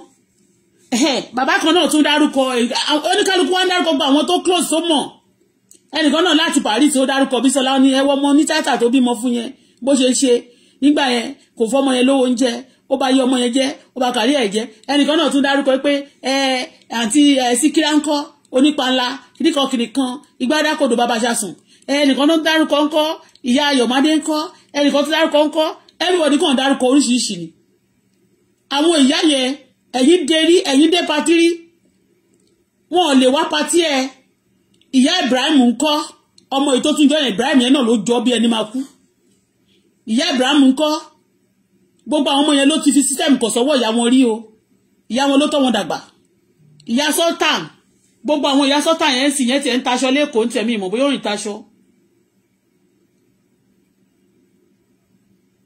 bàbá kan náà tún dárúkọ oníkálukú wa ń dárúkọ gba àwọn tó close tó mọ̀ ẹnìkan náà láti Paris ó dárúkọ Bísọ́lá ó ní ẹwọ́ ọmọ ní tátà tó bímọ fún yẹn bó ṣe ṣe nígbà yẹn kò fọmọ yẹn lówó oúnjẹ ó bá yí ọmọ yẹn jẹ ó bá kàrí ẹ jẹ ẹnìkan náà tún dárúkọ pé ẹ àǹtí ẹ síkírá ńkọ onípa ńlá kíríkọkiri kan igbádákòdò bàbá ṣàsùn ẹnìkan náà dárúkọ ńkọ ìyá ayọ̀mádé ńkọ ẹnìkan tó dárúkọ ńkọ everybody kan dárúkọ oríṣiríṣi ni àwọn ìyá yẹn ẹ̀yin derí ẹ̀yin dé patí rí wọn ò lè wá patí ẹ ìyá Ibrahim ńkọ́ ọmọ ètò tún jọ Ibrahim yẹn náà ló jọ bí ẹni máa kú ìyá Ibrahim ńkọ́ gbogbo àwọn ọmọ yẹn ló ti fi system kọ̀ sọ́wọ́ ìyá wọn rí o ìyá wọn ló tọ́ wọn dàgbà ìyá sultan gbogbo àwọn ìyá sọ́tà yẹn sì yẹn tiẹ̀ ń taṣọ lẹ́kọ̀ọ́ ń tẹ̀mí ìmọ̀ bóyá òrìn taṣọ.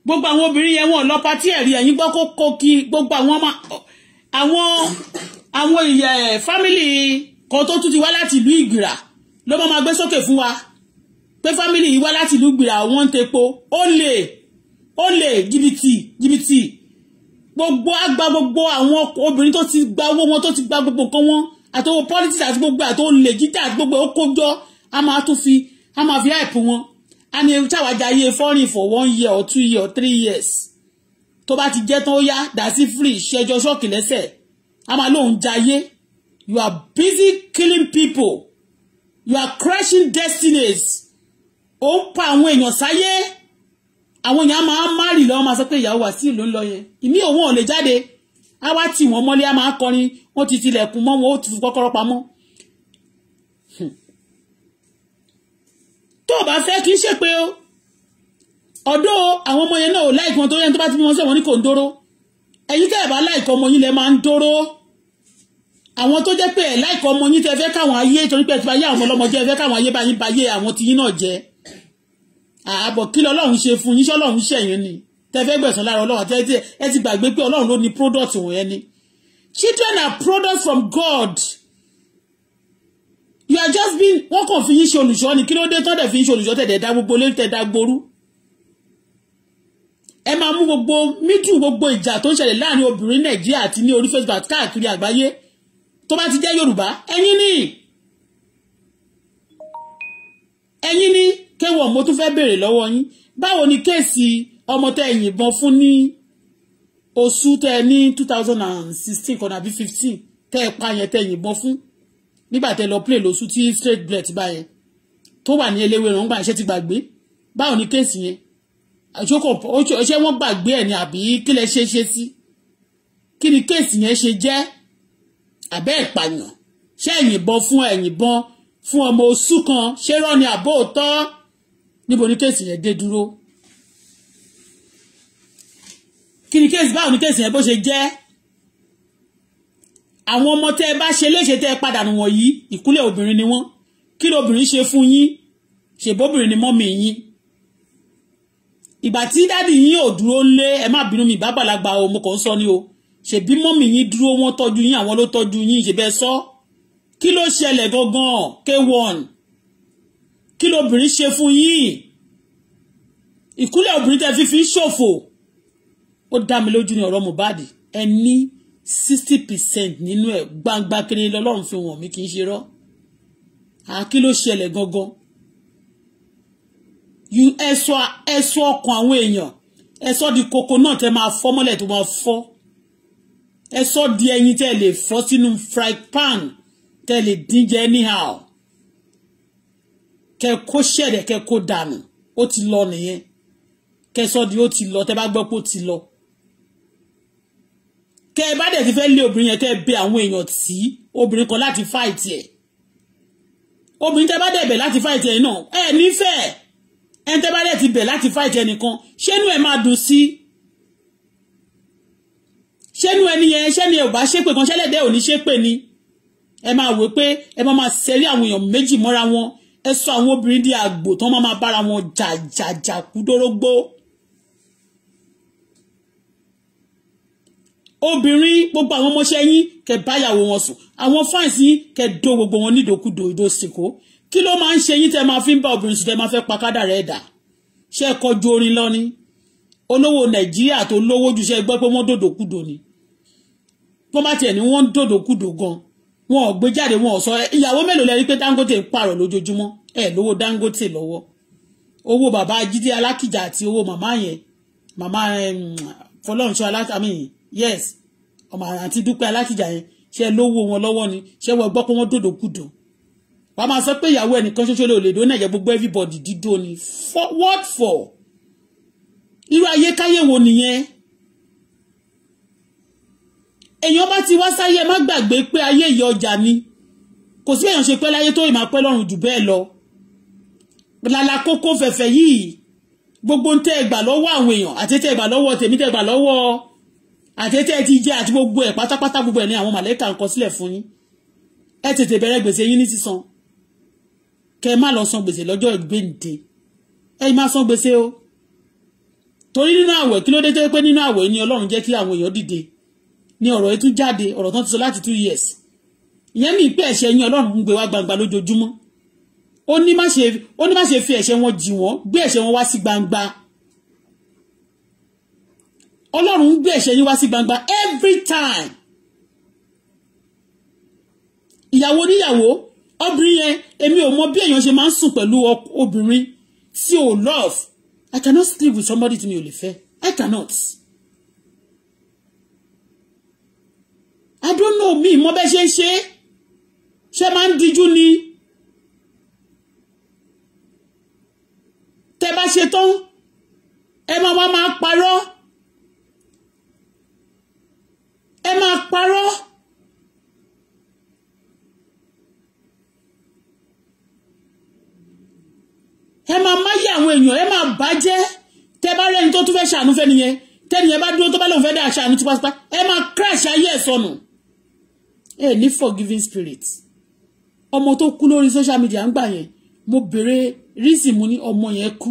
gbogbo àwọn obìnrin yẹn wọn lọ patí ẹ̀rí ẹ̀yìn gbọ́ kó kó kí gbogbo àwọn ọmọ àwọn àwọn ìyẹ eh, fámìlì kan tó tún ti wá láti ìlú ìgbìrà ló máa máa gbé sókè fún wa pé fámìlì yìí wá láti ìlú ìgbìrà wọ́n ń tepo ó lè ó lè jìbìtì jìbìtì gbogbo àgbà gbogbo àwọn obìnrin tó ti gba owó wọn tó ti gba gbogbo nǹkan wọn àtọwọ politics àti gbogbo àtọwọ lè jíjà àti gbogbo ó kójọ a máa tún fi a máa fi àìpù wọn a ní táwájà ayé fọ́rin for one year or two year or three years tó bá ti jẹ́ tán ó yá dàsí free ṣẹjọ ṣọ́ọ̀kì lẹ́sẹ̀ a máa lóun jayé you are busy killing people you are crushing destinies ó ń pa àwọn èèyàn sáyé àwọn èèyàn máa ń márì lọ́wọ́ máa sọ pé ìyàwó Wàsíù ló ń lọ yẹn ìmí òun ò lè jáde á wá tì wọ́n mọ́lé á máa kọrin wọ́n ti tilẹ̀kùn mọ́ wọn ó ti fi kọ́kọ́rọ́ pamọ́. Hmm. tó o bá fẹ́ kí n ṣe pé o ọ̀dọ́ àwọn ọmọ yẹn náà ò láìkí wọn tó yẹn tó bá ti bí wọn sẹ́wọ̀n ní kò ń dóró ẹ̀yin tẹ́ ẹ̀ bá láìkí ọmọ yín lẹ máa ń dóró àwọn tó jẹ́ pé ẹ̀ láìkí ọmọ yín tẹ́ fẹ́ káwọn ayé torí pé ẹ ti bá yé àwọn ọlọ́mọ jẹ́ ẹ fẹ́ káwọn ayé bá yín bá yé àwọn tiyín náà jẹ́ àbọ̀ kí lọ́lọ́run ṣe fún yín ṣọ́lọ́run ṣẹ̀yìn ni tẹ́ fẹ́ gbẹ̀sán lára ọlọ́run àti ẹ ti gbàgbé pé ọlọ́run ló ní product wọ̀nyẹn ni children are products from God you are just being wọ́n kàn fi yín ṣe olùṣọ́ ni kí ló dé tọ́dẹ̀ fi yín ṣe olùṣọ́ tẹ̀dẹ̀ dá gbogbo lé tẹ̀ dá gboru ẹ máa mú gbogbo mítù gbogbo ìjà tó ń ṣẹlẹ̀ láàrin obìnrin nàìjíríà àti ní orí facebook àti káàkiri àgbáyé tó bá ti jẹ́ yorùbá ẹ̀yin ni ẹ̀yin ni kéwọ̀n mo tún fẹ́ béèrè lọ́wọ́ yín báwo ni kéèsì ọmọ tẹ ìyìnbọn fún ní oṣù tẹ ní two thousand and sixteen kan àbí fifteen tẹ ẹ pa yẹn tẹ ìyìnbọn fún nígbà tẹ lọ play lóṣù tí straight bullet bá yẹn tó wà ní eléwé rẹ̀ ń gbà ṣé ti gbàgbé báwo ni kéèsì yẹn ṣé wọ́n gbàgbé ẹ̀ ni àbí kí lẹ ṣe ṣe sí kí ni kéèsì yẹn ṣe jẹ́ àbẹ́ ìpànìyàn ṣé ẹ̀yìnbọn fún ẹ̀yìnbọn fún ọmọ oṣù kan ṣé rọ́ ni àbó òótọ́ níbo ni kéèsì yẹn dé dúró kí ni kéèsì báwo ni kéèsì yẹn bó ṣe jẹ́ àwọn ọmọ tẹ́ ẹ bá ṣe léṣe tẹ́ ẹ padà nù wọ̀nyí ìkúlẹ̀ obìnrin ni wọ́n kí lóbìnrin ṣe fún yín ṣèbóbìnrin ni mọ́mì yín ìgbà tí dáàdì yín ò dúró lé ẹ má bínú mi ìbábàlagbà o mo kàn ń sọ ni o ṣèbí mọ́mì yín dúró wọ́n tọ́jú yín àwọn ló tọ́jú yín ṣèbẹ́ sọ kí ló ṣẹlẹ̀ gangan k1 kí lóbìnrin ṣe fún yín ìkúlẹ̀ obìnrin tẹ́ fífi ń ṣòfò ó dá mi lójú ní ọ̀rọ̀ Mohbad ẹ ní sixty percent nínú ẹ̀ gbangba kiri lọ́lọ́run fi wọ̀n mi kì í ṣe rọ́ àá kí ló ṣẹlẹ̀ gangan ẹ̀sọ́ ẹ̀sọ́ ọkàn àwọn èèyàn ẹ̀sọ́ di koko náà tẹ́ máa fọ́ mọ́lẹ̀ tó máa fọ́ ẹ̀sọ́ di ẹyin tẹ́ lè fọ́ sínú fry pan tẹ́ lè dín jẹ anyhow kẹ́ kó ṣẹ̀rẹ̀ kẹ́ kó dànù ó ti lọ nìyẹn kẹ́ sọ di ó ti lọ tẹ́ bá gbọ́ pé ó ti lọ kẹ́ ẹ bá dẹ̀ ti fẹ́ lé obìnrin yẹn kẹ́ bẹ àwọn èèyàn tí obìnrin kan láti fáìtì ẹ̀ obìnrin tẹ́ bá dẹ̀ bẹ̀ láti fáìtì ẹ̀ náà ẹ̀ nífẹ̀ẹ́ ẹni tẹ́ bá dẹ̀ ti bẹ̀ láti fight ẹnìkan ṣẹ́nu ẹ̀ máa dùn sí ṣẹ́nu ẹni yẹn ṣẹ́ni ẹ̀ ò bá ṣépè kan ṣẹ́lẹ̀dẹ́ ò ní ṣépè ni ẹ máa wò pé ẹ máa máa sẹ́rí àwọn èèyàn méjì mọ́ra wọn ẹ sọ àwọn obìnrin di àgbò tán máa máa bára wọn jàjàjà kú dórógbó. obìnrin gbogbo àwọn ọmọọṣẹ́ yín kẹ báyàwó wọn sùn àwọn fáǹsì kẹ do gbogbo wọn nídòkúdò ìdòsìnkó kí ló máa ń ṣe yín tẹ́ máa fi ń bá obìnrin sùn tẹ́ máa fẹ́ pa kádà rẹ̀ dà ṣe é kọjú orin lọ́ní olówó nàìjíríà tó lówó ju ṣe gbọ́ pé wọ́n dòdòkudò ni wọ́n bá tiẹ̀ ní wọ́n dòdòkudò gan wọn ò gbé jáde wọn ò sọ ìyàwó mélòó lẹ rí pé dangote ń pààrọ̀ lójoojúmọ́ ẹ̀ lówó dangote lọ́wọ́ owó bàbá jíde alákìjà àti owó màmá yẹn màmá fọlọ́nṣọ́ alákìjà mi yes ọmọ àràǹtí dúpẹ́ alákìjà yẹn ṣe lówó wọn lọ́wọ́ ni ṣé wọ́n gbọ́ pé wọ́n dòdòkudò wàá máa sọ pé ìyàwó ẹnìkan ṣoṣo lè lè dóná ẹ̀jẹ̀ gbogbo everybody dido ni for what for irú ayé káyé wo nìyẹn èèyàn bá ti wá sáyé ẹ má gbàgbé pé ayé ìyá ọjà ni kò sí èèyàn ṣe pẹ́ láyé tó ìmọ̀ pẹ́ lọ́rùn jù bẹ́ẹ̀ lọ lala koko fẹ̀fẹ̀ yìí gbogbo ń tẹ́ ẹgbà lọ́wọ́ àwọn èèyàn àti tẹ́ ẹgbà lọ́wọ́ tèmi tẹ́ ẹgbà lọ́wọ́ àti tẹ́ ti jẹ́ àti gbogbo ẹ̀ pátápátá gbogbo ẹ̀ ní àwọn màlẹ́kà ń kọ sílẹ̀ fún yín ẹ tètè bẹ̀rẹ̀ gbèsè yín ní kẹ́ ẹ má lọ san gbèsè lọ́jọ́ ìgbéǹde ẹ má san gbèsè o torí nínú àwẹ̀ kí ló dé tó pé nínú àwẹ̀ ni ọlọ́run jẹ́ kí àwọn èèyàn dìde ni ọ̀rọ̀ yẹn tún jáde ọ̀rọ̀ tán ti sọ láti two years ìyẹn mi pé ẹ̀ṣẹ̀ yín ọlọ́run ń gbé wá gbangba lójoojúmọ́ ó ní má ṣe ó ní má ṣe fi ẹ̀ṣẹ̀ wọn jì wọ́n gbé ẹ̀ṣẹ̀ wọn wá sí gbangba ọlọ́run ń gbé ẹ̀ṣẹ̀ yín wá sí gbangba every time ìyàwó oníyàwó obìnrin yẹn èmi ò mọ bí èèyàn ṣe máa ń sùn pẹ̀lú obìnrin tí ò love I cannot sleep with somebody tí mi ò lè fẹ́ I cannot. I don't know mi mọ bẹ́ẹ̀ ṣe ń ṣe ṣe máa ń díjú ni tẹ bá ṣe tán ẹ máa wá máa parọ́ ẹ máa parọ́. ẹ máa máyé àwọn èèyàn ẹ máa bàjẹ́ tẹ bá rẹni tó tún fẹ́ ṣàánú fẹ́ nìyẹn tẹ́niyẹn bá dúró tó bá lóun fẹ́ dá ṣàánú tipátipá ẹ máa crash ayé ẹ̀ sọnù ẹ ní forgiving spirit ọmọ tó kú lórí social media ń gbà yẹn mo béèrè reason mo ní ọmọ yẹn kú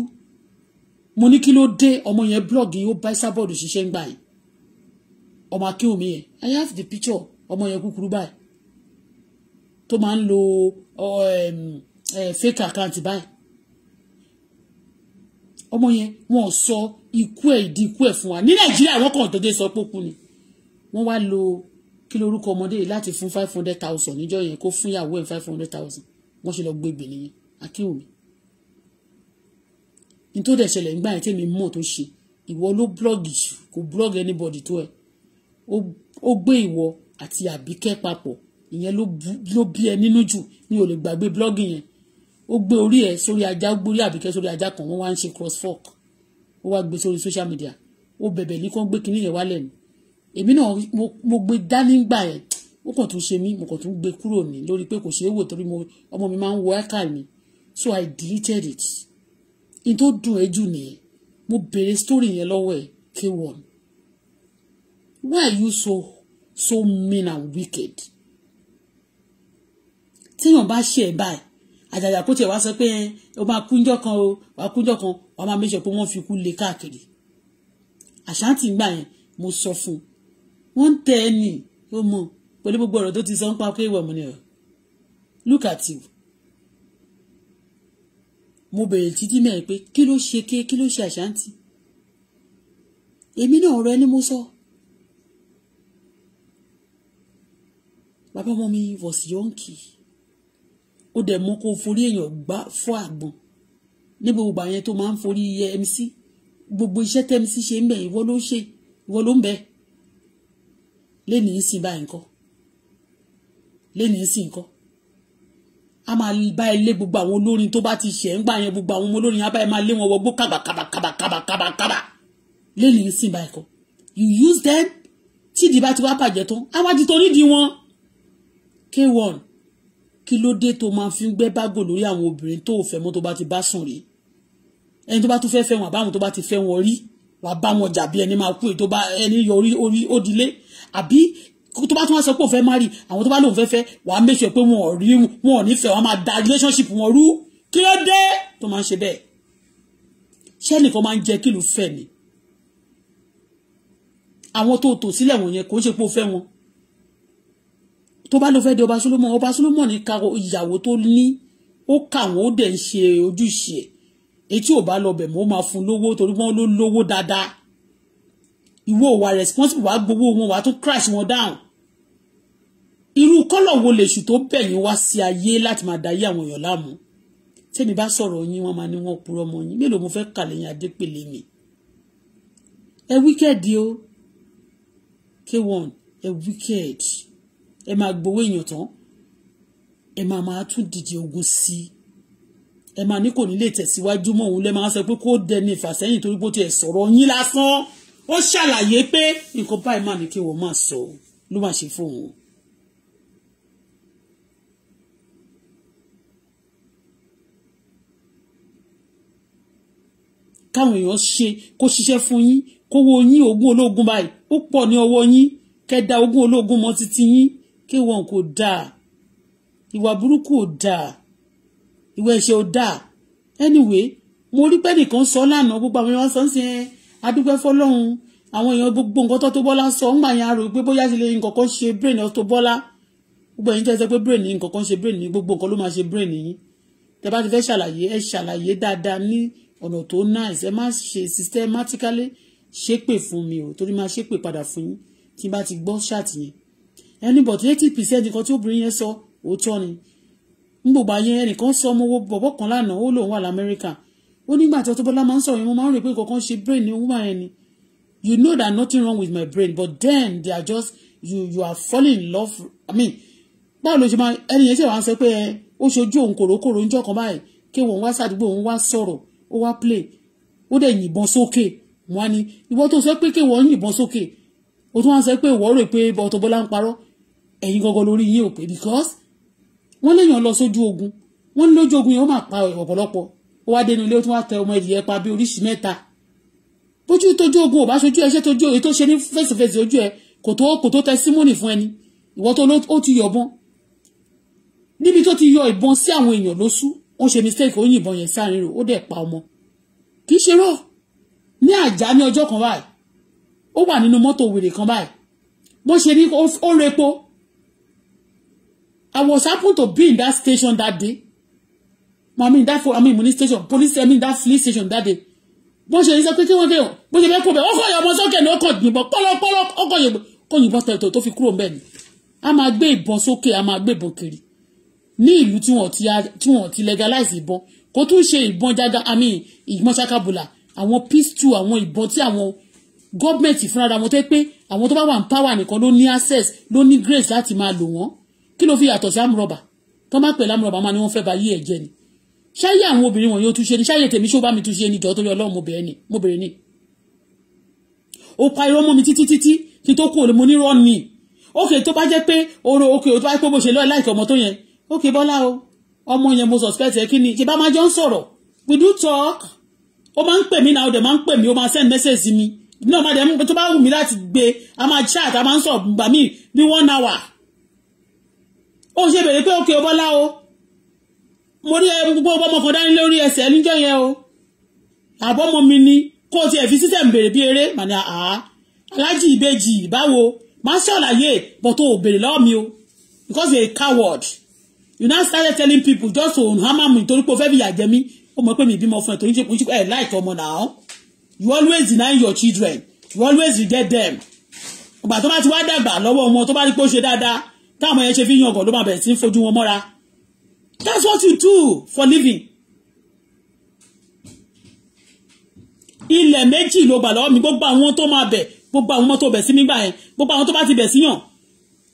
mo ní kí ló dé ọmọ yẹn blog yìí ó bá sábọ̀dù ṣiṣẹ́ ń gbà yẹn ọmọ akéwòmí yẹn I have the picture ọmọ yẹn kúkúrú báyìí tó máa ń lo um, eh, fake account báyìí ọmọ yẹn wọn ò sọ ikú ẹ̀ ìdí ikú ẹ̀ fún wa ní nàìjíríà wọn kàn dédé sọ pé kú ni wọ́n wá lo kí lorúkọ ọmọdé yìí láti fún five hundred thousand níjọ yẹn kó fún ìyàwó ẹ̀ five hundred thousand wọ́n ṣe lọ gbé gbè nìyẹn akínwùmí nítorí ẹ̀ṣẹ̀lẹ̀ ńgbà yẹn tèmi mọ̀ tó ṣe ìwọ ló blọ́ọ̀gì kò blọ́ọ̀gì anybody tó ẹ̀ ó gbé ìwọ àti àbíkẹ́ papọ̀ ìyẹn ló bí ẹ nínú jù ní o lè gbàgbé blọ́ọ̀gì yẹn ó gbé orí ẹ̀ sórí ajá ó gbórí àbíkẹ́ sórí ajá kan wọ́n wá ń ṣe cross fork ó wá gbé sórí social media ó bẹ̀bẹ̀ ní kán gbé kinní yẹn wálẹ̀ ni èmi náà mo gbé dání gbà ẹ̀ ó kàn tún ṣe mí mo kàn tún gbé kúrò ní lórí pé kò ṣeé wò torí ọmọ mi máa ń wọ ẹ̀ka mi so I deleted it in tó dùn ẹ́ jù nìyẹn mo bèrè story yẹn lọ́wọ́ ẹ̀ k1 why are you so so mean and wicked tíyàn bá ṣe ẹ̀ báyìí àjàjà kó tiẹ̀ wá sọ pé ó máa kúnjọ́ kan o wàá kúnjọ́ kan wàá máa méjọ pé wọ́n fi kú lé káàkiri àṣántì ń gbà yẹn mo sọ fún un wọ́n ń tẹ ẹ nì ó mọ̀ pẹ̀lú gbogbo ọ̀rọ̀ tó ti sọ ń pa pé ìwà ọmọnìyàn look at you mo bẹ̀rẹ̀ títí mẹ́rin pé kí ló ṣe ké kí ló ṣe àṣántì èmi náà rẹ ni mo sọ. bàbá ọmọ mi was yonki ó dẹ̀ mú kó forí èèyàn gbá fọ́ àgbọn ní gbogbo àyẹn tó máa ń forí yẹ MC gbogbo iṣẹ́ tẹ́ MC ṣe ń bẹ̀ ìwọ ló ṣe ìwọ ló ń bẹ lẹ́nu yìí sìn báyìí nǹkan lẹ́nu yìí sìn nǹkan a máa bá ẹ lé gbogbo àwọn olórin tó bá ti ṣẹ̀ ń gbà yẹn gbogbo àwọn ọmọ olórin abáyẹ máa lé wọn wọgbó kábàkábàkábàkábàkábà lẹ́nu yìí sìn báyìí kan you use them tí ìdìbò àti wá bàjẹ́ tán àwájú tó nídìí wọn k one kí ló dé tó máa fi ń gbẹ́ bágò lórí àwọn obìnrin tó fẹ́ mọ́ tó bá ti bá sùn rí ẹni tó bá tún fẹ́ fẹ́ wọn àbáwọn tó bá ti fẹ́ wọn rí wàá bá wọn jà bí ẹni máa kú èyí tó bá ẹni yọ orí orí ó dilé àbí tó bá tún wá sọ pé òun fẹ́ má rí àwọn tó bá lóun fẹ́ fẹ́ wàá make sure pé wọn ò rí wọn ò nífẹ̀ẹ́ wọn máa da relationship wọn rú kí ló dé tó máa ń ṣe bẹ́ẹ̀ ṣé ẹnìkan máa ń jẹ kí ló fẹ́ ni àwọn tó tò sílẹ̀ wọ̀nyẹn kò ń ṣe pé ó fẹ́ wọn tó bá lọ fẹ́ di ọba Solomon ọba Solomon ní ka ìyàwó tó ní ó kà wọ́n ó dẹ̀ ń ṣe ojúṣe etí ò bá lọ bẹ̀ mọ́ ó máa fún lówó torí wọ́n ló lówó dáadáa ìwọ wà responsible wàá gbowó wọn wàá tún crash wọn down irú kọ́lọ̀ wo lèṣù tó bẹ̀yìn wá sí ayé láti máa dayé àwọn èèyàn láàmú tẹ́ni bá sọ̀rọ̀ yín wọ́n máa ní wọ́n purọ́ mọ́ yín mélòó mo fẹ́ kà lẹ́yìn adépèlé mi ẹ wíkẹ́ẹ̀dì o k1 ẹ wíkẹ́ẹ̀dì ẹ máa gbowó èèyàn tán ẹ máa máa tún dìde ogun sí i ẹ máa ní kò ní lè tẹ̀síwájú mọ́ òun lẹ́ máa sọ pé kó dẹni ìfàsẹ́yìn torí pé ó ti ẹ̀ sọ̀rọ̀ yín lásán ó ṣàlàyé pé nǹkan báyìí máa ní kí wọ́n máa sọ ló máa ṣe fóun káwọn èèyàn ṣe kó ṣiṣẹ́ fún yín kówó yín ogún ológun báyìí ó pọ̀ ní ọwọ́ yín kẹ́ẹ̀dá ogún ológun mọ́ títí yín kí wọn kò dáa ìwà burúkú ò dáa ìwà ẹ̀ṣẹ̀ ò dáa anyway mo rí pé nìkan sọ lánàá gbogbo àwọn èèyàn sọ ń sin adúpẹ́ fọlọ́run àwọn èèyàn gbogbo nǹkan tó tó bọ́lá sọ ń gbà yẹn arò pé bóyá ṣe lè nǹkan kan ṣe brain tó bọ́lá gbogbo ẹ̀yin tẹ́ sọ pé brain ní nǹkan kan ṣe brain ní gbogbo nǹkan ló máa ṣe brain yín tẹ́ bá ti fẹ́ ṣàlàyé ẹ ṣàlàyé dáadáa ní ọ̀nà tó nice ẹ má ṣe systematically ṣépè fún mi o torí máa ṣépè padà fún yín tí bá ti gbọ́ ṣáàtì anybody eighty percent nǹkan tí obìnrin yẹn sọ òótọ́ ni ngbògbà yẹn ẹnìkan sọ ọmọ owó bọ̀bọ̀ kan lánàá ó lóun wà lamẹ́ríkà ó nígbà tí Auto máa ń sọ̀rọ̀ yẹn mo máa ń rò pé kankan ṣe brain ni woman yẹn you know that nothing wrong with my brain but then they are just you you are falling in love i mean báwo ló ṣe máa ẹni yẹn ṣe wàá sọ pé ó ṣojú òun kòrókòrò níjọ́ kan báyìí kí wọn wá sàdúgbò òun wá sọ̀rọ̀ ó wá play ó dẹ̀ yìnbọn sókè wọn ni ìwọ tó sọ pé kí wọn yìnbọn sókè ó tún wá sọ pé ìwọ rò pé Auto ń parọ́ ẹ̀yin gangan lórí yín ò pé because wọ́n léèyàn lọ sójú ogun wọ́n ní lójú ogun yẹn ó máa pa ọ̀pọ̀lọpọ̀ ó wá dénú ilé ó tún wá tẹ ọmọ ìdìyẹ pa bí oríṣi mẹ́ta bójú tójú ogun ò bá sojú ẹṣẹ́ tójú èyí tó ṣe ní fèsìfèsì ojú ẹ kò tó kò tó testimony fún ẹni ìwọ tó ó ti yọ ìbọn níbi tó ti yọ ìbọn sí àwọn èèyàn ló sú ó ṣe mistake ó yìnbọn yẹn sáàrin rò ó dẹ̀ pa ọmọ kì í ṣe rọ ní àjà ní ọjọ́ kan báyìí ó wà nínú mọ́tò wèrè kan báyìí bó ṣe ní ó repo I was happened to be in that station that day. I mean, that for, I mean, police station, police, I mean, that police station that day. Bọ́n ṣe sọ pé kí wọ́n dé o, bó ṣe fẹ́ kó bẹ̀, ọkọ̀ ìyàbọ̀ sókè ní ọkọ̀ yìnbọn, pọ́lọ́pọ́lọ́, ọkọ̀ yìnbọn, kó yìnbọn tẹ̀tọ̀ tó fi kúrò mbẹ́ ni. A máa gbé ìbọn sókè, a máa gbé ìbọn kiri. Ní ìlú tí wọ́n ti legalize ìbọn, kó tún ṣe ìbọn jaga, I mean, ìbọn ṣakabula, àwọn pistol, àwọn ìbọn tí àwọn gọ́ọ̀mẹ̀ntì fúnra wọn tẹ́ pé àwọn tó bá wà ń power nìkan ló ní access, ló ní grace láti máa lò wọ́n kí ló fi yàtọ̀ sí amúrọ̀bà tó má pè lámúrọ̀bà máa ní wọ́n fẹ́ ba yí ẹ̀ jẹ́ ni ṣáyé àwọn obìnrin wọ̀nyí ó tún ṣe ni ṣáyé tèmi ṣó bá mi tún ṣe ni jọ̀ọ́ tó yọ ọlọ́run mo bẹ̀rẹ̀ ni mo bẹ̀rẹ̀ ni ó pa irọ́ mọ́ mi títí títí kí tó kú òlè mo nírọ́ ni ókè tó bá jẹ́ pé oró ókè tó bá pé bó ṣe lọ́ọ̀ láìkẹ́ ọmọ tó yẹn ókè bọ́lá o ọmọ yẹn mo suspect ẹ kí ni ṣe bá máa jọ ń sọ̀rọ̀ we do talk ó máa ń pè mí náà ó dẹ̀ máa ń pè mí ó máa send message mi náà má dẹ̀ tó bá wù mí láti gbé a máa chat a máa ń sọ̀rọ̀ gbà mí ní one hour ó ṣe bèrè pé òkè ọbọ́lá o mo rí eh, gbogbo ọmọ kan dání lórí ẹsẹ̀ níjọ́ yẹn o àbọ̀mọ mi ni kó o tiẹ̀ fi sísẹ̀ bèrè bí eré màní àá alájì ìbejì báwo máa ṣàlàyé but o bèrè lọ́wọ́ mi o because you're a coward you now started telling people just to hammer me torí pé o fẹ́ fi yà jẹ mí ó mọ̀ pé mi ìbímọ fún ẹ torí ṣe ẹ eh, láìka ọmọ náà you always deny your children you always reject them ìgbà tó bá ti wá dàgbà lọ́wọ́ ọmọ tó bá rí pé ó ṣe dáadáa táwọn yẹn ṣe fi yàn ọ̀gàn máa bẹ̀rẹ̀ sí fojú wọn mọ́ra that's what you do for living. ilẹ̀ méjì ló gbà lọ́wọ́ mi gbogbo àwọn tó máa bẹ̀ gbogbo àwọn tó bẹ̀ sí mi gbà yẹn gbogbo àwọn tó bá ti bẹ̀ síyàn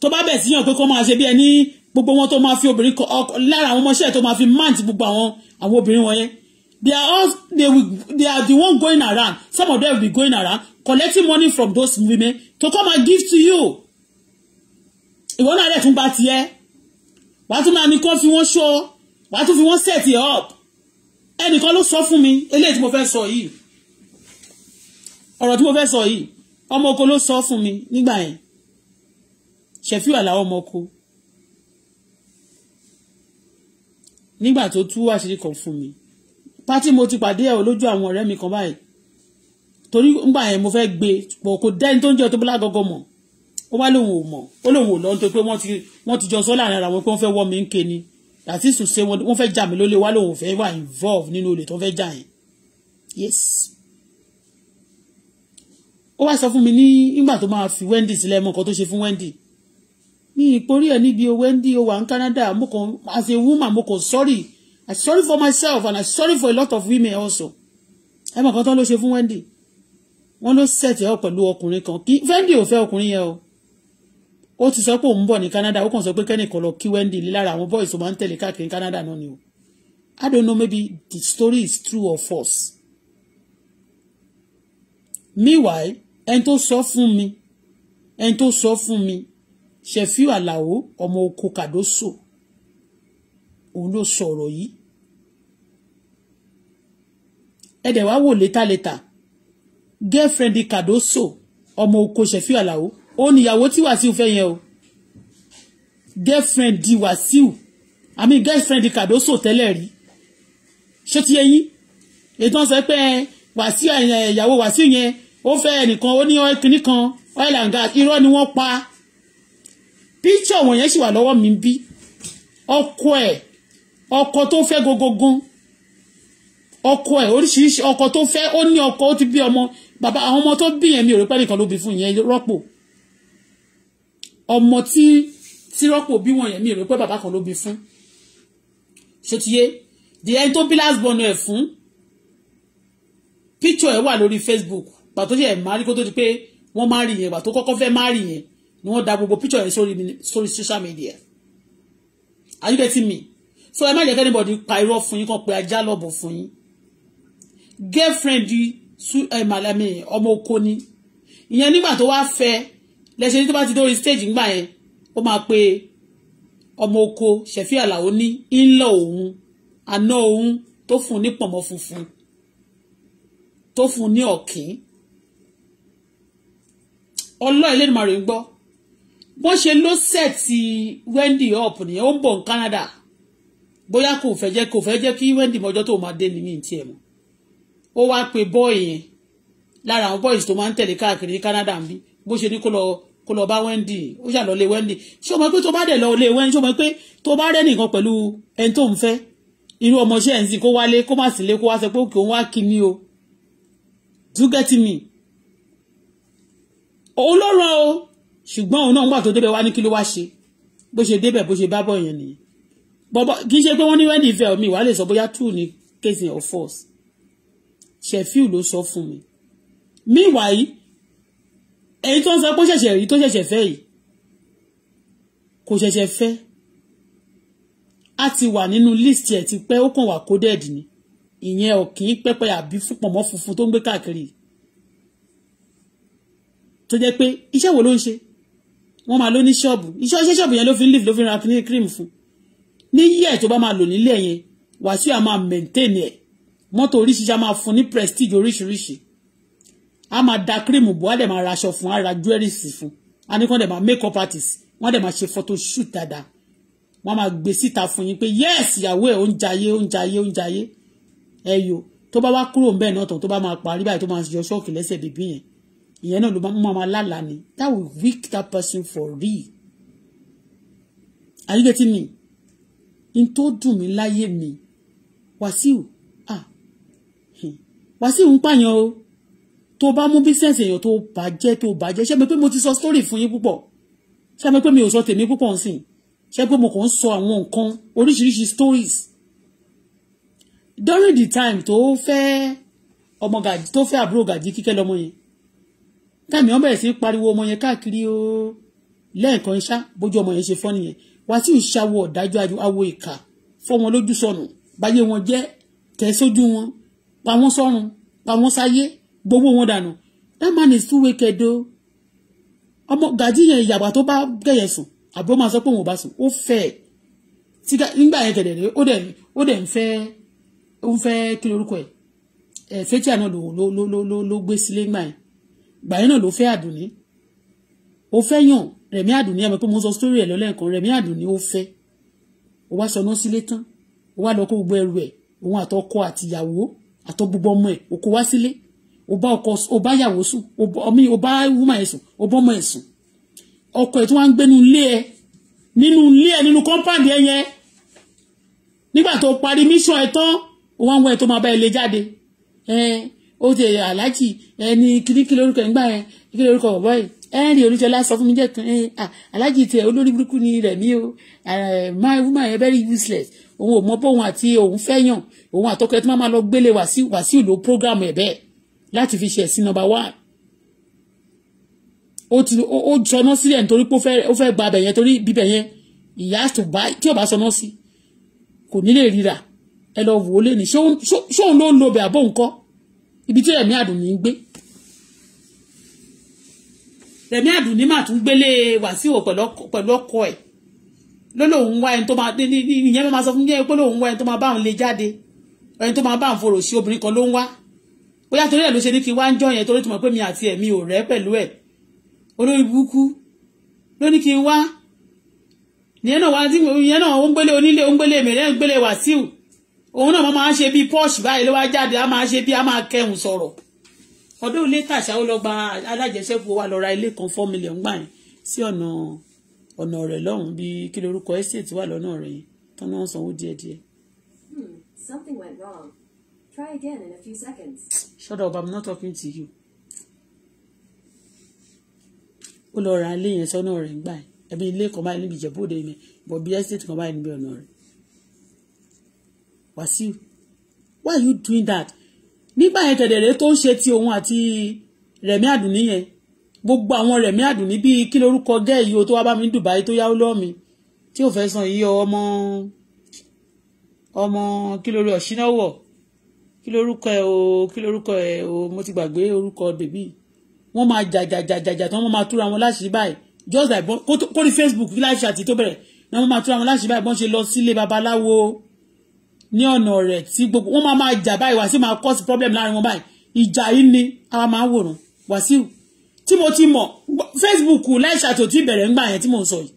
tó bá bẹ̀ síyàn pé kó máa ṣe bí ẹni gbogbo wọn tó máa fi obìnrin kọ ọkọ lára àwọn ọmọọṣẹ́ tó máa fi mount gbogbo àwọn àwọn obìnrin wọn yẹn they are all they will they are the one going around some of them will be going around collecting money from those women to come and give to you ìwọ náà dẹ̀ tún gba tiẹ̀ wàá tún máa ní kó fi wọ́n ṣọ́ wàá tún fi wọ́n set it up ẹnìkan ló sọ fún mi eléyìí tí mo fẹ́ sọ yìí ọ̀rọ̀ tí mo fẹ́ sọ yìí ọmọ oko ló sọ fún mi nígbà yẹn ṣẹ̀fíù àlàó ọmọ oko nígbà tó tú àṣírí kan fún mi pátí mo ti pàdé ẹ̀ lójú àwọn ọ̀rẹ́ mi kan báyìí torí nígbà yẹn mo fẹ́ gbé pọ̀ kò dẹ́ni tó ń jẹ́ tó gọ́gọ́ mọ̀ ó wá lòun ò mọ̀ ó lòun ò lọ nítorí pé wọ́n ti wọ́n ti jọ sọ láàrin ara wọn pé wọ́n fẹ́ wọ́ mi ń ké ni àti ìsùnṣe wọ́n fẹ́ jà mí lólè wá lòun ò fẹ́ wà involve nínú olè tó fẹ́ jà yẹn yes ó wá sọ fún mi ní ìgbà tó máa fi Wendy sílẹ̀ mọ́ nǹkan tó ṣe fún Wendy mi ìporí ẹ̀ níbi Wendy o wà ní Canada mo kàn as a woman mo kàn sorry I sorry for myself and I sorry for a lot of women also ẹ mọ̀ kan tó ló ṣe fún Wendy wọ́n ló set ọ́ pẹ̀lú ọkùnrin kan kí Wendy ò fẹ́ ọkùnrin yẹn o ó ti sọ pé òun bọ̀ ní Canada ó kàn sọ pé kẹ́nìkan lọ kí Wendy lé lára àwọn boys tó máa ń tẹ̀lé káàkiri Canada náà ni o I don't know maybe the story is true or false. Meanwhile ẹni tó sọ fún mi ẹni tó sọ fún mi Shefiu Alao ọmọ oko Kàdóso òun ló sọ ọ̀rọ̀ yìí ẹ̀dẹ̀ wá wò létàlétà girlfriend kadoso ọmọ oko Shefiu Alao ó níyàwó tí Wàsíù fẹ́ yẹn o girlfriend di Wàsíù i mean girlfriend di Kàdósò tẹ́lẹ̀ rí ṣé ti yẹn yín ètò ọ̀sẹ̀ pé Wàsíù ìyàwó Wàsíù yẹn ó fẹ́ ẹnìkan ó ní kinní kan oil and gas irọ́ ni wọ́n pa píṣọ̀ wọ̀nyẹn sì wà lọ́wọ́ mi bí ọkọ ẹ̀ ọkọ tó fẹ́ gogogun ọkọ ẹ̀ oríṣiríṣi ọkọ tó fẹ́ ó ní ọkọ ó ti bí ọmọ bàbá àwọn ọmọ tó bí yẹn mi ò rí pẹ́ nìkan ló bí fún yẹn rọ́pò ọmọ tí tí rọ́pò bí wọ̀nyẹn mi rò pé bàbá kan ló bí fún ṣòtúyé di ẹni tó bí last born ẹ̀ fún picture ẹ̀ wà lórí Facebook pàtó yẹ mari kó tó di pé wọ́n má rí yẹn pàtó kọ́kọ́ fẹ́ má rí yẹn ni wọ́n da gbogbo picture yẹn sórí sórí social media are you getting me so ẹ má jẹ́ kẹ́nìbọ̀dì pa irọ́ fún yín kan pé ajá lọ́bọ̀ fún yín girlfriend su ẹ̀ eh, màlámi ọmọ oko ni ìyẹn nígbà tó wá fẹ́ lẹ́sẹ̀ ní tó bá ti dórí stage ńgbà yẹn ó máa pe ọmọ oko ṣẹ̀fí àlàó ní ńlọ òun àná òun tó fún un ní pọ̀mọ́ funfun tó fún ní ọ̀kín ọlọ́ ilé ń gbọ́ bó ṣe ló sẹ́ẹ̀tì Wendy up nìyẹn ó ń bọ̀ ní Canada bóyá kò fẹ́ jẹ́ kò fẹ́ jẹ́ kí Wendy mọ́jọ́ tó máa dé nìyí tiẹ̀ mọ́ ó wá pe bọ́ọ̀ yẹn lára àwọn boys tó máa ń tẹ̀lé káàkiri ní Canada ń bí bó ṣe ní kó lọ kó lọ bá wendy ó ṣàlọ lé wendy ṣé o mọ̀ pé tó bá dẹ̀ lọ lé wendy ṣé o mọ̀ pé tó bá rẹ́ nìkan pẹ̀lú ẹni tó ń fẹ́ irú ọmọọṣẹ́ ẹ̀ ń sìn kó wálé kó má sì lé kó wá sọ pé òkè òun wá kí ni o do get me òun ló rán o ṣùgbọ́n òun náà ń gbà tó débẹ̀ wá ní kí ló wá ṣe bó ṣe débẹ̀ bó ṣe bá bọ̀ yẹn nìyẹn bọ́bọ́ kì í ṣe pé wọ́n ní wendy fẹ́ omi ìwà lè sọ bóyá two ní case of force sheffield ló sọ fún mi meanwhile èyí tó ń sọ pé ó ṣẹ̀ṣẹ̀ èyí tó ṣẹ̀ṣẹ̀ fẹ́ yìí kò ṣẹ̀ṣẹ̀ fẹ́ a ti wà nínú list ẹ̀ ti pẹ́ ó kàn wà coded ni ìyẹn ọ̀kìn pẹ́pẹ́ àbí pọ̀mọ́ funfun tó ń gbé káàkiri tó jẹ́ pé iṣẹ́ wo ló ń ṣe wọ́n máa ló ní ṣọ́ọ̀bù iṣẹ́ iṣẹ́ ṣọ́ọ̀bù yẹn ló fi ń leaf ló fi ń ra cream fún ní yíyẹ tó bá máa lò nílé yẹn wàásù àmà maintain ẹ̀ mọ́tò oríṣiríṣi a máa fún ní prestige oríṣiríṣi a máa da cream bò á dẹ̀ máa ra aṣọ fún á ra jewelries fún á ní kàn dẹ̀ máa make up artist wọ́n dẹ̀ máa ṣe photo shoot dáadáa wọ́n máa gbé síta fún yín pé yes ìyàwó ẹ̀ ó ń jayé ó ń jayé ó ń jayé ẹ yo tó bá wá kúrò ń bẹ́ẹ̀ náà tán tó bá máa parí báyìí tó máa yọ ṣọ́ọ̀kì lẹ́sẹ̀ bíbí yẹn ìyẹn náà ló máa máa lálàá ni that will weak that person for real are you getting me in tó dùn mí láyé mi Wàsíù ah hmm, Wàsíù ń pààyàn o tó bá mú business èèyàn tó bàjẹ́ tó bàjẹ́ ṣé mi pé mo ti sọ story fún yín púpọ̀ ṣé mi pé mi ò sọ tèmi púpọ̀ ń sìn ṣé pé mo kàn ń sọ àwọn nǹkan oríṣiríṣi stories during the time tó fẹ́ ọmọ gàdí tó fẹ́ àbúrò gàdí kíkẹ́ lọ́mọ yẹn táìmì wọn bẹ̀rẹ̀ sí pariwo ọmọ yẹn káàkiri o lẹ́ẹ̀kan ṣá bójú ọmọ yẹn ṣe fọ́ nìyẹn Wàsíù ṣàwọ̀ ọ̀dájú awo ìkà fọ́ wọn lójú sọnù báyé wọn jẹ́ tẹ̀ sójú wọn pa wọ́n sọ́run pa wọ́n sáyé gbowó wọn dànù that man is too wicked o ọmọ gàjí yẹn ìyàwó tó bá gẹ̀yẹ̀ sùn àbúrò máa sọ pé òun ò bá sùn ó fẹ́ ẹ̀ tí nígbà yẹn kẹ̀dẹ̀ rẹ̀ ó dẹ̀ ó dẹ̀ ń fẹ́ ó ń fẹ́ kí lorúkọ ẹ̀ ẹ̀ fẹ́tíà náà ló ló ló ló ló gbé sílé ńgbà yẹn gbà yẹn náà ló fẹ́ àdùnní ó fẹ́ yàn rẹ̀mí àdùnní ẹ̀mọ́ pé mo sọ sítórì ẹ̀ lọ́lẹ́ẹ̀kan rẹ̀mí àdùnní ó fẹ́ ó wá sọnà sílé tán ó wá lọ kó gbogbo ẹrù ẹ̀ òun àtọkọ àtìyàwó àtọ ọmọ ẹ̀ ó wá sílé o bá ọkọ o bá yàwó sùn o bá wúmà ẹ̀ sùn o bọ́ ọmọ ẹ̀ sùn ọkọ ẹ̀ tí wọ́n ń gbé nínú ilé nínú ilé ẹ̀ nínú kọ́ńpáàdì ẹ̀ yẹn nígbà tó parí mission ẹ̀ tán wọ́n ń wọ ẹ̀ tó máa bá ẹ̀ lè jáde ó ti aláàjì ẹni kìlíkìlí orúkọ ẹ̀ ń gbà yẹn kìlíkìlí orúkọ bàbá yìí ẹ̀rìn olùjọlá sọ fún mi jẹ́ kan aláàjì tiẹ̀ olórí burúkú ni rẹ̀ mí o my woman ẹ̀ very useless òun ò mọ bóun àti òun fẹ́yàn òun àtọkọ ẹ̀ tó máa lọ gbélé wàsíù ló program ẹ̀ bẹ́ẹ̀ láti fi ṣe ẹ̀sìn number one ó ti ó sọná sílẹ̀ nítorí pé ó fẹ́ gba abẹ̀yẹn torí bíbẹ̀ yẹn ìyá tó bá tí ò bá sọná sí kò ní lè ríra ẹ lọ wò ó lè ní ṣóun ló ń lo ọbẹ̀ àbọ̀ nǹkan ibi tí ẹ̀mí àdùnní ń gbé ẹ̀mí àdùnní mà tún gbélé wàsíwò pẹ̀lú ọkọ ẹ̀ ló lóun wá ẹni tó máa ní ìyẹn máa sọ fún yẹn pé lóun wá ẹni tó máa bá òun lè jáde ẹni tó máa bá òun forò sí obìnrin kan ló ń wá bóyá torí ẹ̀ ló ṣe ní kí wá ń jọ yẹn torí tí mo pé mi àti ẹ̀mí ò rẹ́ pẹ̀lú ẹ̀ olórí burúkú ló ní kí wá ìyẹn náà wá tí ìyẹn náà ó ń gbélé onílé ó ń gbélé mèrè ń gbélé wàsíù òun náà máa ń ṣe bíi posh báyìí ló wá jáde á máa ṣe bíi á máa kẹhùn sọ̀rọ̀ ọdún létà ṣáà ó lọ gba alájẹsẹ́kù wa lọ ra ilé kan four million gbà yẹn sí ọ̀nà ọ̀nà rẹ̀ lọ́hùn-ún bíi kí lorúkọ estate wà lọ́nà rẹ̀ yẹn tán náà sanwó díẹ̀díẹ̀. Hmm, something went wrong. Try again in a few seconds. Shut up, I'm not talking to you. ó lọ ra ilé yẹn sọ́nà rẹ̀ gbà ẹ̀bí ilé kan báyìí níbi Ìjẹ̀bú Òde yẹn bọ̀ bí estate kan báyìí níbi ọ̀nà rẹ̀ Wàsíù why are you doing that nígbà yẹn tẹ̀dẹ̀rẹ̀ tó ń ṣe ti òun àti Rẹ̀mí Àdùnní yẹn gbogbo àwọn Rẹ̀mí Àdùnní bíi kí lorúkọ gẹ́ẹ̀ yìí o tó wá bá mi ní Dubai tó yáwó lọ́ọ̀ mi tí ò fẹ́ san yìí ọmọ ọmọ kí lórí ọ̀ṣínáwọ̀ kí lorúkọ ẹ o kí lorúkọ ẹ o mo ti gbàgbé orúkọ bèbí wọ́n máa jàjàjàjàjà tán wọ́n máa túra wọn láṣìí báyìí just like bọ́n kó ní facebook láṣìí àti tó bẹ̀rẹ̀ náà wọ́n máa túra wọn láṣìí báyìí bọ́n ṣe lọ sílé babaláwo ní ọ̀nà rẹ̀ tí gbogbo wọ́n máa máa jà báyìí wàásù máa cause problem láàrin wọn báyìí ìjà yìí ni àwa máa wòrán wàásù tí mo ti mọ̀ facebook láṣìí àti òtún ìbẹ̀rẹ̀ ńgbà yẹn tí mo sọ yìí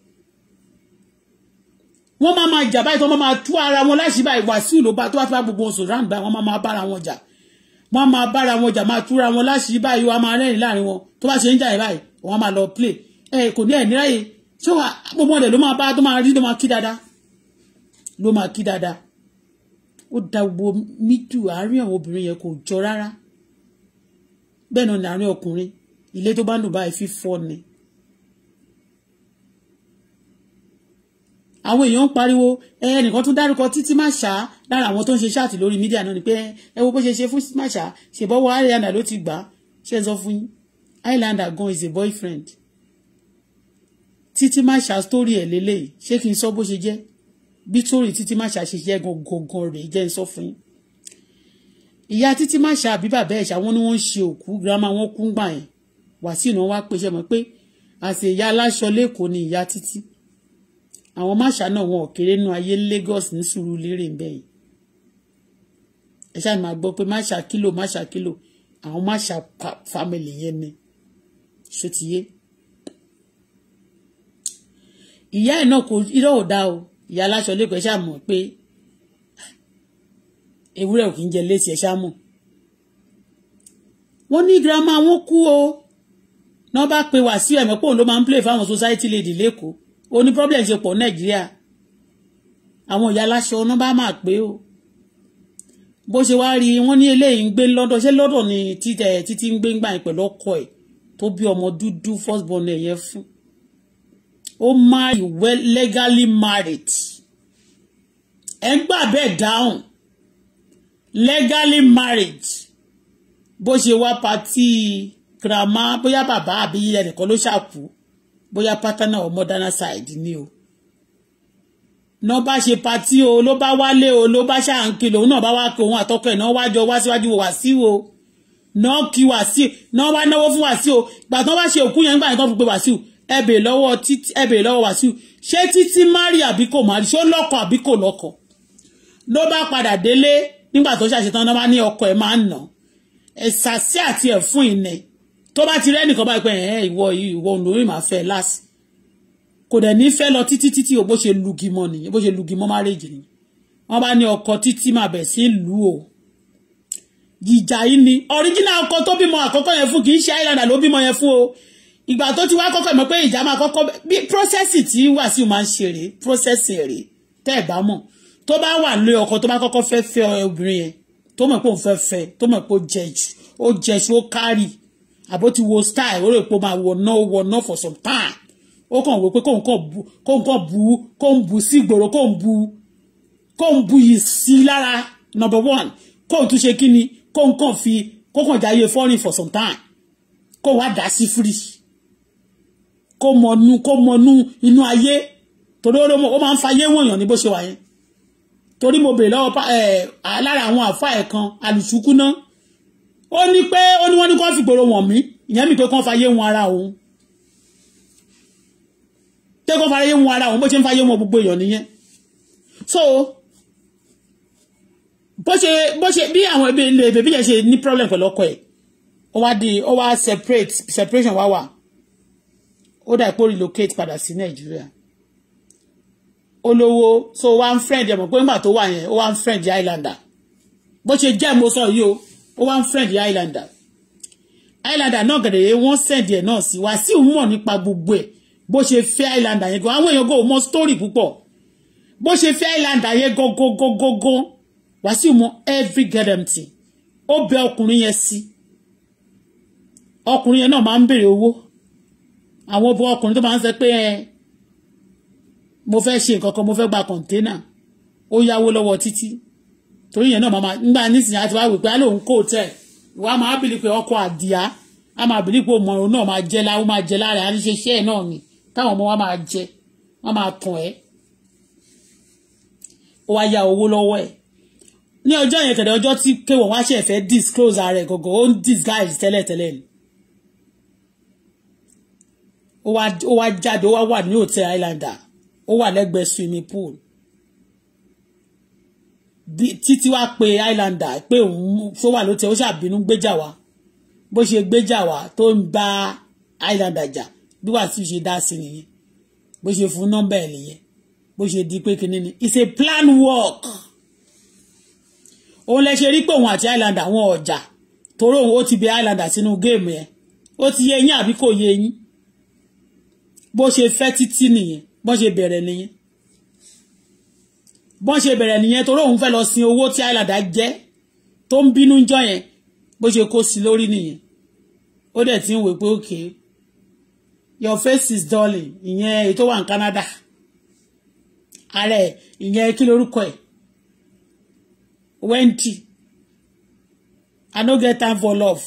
wọ́n máa máa jà báyìí tó máa máa tú ara wọn láṣìí báyìí wàsíù ló bá tó bá tó bá gbogbo oṣù ráǹdà wọ́n máa máa bára wọn jà wọ́n máa bára wọn jà máa túra wọn láṣìí báyìí wọ́n máa rẹ́rìn láàrin wọn tó bá ṣe ń jà yìí báyìí wọ́n máa lọ play ẹ kò ní ẹ̀ní ráyè ṣé wà gbogbo ọ̀dẹ̀ ló máa bá tó máa rí ló máa kí dáadáa ló máa kí dáadáa ó da gbogbo mídù àárín àwọn obìnrin yẹn kò jọ rárá bẹ́ẹ̀ náà ní àárín ọkùnrin ilé tó bá ń lò báyìí fífọ́ ni àwọn èèyàn ń pariwo ẹnìkan tún dárúkọ títí má ṣá lára àwọn tó ń ṣe ṣáàtì lórí mídíà náà ni pé ẹ wo bó ṣe ṣe fún má ṣá ṣèbọ́wọ́ islander ló ti gbà ṣe ń sọ fún yín islander gan is a boyfriend títí má ṣá story ẹ̀ lélẹ́yìí ṣé kí n sọ bó ṣe jẹ́ bí torí títí má ṣá ṣe jẹ́ gangan rèé jẹ́ ń sọ fún yín ìyá títí má ṣá àbí bàbá ẹ̀ṣà wọn ni wọ́n ń ṣe òkú girama wọn kú ń gbà yẹn wàsíù náà wá pèsè mọ́ pé àṣẹ ìyá aláṣọ lẹ́kọ̀ọ́ ni ìyá títí àwọn máṣá náà wọn ò kéré ayé Lagos ní Sùúrùlérè ń bẹ̀ ẹ ṣáà máa gbọ́ pé máṣá kílò máṣá kílò àwọn máṣá fámìlì yẹn ni ṣó ti yé ìyá ẹ̀ náà kò irọ́ ò dá o ìyá aláṣọ lẹ́kọ̀ọ́ ẹ ṣáà mọ̀ pé ewúrẹ́ ò kì í jẹ létí ẹ ṣáà mọ̀ wọ́n ní girama wọn kú o náà bá pe wàsíù ẹ̀mẹ́pọ̀ ló máa ń play fáwọn society lady lẹ́kọ̀ọ́ oní problem ṣe pọ̀ nàìjíríà àwọn ìyá aláṣọ ọ̀nà bá máa pé o bó ṣe wáá rí wọn ní eléyìí ń gbé lọ́dọ̀ ṣé lọ́dọ̀ ni títẹ̀ eh, títí ń gbé ń gbà yín pẹ̀lú ọkọ ẹ̀ tó bí ọmọ dúdú first born ẹ̀ yẹn fún ó marry well legally married ẹ̀ ń gbà bẹ́ẹ̀ dáhùn legally married bó ṣe wá patí grandma bóyá bàbá àbí ẹnìkan ló ṣàkú bóyá paternal or maternal side ni o náà bá ṣe patí o ló bá wálé o ló bá ṣàǹkì lòun náà bá wá kí òun àtọkọ ẹ̀ náà wájọ wá síwájú Wàsíù o náà kí Wàsíù náà wá náwó fún Wàsíù o ìgbà tí wọ́n bá ṣe òkú yẹn nígbà yẹn tó fi o Wàsíù ẹbẹ̀ lọ́wọ́ títí ẹbẹ̀ lọ́wọ́ Wàsíù ṣé títí mari àbí kò mari ṣó lọ́kọ àbí kò lọ́kọ ló bá padà délé nígbà tó ṣàṣetán náà wá ní ọkọ ẹ̀ máa ń nà ẹ̀ sàṣẹ́ àti ẹ̀ fún ìnẹ̀ tó bá ti rẹ́nìkan bá pẹ́ ẹ̀ ìwọ ìwọ olórí máa fẹ́ láti kò dẹ̀ ní fẹ́ lọ títí títí o bó ṣe lugimọ nìyẹn bó ṣe lugimọ márèjì nìyẹn wọ́n bá ní ọkọ títí máa bẹ̀ sí lù o jìjà yìí ni ọ̀ríjínà ọkọ tó bímọ àkọ́kọ́ yẹn fún kì í ṣe àìlànà ló bímọ yẹn fún o ìgbà tó ti wá kọ́kọ́ mọ̀ pé ìjà máa kọ́kọ́ bí prọ́sẹ̀sì tí Wàsíù máa ń ṣe rèé prọ́sẹ̀sì rèé tẹ́ ẹ̀ bá mọ̀ tó bá wà lé ọkọ tó bá kọ́kọ́ fẹ́ fẹ́ obìnrin yẹn tó mọ̀ pé òun fẹ́ fẹ́ tó mọ̀ pé ó jẹ jù ó jẹ jù ó kárì àbó ti wo style ó rò pé ó máa wọ̀nà wọ̀nà for some time ó kàn wò pé kóun kàn bu kóun kàn bu kóun bu sí ìgboro kóun bu kóun bu yìí sí lára number one kóun tún ṣe kíni kóun kàn fi kókàn jáyé foreign for some time kó wá dá sí free kó mọnú kó mọnú inú ayé torí ó máa ń fa ayé wọ̀nyàn ní bó ṣe wà yẹn torí mo bèrè lọ́wọ́ alára eh, àwọn àfa ẹ̀ kan alùsùkú náà ó ní pé ó ní wọ́n ní kó fìgboro wọ̀n mí ìyẹn mi pé kó fàyè wọn ara òun pé kó fàyè wọn ara òun bó ṣe ń fàyè wọn gbogbo èèyàn nìyẹn so bó ṣe bó ṣe bí àwọn ẹbí ilé bèbí yẹn ṣe ní problem pẹ̀lú ọkọ ẹ̀ ó wá di ó wá separate separation wá wà ó dà pé ó relocate padà sí Nàìjíríà olówó so one friend ẹ̀ mọ̀ pé ńgbà tó wà yẹn one friend islander bó ṣe jẹ́ mo sọ yìí o ó wá ń friend islander islander náà gẹ̀dẹ̀ wọ́n send ẹ̀ náà sí wá sí òun mọ̀ nípa gbogbo ẹ̀ bó ṣe fẹ́ islander yẹn gan àwọn èèyàn gan ò mọ story púpọ̀ bó ṣe fẹ́ islander yẹn gogogogogo wá sí òun mọ every goddamn thing ó bẹ ọkùnrin yẹn sí ọkùnrin yẹn náà máa ń béèrè owó àwọn obìnrin ọkùnrin tó máa ń sọ pé ẹ mo fẹ́ ṣe nǹkan kan mo fẹ́ gba kọ̀ǹténà ó yáwó lọ́wọ́ títí torí yẹn náà màmá nígbà nísìnyí àti wá wípé á lóun kò tẹ̀ wàá máa bìlí pé ọkọ̀ àdìyá a máa bìlí pé òmò náà máa jẹ láwọn máa ṣe iṣẹ́ náà ni táwọn ọmọ wa máa jẹ wọ́n máa tàn ẹ ó wá ya owó lọwọ ẹ ní ọjọ yẹn ọjọ tí wá ṣe disclose disguise ni pool títí wá pe islander pé òun tó wà lóòótọ́ ó ṣàbínú gbéjà wá bó ṣe gbéjà wá tó ń bá islander jà bí Wàsíù ṣe dá sí nìyẹn bó ṣe fún nọ́mbà ẹ̀ nìyẹn bó ṣe di pé kinní ni it's a plan work òun lè ṣe rí pé òun àti islander wọn ọjà toró òun ó ti bẹ islander sínú géèmù yẹn ó ti yé yín àbí kò yé yín bó ṣe fẹ́ títí nìyẹn bó ṣe bẹ̀rẹ̀ nìyẹn bọ́n ṣe bẹ̀rẹ̀ nìyẹn torí òun fẹ́ lọ sin owó tí àìlàdá jẹ́ tó ń bínú jọ yẹn bó ṣe kó sí lórí nìyẹn ó dẹ̀ ti ń wò pé òkè your face is darling ìyẹn èyí tó wà ní Canada ààrẹ ìyẹn kí lorúkọ ẹ̀ Wendy I no get time for love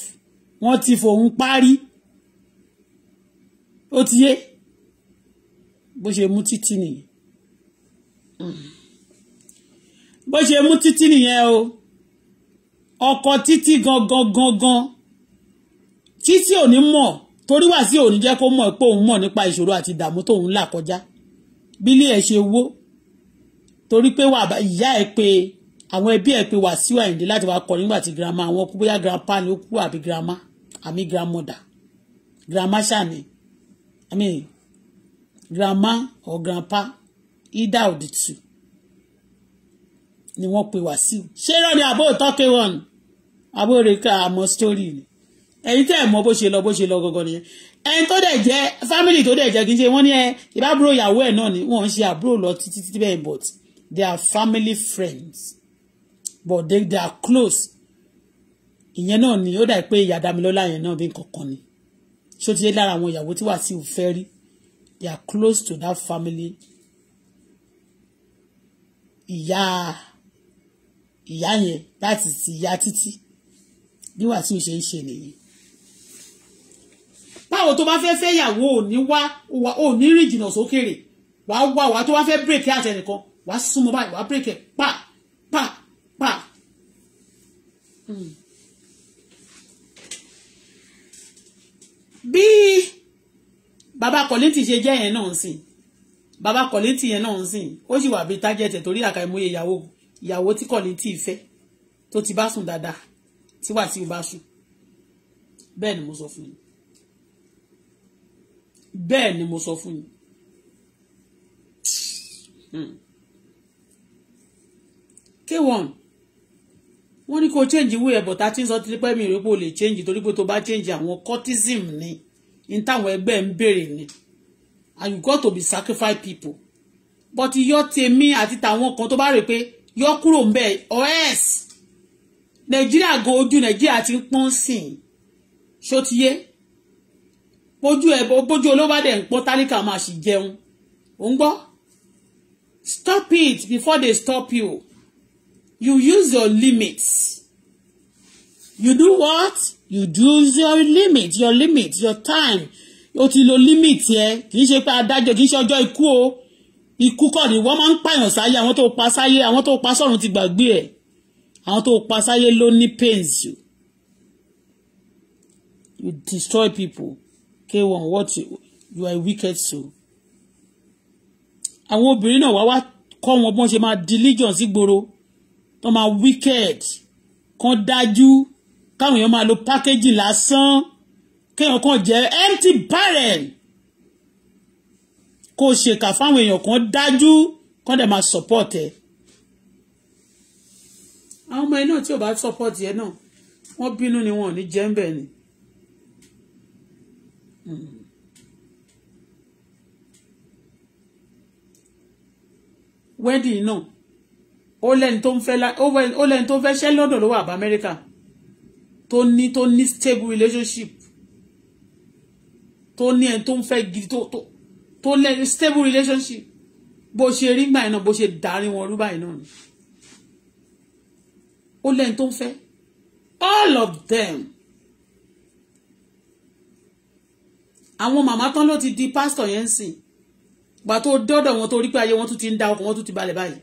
wọ́n ti fòun parí ó ti yé bó ṣe mú títí nìyẹn. Mm bó ṣe mú títí nìyẹn o ọkọ títí gangan gangan títí ò ní mọ̀ torí wà sí òní jẹ́ kó mọ̀ pé òun mọ̀ nípa ìṣòro àti ìdààmú tóun là kọjá bílé ẹ̀ ṣe wó torí pé ìyá ẹ̀ pé àwọn ẹbí ẹ̀ pé Wàsíù Àyìndé láti wá kọ nígbà tí girama àwọn kú bóyá grandpa ni ó kú àbí girama àmì grandmother grandma ṣàní i mean grandma or grandpa either of the two ni wọ́n pe Wàsíù ṣé irọ́ ni àbó ìtọ́kẹ́ wọn àbó rèéká àmọ́ sítórì ni ẹ̀yin tẹ́ ẹ̀ mọ̀ bó ṣe lọ bó ṣe lọ gangan nìyẹn ẹni tó dẹ̀ jẹ́ fámìlì tó dẹ̀ jẹ́ kì í ṣe wọ́n ní ẹ ìbábúrò ìyàwó ẹ̀ náà ni wọ́n ń ṣe àbúrò lọ títí títí bẹ́ẹ̀ but they are family friends but they, they are close ìyẹn náà ni ó dà pé ìyá Dámilọ́lá yẹn náà bí kankan ni ṣó ti yé lára àwọn ìyàwó tí Wàsíù fẹ́ rí they are close to that family ìyá. Yeah ìyá yẹn láti ti ìyá títí bí Wàsíù ṣe ń ṣe nìyí báwo tó bá fẹ́ fẹ́ yàwó òní wá òní rìn jìnnà sókèrè wà á wá wà tó wá fẹ́ bírèkì àtẹnìkan wà súnmọ́ báyìí wà bírèkì pa pa pa. bí bàbá kọ́lẹ́tì ṣe jẹ́ yẹn náà ń sìn bàbá kọ́lẹ́tì yẹn náà ń sìn ó sì wà bíi tájẹ́tẹ̀ torí àkàìmọye ìyàwó ìyàwó tí kò ní tí ì fẹ́ tó ti bá sùn dáadáa tí wà tí o bá sùn bẹ́ẹ̀ ni mo sọ fún yín bẹ́ẹ̀ ni mo sọ fún yín hmm. k1 wọ́n ní kó change ìwé ẹ̀bọ̀ tá a ti ń sọ ti pẹ́ mi rè pé o lè change torí pé tó bá change àwọn cortism ni n táwọn ẹgbẹ́ ń béèrè ni and you got to be sacrifice people but iyọ́ tèmi àti tàwọn kan tó bá rè pé yọ kúrò ń bẹ̀ os nàìjíríà go ojú nàìjíríà ti ń pọ́n sí i ṣó ti yé bójú ẹ bójú olówó dẹ̀ ń pọ́n tálíkà máa sì jẹun ò ń gbọ́ stop it before they stop you you use your limits you do what you do use your limit your limit your time o ti lo limit yẹ kì í ṣe pé adájọ́ kì í ṣe ọjọ́ ikú o ikú kọ́ ni wọ́n máa ń pààyàn sáyé àwọn tó pa sáyé àwọn tó pa sọ́run ti gbàgbé ẹ̀ àwọn tó pa sáyé ló ní pains you you destroy people k one what you, you are a wicked soul àwọn obìnrin náà wá wá kọ́ wọn bọ́n ṣe máa diligence sí gbòòrò tó máa wicked kan dájú káwọn èèyàn máa lo packaging lásán kéèyàn kàn jẹ́ empty barrel kó ṣèkà fáwọn èèyàn kan dájú kán dẹ̀ máa support ẹ̀ àwọn ọmọ ẹ náà tí ò bá support ẹ náà wọ́n bínú ni wọn ò ní jẹ́ ń bẹ̀ ni. Hmm. wedding náà ó lẹ́ni tó ń fẹ́ ṣẹ́ lọ́dọ̀ ló wà Amẹ́ríkà tó ní tó ní stable relationship tó ní ẹni tó ń fẹ́ gidi tó tó lẹ́nu stable relationship bó ṣe rí gbà náà bó ṣe darí wọn rú báyìí náà ni ó lẹ́nu tó ń fẹ́ all of them àwọn màmá tán ló ti di pásítọ̀ yẹn ń sìn gbà tó dọ́dọ̀ wọn tó rí pé ayé wọn tún ti ń da ọkọ̀ wọn tún ti balẹ̀ báyìí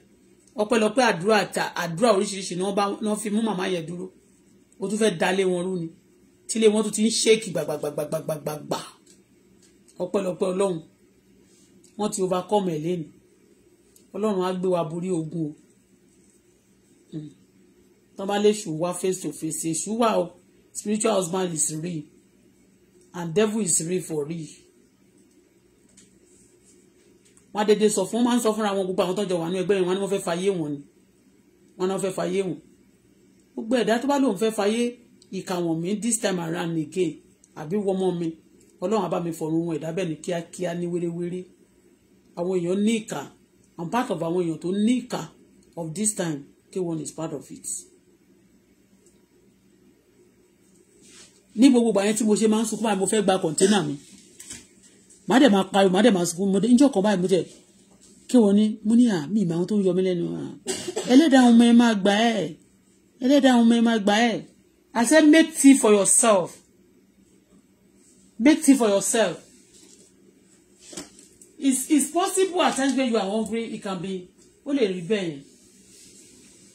ọpẹ́lọpẹ́ àdúrà ta àdúrà oríṣiríṣi ni wọ́n fi mú màmá yẹn dúró ó tún fẹ́ẹ́ dalé wọn rú ni tílé wọn tún ti ń ṣéèkì gbàgbàgbàgbàgbàgbà ọpẹ́lọpẹ́ Ọlọ́run wọ́n ti overcome ẹ̀ lẹ́nu ọlọ́run á gbé wa borí ogun o hmm. tán bá lè ṣù wá face to face èṣù wà o spiritual husband is real and devil is real for real wọn dédé sọ fún wọn máa ń sọ fúnra wọn gbogbo àwọn tọjọ wà ní ẹgbẹ́ yẹn wọn ni wọn fẹ́ fàyè wọn ni wọn náà fẹ́ fàyè wọn gbogbo ẹ̀dá tó bá lóun fẹ́ fàyè ìkà mi this time around again àbí wọmọ mi ọlọ́run á bá mi fọ̀run wọn ẹ̀dá bẹ́ẹ̀ ni kíákíá ní wéréwéré àwọn èèyàn ní ìka i'm part of àwọn èèyàn tó ní ìka of this time k1 is part of it. ní gbogbo ìgbà yẹn tí mo ṣe máa ń sunkún báyìí mo fẹ́ gba kọ̀ǹténà mi màá dẹ̀ máa pariwo màá dẹ̀ máa sunkún mo dé níjọ́ kan báyìí mo jẹ́ k1 ni mo ní à mí ìmọ̀ àwọn tó ń yọ mí lẹ́nu ẹlẹ́dàá ọmọ ẹ máa gbà ẹ́ ẹlẹ́dàá ọmọ ẹ máa gbà ẹ́ I say make tea for yourself make tea for yourself it's it's possible at times when you are hungry it can be only lè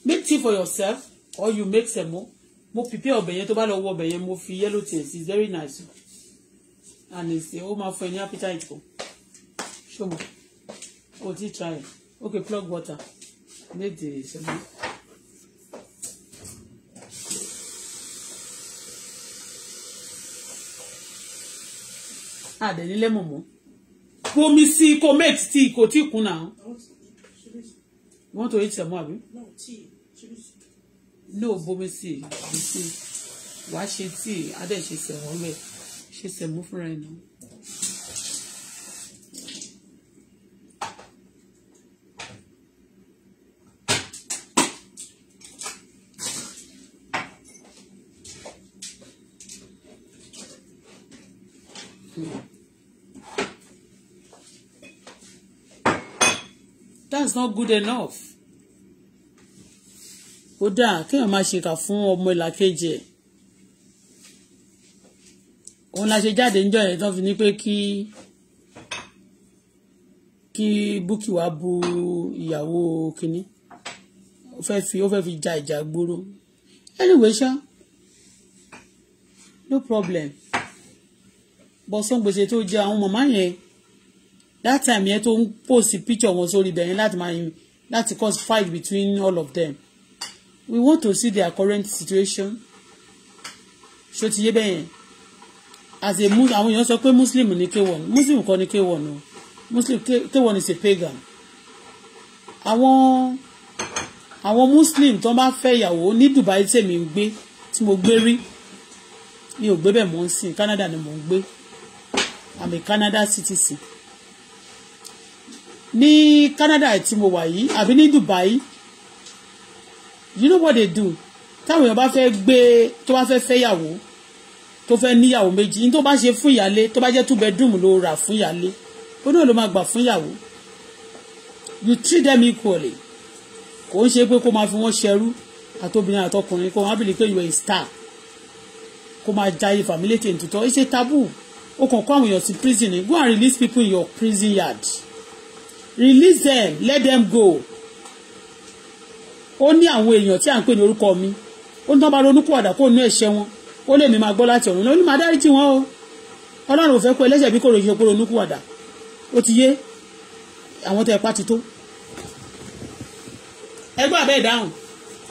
make tea for yourself or you make semo mo pipi ọbẹ̀ yẹn tó bá lọ wọ ọbẹ̀ yẹn mo fi yellow taste it's very nice and it's ó máa fún ẹ ní appetite o ṣó mo o ti try okay plug water make the semo. àdẹ̀nílẹ̀ ah, mọ̀mọ́ bomi sí kó mate tí kò tí kún náà. you want to eat sẹ̀mú àbí. no bomi sí bomi sí wàá ṣe tíì adé ṣe sẹ̀mú ọbẹ̀ ṣe sẹ̀mú fúnra ẹ̀ náà. is not good enough ó dáa kéèyàn máa ṣèkà fún ọmọ ìlàkejì ẹ̀ òun la ṣe jáde níjọ́ yẹn tán fi ní pé kí kí Bukky wá bu ìyàwó kínní ó fẹ́ fi ó fẹ́ fi ja ìjà gbóró anyway ṣá no problem bọ́sán gbèsè tó jẹ àwọn màmá yẹn that time yẹn tó ń post picture wọn sórí ibẹ̀ yẹn láti máa láti cause fight between all of them we want to see their current situation ṣó ti yé bẹ́ẹ̀ as a muslim àwọn èèyàn sọ pé muslim ni k1 muslim kọ́ ni k1 o muslim k1 is a pagan àwọn àwọn muslim tó bá fẹ́ ìyàwó ní dubai tèmi ń gbé tí mo gbé rí mi ò gbé bẹ́ẹ̀ mò ń canada ni mò ń gbé i'm a canada citizen ní Canada tí mo wà yìí àbí ní Dubai you know what they do táwọn èèyàn bá fẹ́ gbé tó bá fẹ́ fẹ́yàwó tó fẹ́ níyàwó méjì ní tó bá ṣe fún ìyálé tó bá jẹ́ two bedroom ló rà fún ìyálé ó náà ló máa gbà fún ìyàwó you treat them equally kò ń ṣe pé kó máa fi wọ́n ṣẹrú àtobìnrin àtọkùnrin kó máa bìlì pé you are a star kó máa jayé family tèǹtùtọ́ ìṣe taboo ó kàn kó àwọn èèyàn sí prison go and release people in your prison yard release them let them go ó ní àwọn èèyàn tí à ń pè ní orúkọ mi ó ní tán bá ronú kúwàdà kó nú ẹ̀ṣẹ̀ wọn ó lè mi máa gbọ́ láti ọ̀run lónìí máa dáríjì wọn o ọlọ́run ò fẹ́ kó ẹlẹ́ṣẹ̀ bí kò ròyìn epo ronú kúwàdà ó ti yé àwọn tẹ́ ẹ pa ti tó ẹgbẹ́ àbẹ́ ìdáhùn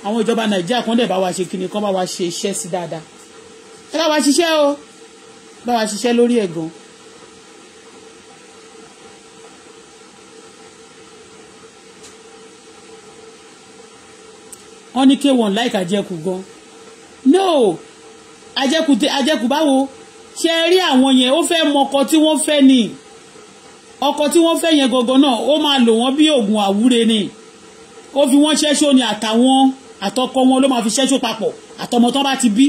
àwọn ìjọba nàìjíríà kan dẹ̀ bá wa ṣe kíni kan bá wa ṣe iṣẹ́ sí dáadáa ẹ bá wa ṣiṣẹ́ o bá wa ṣiṣẹ́ lórí ẹ̀ gan-an wọ́n ní k1 like àjẹkù gan no àjẹkù àjẹkù báwo ṣe rí àwọn yẹn ó fẹ́ mọ ọkọ tí wọ́n fẹ́ ni ọkọ tí wọ́n fẹ́ yẹn gangan náà ó máa lò wọ́n bí oògùn àwúre ni ó fi wọ́n ṣẹ́ṣó ni àtàwọn àtọkọ wọn ló máa fi ṣẹ́ṣó papọ̀ àtọmọ tán bá ti bí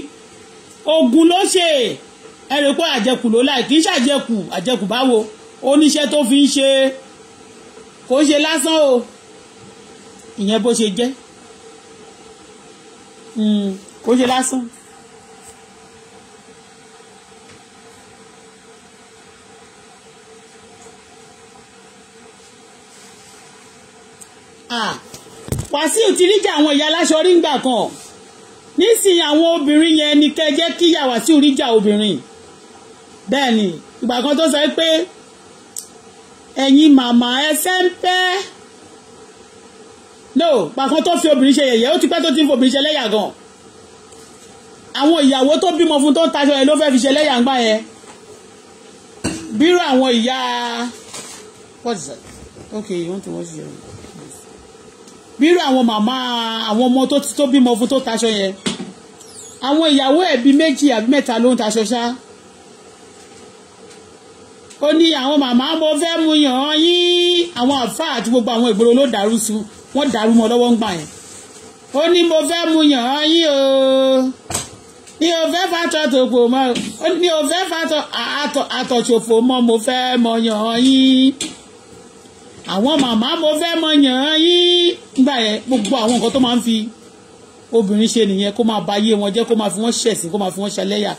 oògùn ló ṣe ẹ rò pé àjẹkù ló láì kì í ṣàjẹkù àjẹkù báwo oníṣẹ́ tó fi ń ṣe kò ń ṣe lásán o ìyẹn bó ṣe jẹ́ Hmm, kò ṣe lásán. Wàsíù ti ríjà àwọn ìyá aláṣọ rí ngbà kan nísìnyí àwọn obìnrin yẹn ni kẹ́ jẹ́ kíyà Wàsíù ríjà obìnrin bẹ́ẹ̀ ni ìgbà kan tó sọ pé ẹ̀yin màmá ẹ fẹ́ ń pẹ́ no pàkan tó fi obìnrin ṣe yẹ̀yẹ́ ó ti pẹ́ tó ti ń fobìnrin ṣe lẹ́yà gan àwọn ìyàwó tó bímọ fún tó ń taṣọ yẹn ló fẹ́ fi ṣe lẹ́yà ńgbà yẹn bírò àwọn ìyá what is that okay you want to watch your bírò àwọn màmá àwọn ọmọ tó tó bímọ fún tó taṣọ yẹn àwọn ìyàwó ẹ̀ bíi méjì àbí mẹ́ta ló ń taṣọ ṣá ó ní àwọn màmá mo fẹ́ mu yàn án yín àwọn àfáà àti gbogbo àwọn ìgboro ló dàrú sùn wọ́n dàrú mọ́ lọ́wọ́ ń gbà yẹn ó ní mo fẹ́ mu yàn án yín o ní o fẹ́ fàtọ̀ tòpò mọ́ o ní o fẹ́ fàtọ̀ àtọ̀tòpò mọ́ mo fẹ́ mọ yàn án yín àwọn màmá mo fẹ́ mọ yàn án yín gbà yẹn gbogbo àwọn nǹkan tó máa ń fi obìnrin ṣe nìyẹn kó máa ba ayé wọn jẹ́ kó máa fi wọ́n ṣẹ̀sìn kó máa fi wọ́n ṣẹlẹ́yà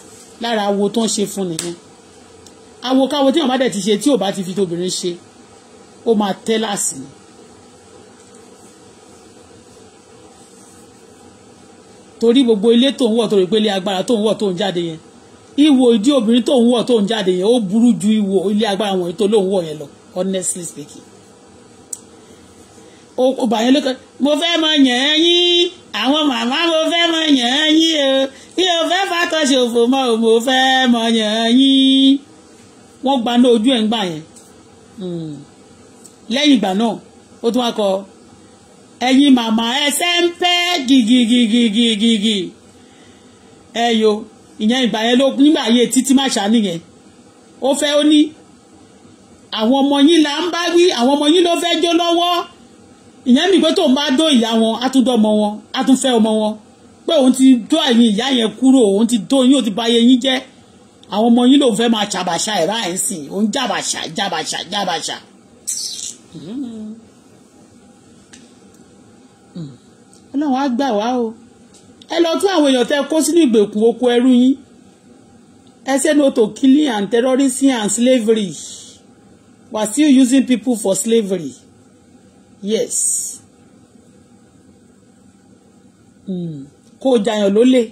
lára awo tó ń ṣe fún nìyẹn awo káwo tí wọn dẹ̀ ti ṣe tí ò bá ti fi tóbìnrin ṣe ó máa tẹ́ láàsì ni torí gbogbo ilé tó ń wọ̀ tó rí pé ilé agbára tó ń wọ̀ tó ń jáde yẹn ìwò ìdí obìnrin tó ń wọ̀ tó ń jáde yẹn ó burú ju ìwò ilé agbára wọn tó lóun wọ̀ yẹn lọ honestly speaking. ó bàyẹn lókè mo fẹ́ mọ yàn ẹ́ yín àwọn màmá mo fẹ́ mọ yàn ẹ́ yín o bí o fẹ́ fàtọ̀ ṣòfò mọ́ o mo fẹ́ mọ yàn ẹ́ yín wọ́n gbaná ojú ẹ̀ ń gbà yẹn hmm. lẹ́yìn ìgbà náà ó tún wá kọ́ ọ ẹ̀yin màmá ẹsẹ̀ ń pẹ́ gìgìgìgìgìgì ẹ yo ìyẹn ìgbà yẹn ló nígbà ayé títí má ṣá nìyẹn ó fẹ́ ó ní àwọn ọmọ yín là ń bá wí àwọn ọmọ yín ló fẹ́ jó lọ́wọ́ ìyẹn mi pé tóun bá dó ìyá wọn á tún dọ́mọ wọn á tún fẹ́ ọmọ wọn pé òun ti dó ẹ̀yin ìyá yẹn kúrò òun ti dó yín ó ti bà ayé yín jẹ́ àwọn ọmọ yín ló fẹ́ máa ṣàbàṣà ẹ̀ báyìí sìn òun jàbàṣà jàbàṣà jàbàṣà. Hmm. ọlọ́run á gbà wá o ẹ lọ tún àwọn èèyàn tẹ kó sínú ìgbèkùn oko ẹrú yín ẹ say no killing and terrorism and slavery we are still using people for slavery yes mm. kó o jàyàn lólè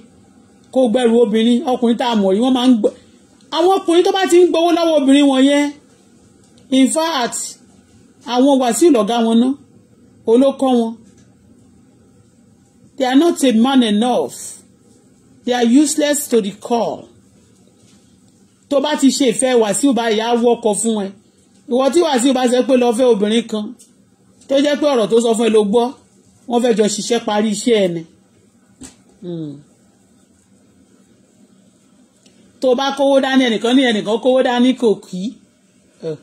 kó o gbẹrù obìnrin ọkùnrin tá a mọ̀ yìí wọ́n máa ń gbẹ àwọn ọkùnrin tó bá ti ń gbowó lọ́wọ́ obìnrin wọn yẹn in fact àwọn wàsíù lọ̀gá wọn ná olókọ́ wọn They are not a man enough. They are useless to the call. Tó bá ti ṣe ìfẹ́ Wàsíù bá ìyá wọ́kọ̀ fún ẹ. Ìwọ tí Wàsíù bá ṣe pé lọ fẹ́ obìnrin kan tó jẹ́ pé ọ̀rọ̀ tó sọ fún ẹ ló gbọ́ wọ́n fẹ́ jọ ṣiṣẹ́ parí iṣẹ́ ẹni. Hmm. Tó bá kówó dání ẹnìkan ní ẹnìkan kówó dání kò kí. Uh.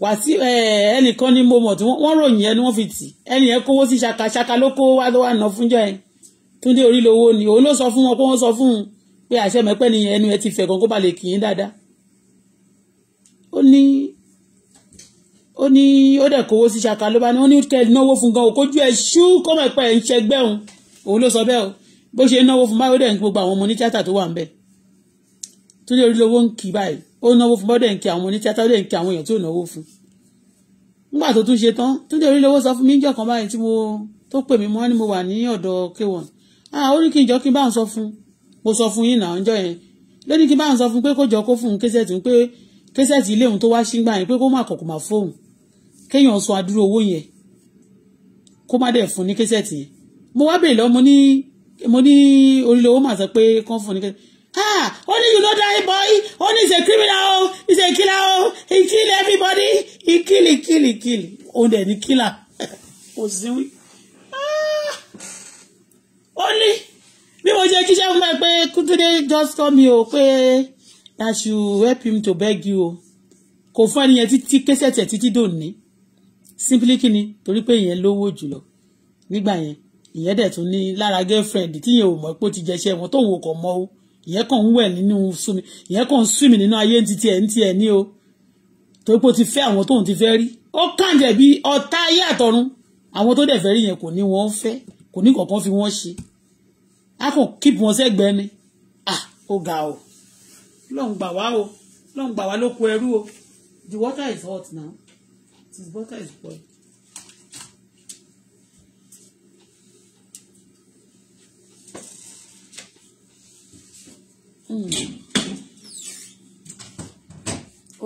wàsí ẹnìkan ní mo tí wọ́n ròyìn ẹ ni wọ́n fi tì ẹnì yẹn kówó sí ṣakaṣaka ló kó wá ló wà ná fúnjọ́ yẹn túndé orí lowó ni òun ló sọ fún wọn kó wọ́n sọ fún un pé àṣẹ mẹ́pẹ́ ni ẹnu ẹ ti fẹ̀ gan kó ba lè kì í dáadáa ó ní ó ní ó dẹ̀ kówó sí ṣaka ló bá ní ó ní kẹ́ ẹ náwó fún gan òkójú ẹ ṣú kó mẹ́pẹ́ ẹ̀ ń ṣẹgbẹ́ òun òun ló sọ bẹ́ẹ̀ o bó ṣe náwó fún báyọ̀ dẹ̀ ń gbogbo àwọn ọmọ onítíátà tó ń bẹ̀ túndé orí lowó ń kì báyìí o náwó fún bọ́dẹ̀ ń àwọn onítíátà ó dẹ̀ àwọn èèyàn tí náwó fún nígbà tó tún ṣe tán orílẹ̀ Orílówó sọ fún mi níjọ́ kan báyìí tí mo tó pè mí mọ́ ni mo wà ní ọ̀dọ̀ K1 ah ó ní kí n jọ kí n bá ń sọ fún mo sọ fún yín náà ọjọ́ yẹn ló ní kí n bá ń sọ fún pé kó jọ kó fún un késẹ̀tì pé késẹ̀tì ilé òun tó wá yẹn pé kó má kọ̀kọ̀ fóun kéèyàn adúrú owó yẹn kó má ah only you know that boy only he's a criminal oh. He's a killer oh. he kill everybody he kill he kill he kill ó dẹ̀ ní killer kò [laughs] sí wí ah only bí mo ṣe kíṣẹ́ fún mi pé kútúndé just call me o oh, pé that should help him to beg you o kò fún ẹniyẹn títí kẹsẹ̀ tẹ̀ don ni. simply kini. Tori pe ìyẹn lówó jùlọ nígbà yẹn ìyẹn dẹ̀ tún ní lára girlfriend tíyẹn ò mo pé ó ti jẹṣẹ́ wọn to wo ko mọ́ o ìyẹn kàn ń wẹ̀ nínú sumi ìyẹn kàn ń swim nínú ayé ní tiẹ̀ ní tiẹ̀ ní o torí pé ó ti fẹ́ àwọn tóun ti fẹ́ rí ó kàn jẹ́ bí ọ̀tá ayé àtọ̀run àwọn tó dẹ̀ fẹ́ rí yẹn kò ní wọ́n fẹ́ kò ní kankan fi wọ́n ṣe á kàn kíp wọn sẹ́gbẹ̀ẹ́ ni ah ó ga o lọ́n gbà wá o lọ́n gbà wá ló ẹrú o the water is hot now the water is boiling.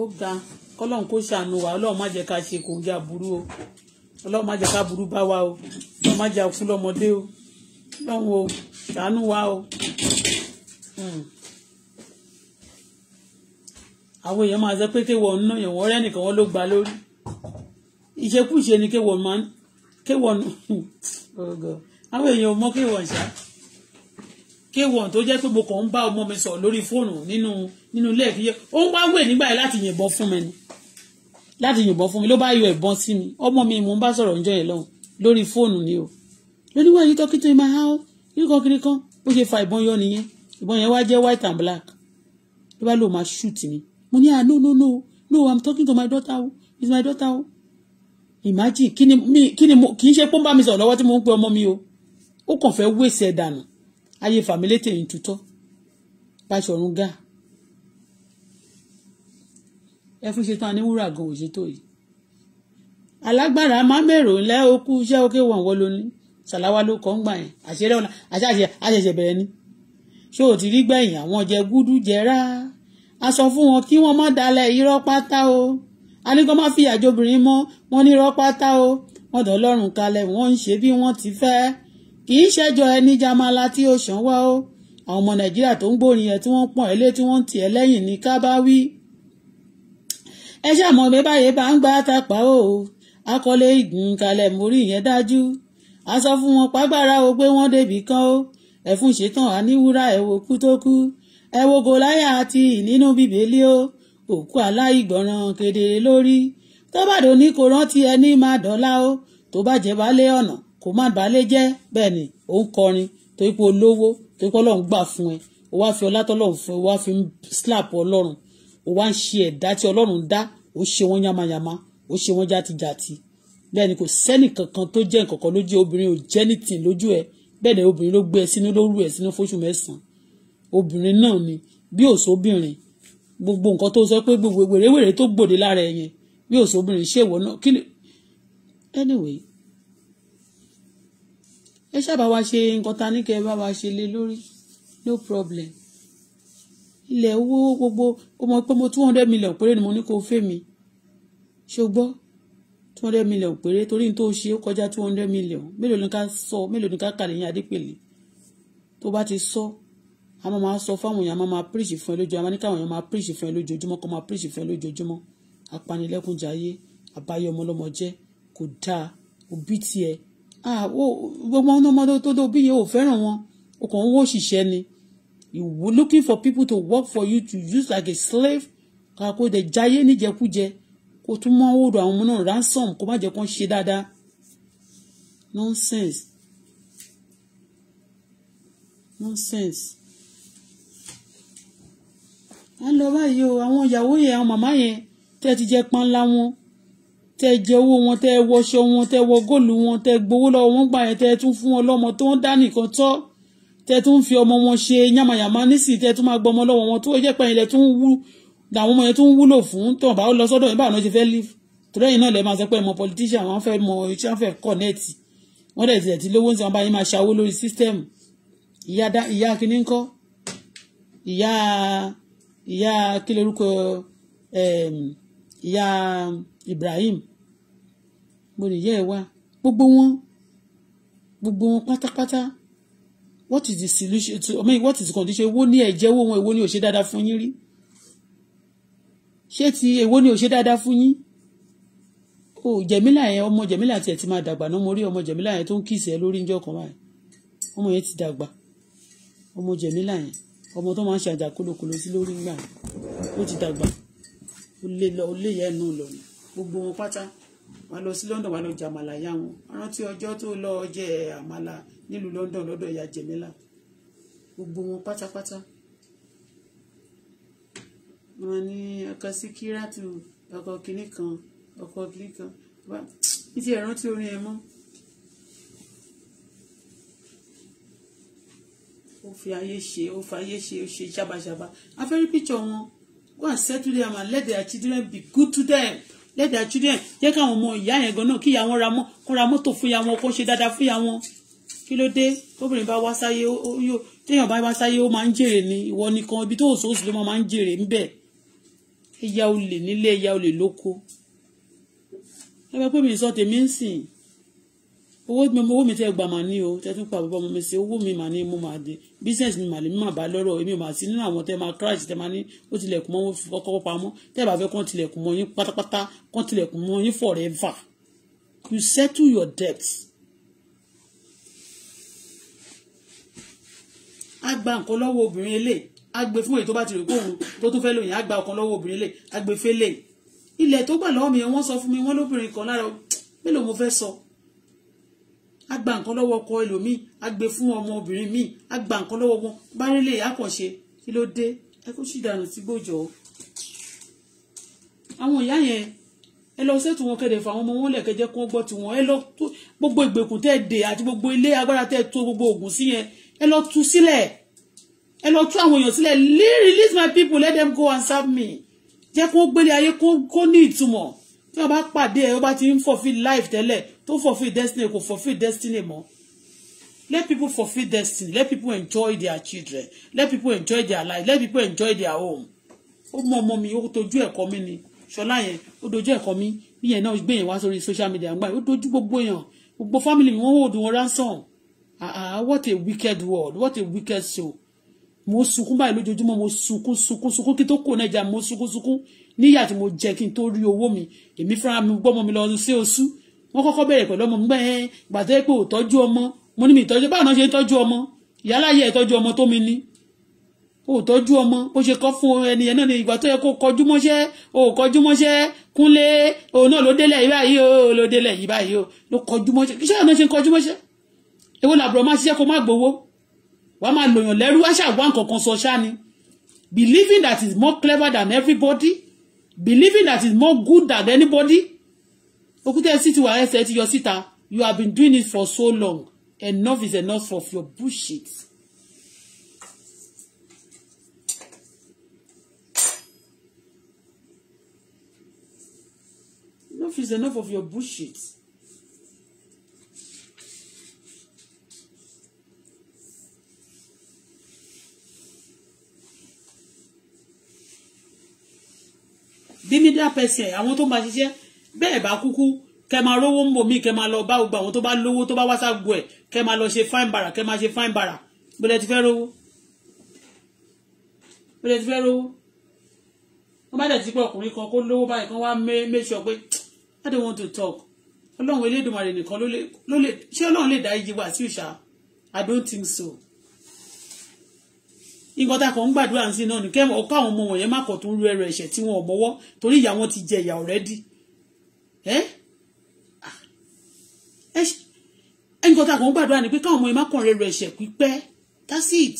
ó ga kọ́lọ́run kó ṣàánú wa ọlọ́run má jẹ́ ká ṣe kò ń jà burú o ọlọ́run má jẹ́ ká burú bá wa o ọlọ́run má jẹ́ kú lọ́mọdé o ọlọ́run o ṣàánú wa o. Hmm. àwọn èèyàn máa sọ pé kéwọ̀ ń náyàn wọ́n rẹ́ nìkan wọ́n ló gba lórí ìṣekúṣe ni kéwọ̀ máa ń kéwọ̀ [laughs] oh àwọn èèyàn ò mọ̀ kéwọ̀ ń ṣá k1 tó jẹ́ pé mo kàn ń bá ọmọ mi sọ̀rọ̀ lórí fóònù nínú nínú ilé ìfiyẹ́ ó ń wá wè nígbà yẹn láti yìnbọn fún mi ni láti yìnbọn fún mi ló bá yọ ìbọn sí mi ọmọ mi mò ń bá sọ̀rọ̀ ǹjọ́ yẹn lọ́hùn lórí fóònù ni o lóníwọ̀ yìí tọ́kí tó máa háó kíkan kiri kan bó ṣe fa ìbọn yọ nìyẹn ìbọn yẹn wá jẹ́ white and black ló bá lò máa shoot mi mo ní ah no no no no i'm talking to my daughter o it's my daughter imagine kí ni kí ni kì í ṣe pé ó ń bá mi sọ̀rọ̀ lọ́wọ́ tí mo ń pe ọmọ mi o ó kàn fẹ́ wéṣẹ̀ dànù ayé fàmílétè yìí tutọ́ Báṣọ̀run Gáà ẹ fún ṣetán aníwúrà gan òṣètò yìí alágbára máa mẹ́rò ńlẹ́ okú iṣẹ́ òkè wọ̀n wọ́n ló ní sàláwá ló kọ́ ń gbà yẹn àṣẹrẹ́ ọ̀la àṣẹṣẹ̀ bẹ̀rẹ̀ ni ṣé ò ti rí gbẹ̀yìn àwọn jẹ gúdú jẹrá a sọ fún wọn kí wọ́n má dalẹ̀ irọ́ pátá o a ní kó má fi àjọbìnrin mọ́ wọn ní irọ́ pátá o wọ́n dọ̀ lọ́rùn kalẹ̀ wọ́n ń ṣe bí wọ́n ti fẹ́ kì í ṣẹjọ ẹni jamala tí ó ṣàn wá ó ọmọ nàìjíríà tó ń gbórin ẹ tí wọ́n ń ẹ lé tí wọ́n ń tì ẹ lẹ́yìn ní ká ẹ ṣàmọ mi báyìí bá ń gbá tapá o akọlé ìgbìn kalẹ̀ mórí yẹn dájú a sọ fún wọn pàgbára o pé wọ́n débì kan o ẹ̀fún ṣetán àníwúrà ẹ wo kú tó kú ẹ wo gòláyà àti nínú bíbélì o òkú aláìgbọràn kedere lórí tó bá dòní kò rántí ẹni máa dọ́lá o tó bá jẹ́ bá lé ọ̀nà kò má balẹ̀ jẹ́ bẹ́ẹ̀ ni ò ń kọrin torí pé olówó torí pé ọlọ́run gbà fún ẹ o wá fi ọlátọ́lọ́run fún ẹ o wá fi slap ọlọ́run o wá ń ṣe ẹ̀dá tí ọlọ́run dá o ṣe wọ́n yamayama o ṣe wọ́n játijàti bẹ́ẹ̀ ni kò sẹ́nì kankan tó jẹ́ nǹkankan lójú obìnrin ò jẹ́ nìtì lójú ẹ bẹ́ẹ̀ ni obìnrin ló gbé ẹ sínú ló rú ẹ sínú fóṣù mẹ́sàn-án obìnrin náà ni bí òṣòbìnrin gbogbo nǹkan tó sọ pé gbogbo wèrèwèrè tó gbòde lára ẹ yẹn bí òṣòbìnrin ṣèwọ náà kí ni anyway ẹ ṣáàbà wa ṣe nǹkan ta ní kẹ́ ẹ bá wa ṣe lé lórí no problem ilẹ̀ owó gbogbo ó mọ pé mo two hundred million péré ni mo ní kó fẹ́ mi ṣùgbọ́n two hundred million péré torí ní tó ṣe ó kọjá two hundred million mélòó ní ká sọ mélòó ní ká kàlẹ́ yín adépèlé tó bá ti sọ a máa máa sọ fáwọn èèyàn a máa máa preach fún ẹ lójoojúmọ́ a máa ní káwọn èèyàn máa preach fún ẹ lójoojúmọ́ kó máa preach fún ẹ lójoojúmọ́ apanilẹ́kúnjayé àbáyọ ọmọlọ́mọ jẹ́ kò dáa òbí tiẹ̀ Ah, gbogbo ọmọ tó tó bí yẹn ò fẹ́ràn wọn o kàn ń wó òṣìṣẹ́ ni you looking for people to work for you to use like a slave kà kó dẹ̀ jayé níjẹkújẹ kó tún mọ́ òòrùn àwọn ọmọ náà ransom kó má jẹ́ kó ń ṣe dáadáa nonsense nonsense à ń lọ báyìí o àwọn ìyàwó yẹn àwọn màmá yẹn tẹ́ ti jẹ́ pọ́nlá wọn tẹ́ jẹ owó wọn tẹ́ wọṣọ wọn tẹ́ wọ góòlù wọn tẹ́ gbowó lọ́wọ́ wọn gbà yẹn tẹ́ tún fún wọn lọ́mọ tó ń dá nìkan tọ́ tẹ́ tún fi ọmọ wọn ṣe yàmàyàmà nísìnyí tẹ́ tún máa gbọ́ ọmọ lọ́wọ́ wọn tó jẹ́ pé ilẹ̀ tún wú làwọn ọmọ yẹn tún wúlò fún tó bá lọ sọ́dọ̀ yẹn báwọn náà ṣe fẹ́ live torí ẹ̀yin náà lẹ́ máa sọ pé ìmọ̀ politician wọn fẹ́ mọ iṣẹ́ wọn fẹ́ connect wọ́n dẹ̀ tilẹ̀ ti lówó ń sọ wọn bá yín máa ṣàwó lórí system ìyá kìíní ńkọ́ ìyá ìyá kí lorúkọ ìyá Ibrahim mo lè yẹ ẹ wá gbogbo wọn gbogbo wọn pátápátá what is the solution to I mean what is the condition èwo ni ẹ̀jẹ̀ owó wọn èwo ni ò ṣe dáadáa fún yín rí ṣé ti èwo ni ò ṣe dáadáa fún yín o jẹ̀mílà yẹn ọmọ jẹ̀mílà tiẹ̀ ti máa dàgbà náà mo rí ọmọ jẹ̀mílà yẹn tó ń kìsì ẹ lórí níjọ́ kan báyìí ọmọ yẹn ti dàgbà ọmọ jẹ̀mílà yẹn ọmọ tó máa ń ṣe àjà kólókòló sí lórí ńgbà ó ti dàgbà ó lé yẹn nù lọ gbogbo wọn pátá wàá lọ sí London wàá lọ jẹ àmàlà yá wọn rántí ọjọ́ tó lọ jẹ àmàlà nílùú London lọ́dọ̀ ìyá jẹ̀mílà gbogbo wọn pátápátá wọn ní ọkọ síkírátù ọkọ kìnnì kan ọkọ kìnnì kan wá ní ti ẹ̀rọ tí orin ẹ mọ́ ó fi ayé ṣe ó fi ayé ṣe ó ṣe ṣàbàṣàbà afẹ́rí píkṣọ wọn go and settle them and let their children be good to them let their children jẹ́ káwọn ọmọ ìyá yẹn gan náà kí ìyá wọn ra mọ́ kó ra mọ́tò fún ìyá wọn kó ṣe dáadáa fún ìyá wọn kí ló dé tóbìnrin bá wá sáyé ó yóò téèyàn bá wá sáyé ó máa ń jèrè ní ìwọ nìkan ibi tó òṣòwò sí ló máa ń jèrè ńbẹ̀ ẹ̀yà olè nílé ẹ̀yà olè lóko ẹ bá pè mí sọ tèmi ń sìn owó mi owó mi tẹ́ gbà máa ní o tẹ́ tún pa bàbá ọmọ mi sí owó mi máa ní mo máa di business mi máa lè mi máa bá lọ́rọ̀ èmi máa sí nínú àwọn tẹ́ máa crash tẹ́ máa ní ó tilẹ̀kùn mọ́ wọn kọ́kọ́ pamọ́ tẹ́ bá fẹ́ kán tilẹ̀kùn mọ́ yín pátápátá kán tilẹ̀kùn mọ́ yín forever you settle your debts. a gba nǹkan lọ́wọ́ obìnrin eléyìí a gbé fún èyí tó bá ti rò kóhun tó tún fẹ́ lòyìn a gba ọ̀kan lọ́wọ́ obìnrin eléyìí a gbé fẹ́lẹ̀ ilẹ̀ tó gbà lọ́wọ́ mi wọ́n sọ fún mi wọ́n lóbìnrin kan lára mélòó mo fẹ́ sọ á gba nǹkan lọ́wọ́ ọkọ ẹlòmíì á gbé fún ọmọ obìnrin míì á gba nǹkan lọ́wọ́ wọn bárẹ́lẹ̀ àkànṣe kí ló dé ẹ kó sì dànù sí gbòjọ́ àwọn ìyá yẹn ẹ lọ sẹ́tù wọn kẹ́dẹ̀ àwọn ọmọ wọn lẹ̀kẹ́ jẹ́ kí gbọ́ tiwọn ẹ lọ tó gbogbo ìgbèkùn tẹ́ dè àti gbogbo ilé agbára tẹ́ tó gbogbo ògùn sí yẹn ẹ lọ tú sílẹ̀ ẹ lọ tú àwọn èèyàn sílẹ̀ release my people let them go and serve me jẹ́ kó gbélé ayé kó ní ìtumọ̀ tí wọ́n bá pàdé ẹ ó bá life tẹ́lẹ̀ tó fulfill destiny kò fulfill destiny mo. let people fulfill destiny let people enjoy their children let people enjoy their life let people enjoy their home ó mọ ọmọ mi ó tojú ẹ̀kọ́ mi ni ṣọlá yẹn ó dojú ẹ̀kọ́ mi níyẹn náà gbé yẹn wá sórí social media ń gbà ó dojú gbogbo èèyàn gbogbo family mi wọ́n hold wọn ransom ah, ah ah what a wicked world what a wicked soul mo sunkún báyìí lójoojúmọ́ mo sunkún sunkún sunkún kí n tó kó nàìjà mo sunkún sunkún níyà tí mo jẹ kí n tó rí owó mi èmi fúnra mi gbọ́mọ mi lọ sí oṣù wọ́n kọ́kọ́ bẹ̀rẹ̀ pẹ̀lú ọmọ gbẹ ìgbà pé ò tọ́jú ọmọ mo ní mi ìtọ́jú báwọn ṣe ń tọ́jú ọmọ ìyálà yẹ ìtọ́jú ọmọ tó mi ní ò tọ́jú ọmọ ó ṣe kọ́ fún ẹni yẹn náà ní ìgbà tó yẹ kó kọjú mọ́ṣẹ́ ò kọjú mọ́ṣẹ́ kúnlé òun náà ló délẹ̀ yìí báyìí o ló délẹ̀ yìí báyìí o ló kọjú mọ́ṣẹ́ kí sẹ́yìn náà ṣe ń kọjú mọ́ṣẹ́ èwo làbúrò máa ṣiṣẹ́ believing that is more clever than everybody believing that is more good than anybody òkúta ẹ sì ti wà ẹsẹ̀ ti yọ síta you have been doing it for so long enough is enough of your bullshit. enough is enough of your bullshit. bí mi dá pẹ̀sẹ̀ àwọn tó máa ṣiṣẹ́ bẹ́ẹ̀ bá kúkú kẹ máa rówó ń bòmí kẹ máa lọ bá gbogbo àwọn tó bá lówó tó bá wá ságo ẹ̀ kẹ máa lọ ṣe fáìn bàrà kẹ máa ṣe fáìn bàrà bọ́lẹ̀ ti fẹ́ rówó bọ́lẹ̀ ti fẹ́ rówó wọ́n bá dẹ̀ ti pé ọkùnrin kan kó lówó báyìí kan wá make sure pé I don't want to talk ọlọ́run elédùnmarè nìkan ló lè ṣé ọlọ́run lè dá iyì wá sí ìṣá I don't think so nǹkan tá a kàn ń gbàdúrà sí náà ni kẹ́ ọ̀ká àwọn ọmọ wọ̀nyẹn má kọ̀ tó ń ru ẹrù ẹ̀ṣẹ̀ tí wọn ò mọ́wọ́ torí ìyá ti jẹ ìyà already Eh? Ah. Eh, ẹnìkan tá a kàn ń gbàdúrà ni pé káwọn ọmọ ẹ má kàn rẹ rẹ ẹ̀ṣẹ̀ pípẹ́ that's it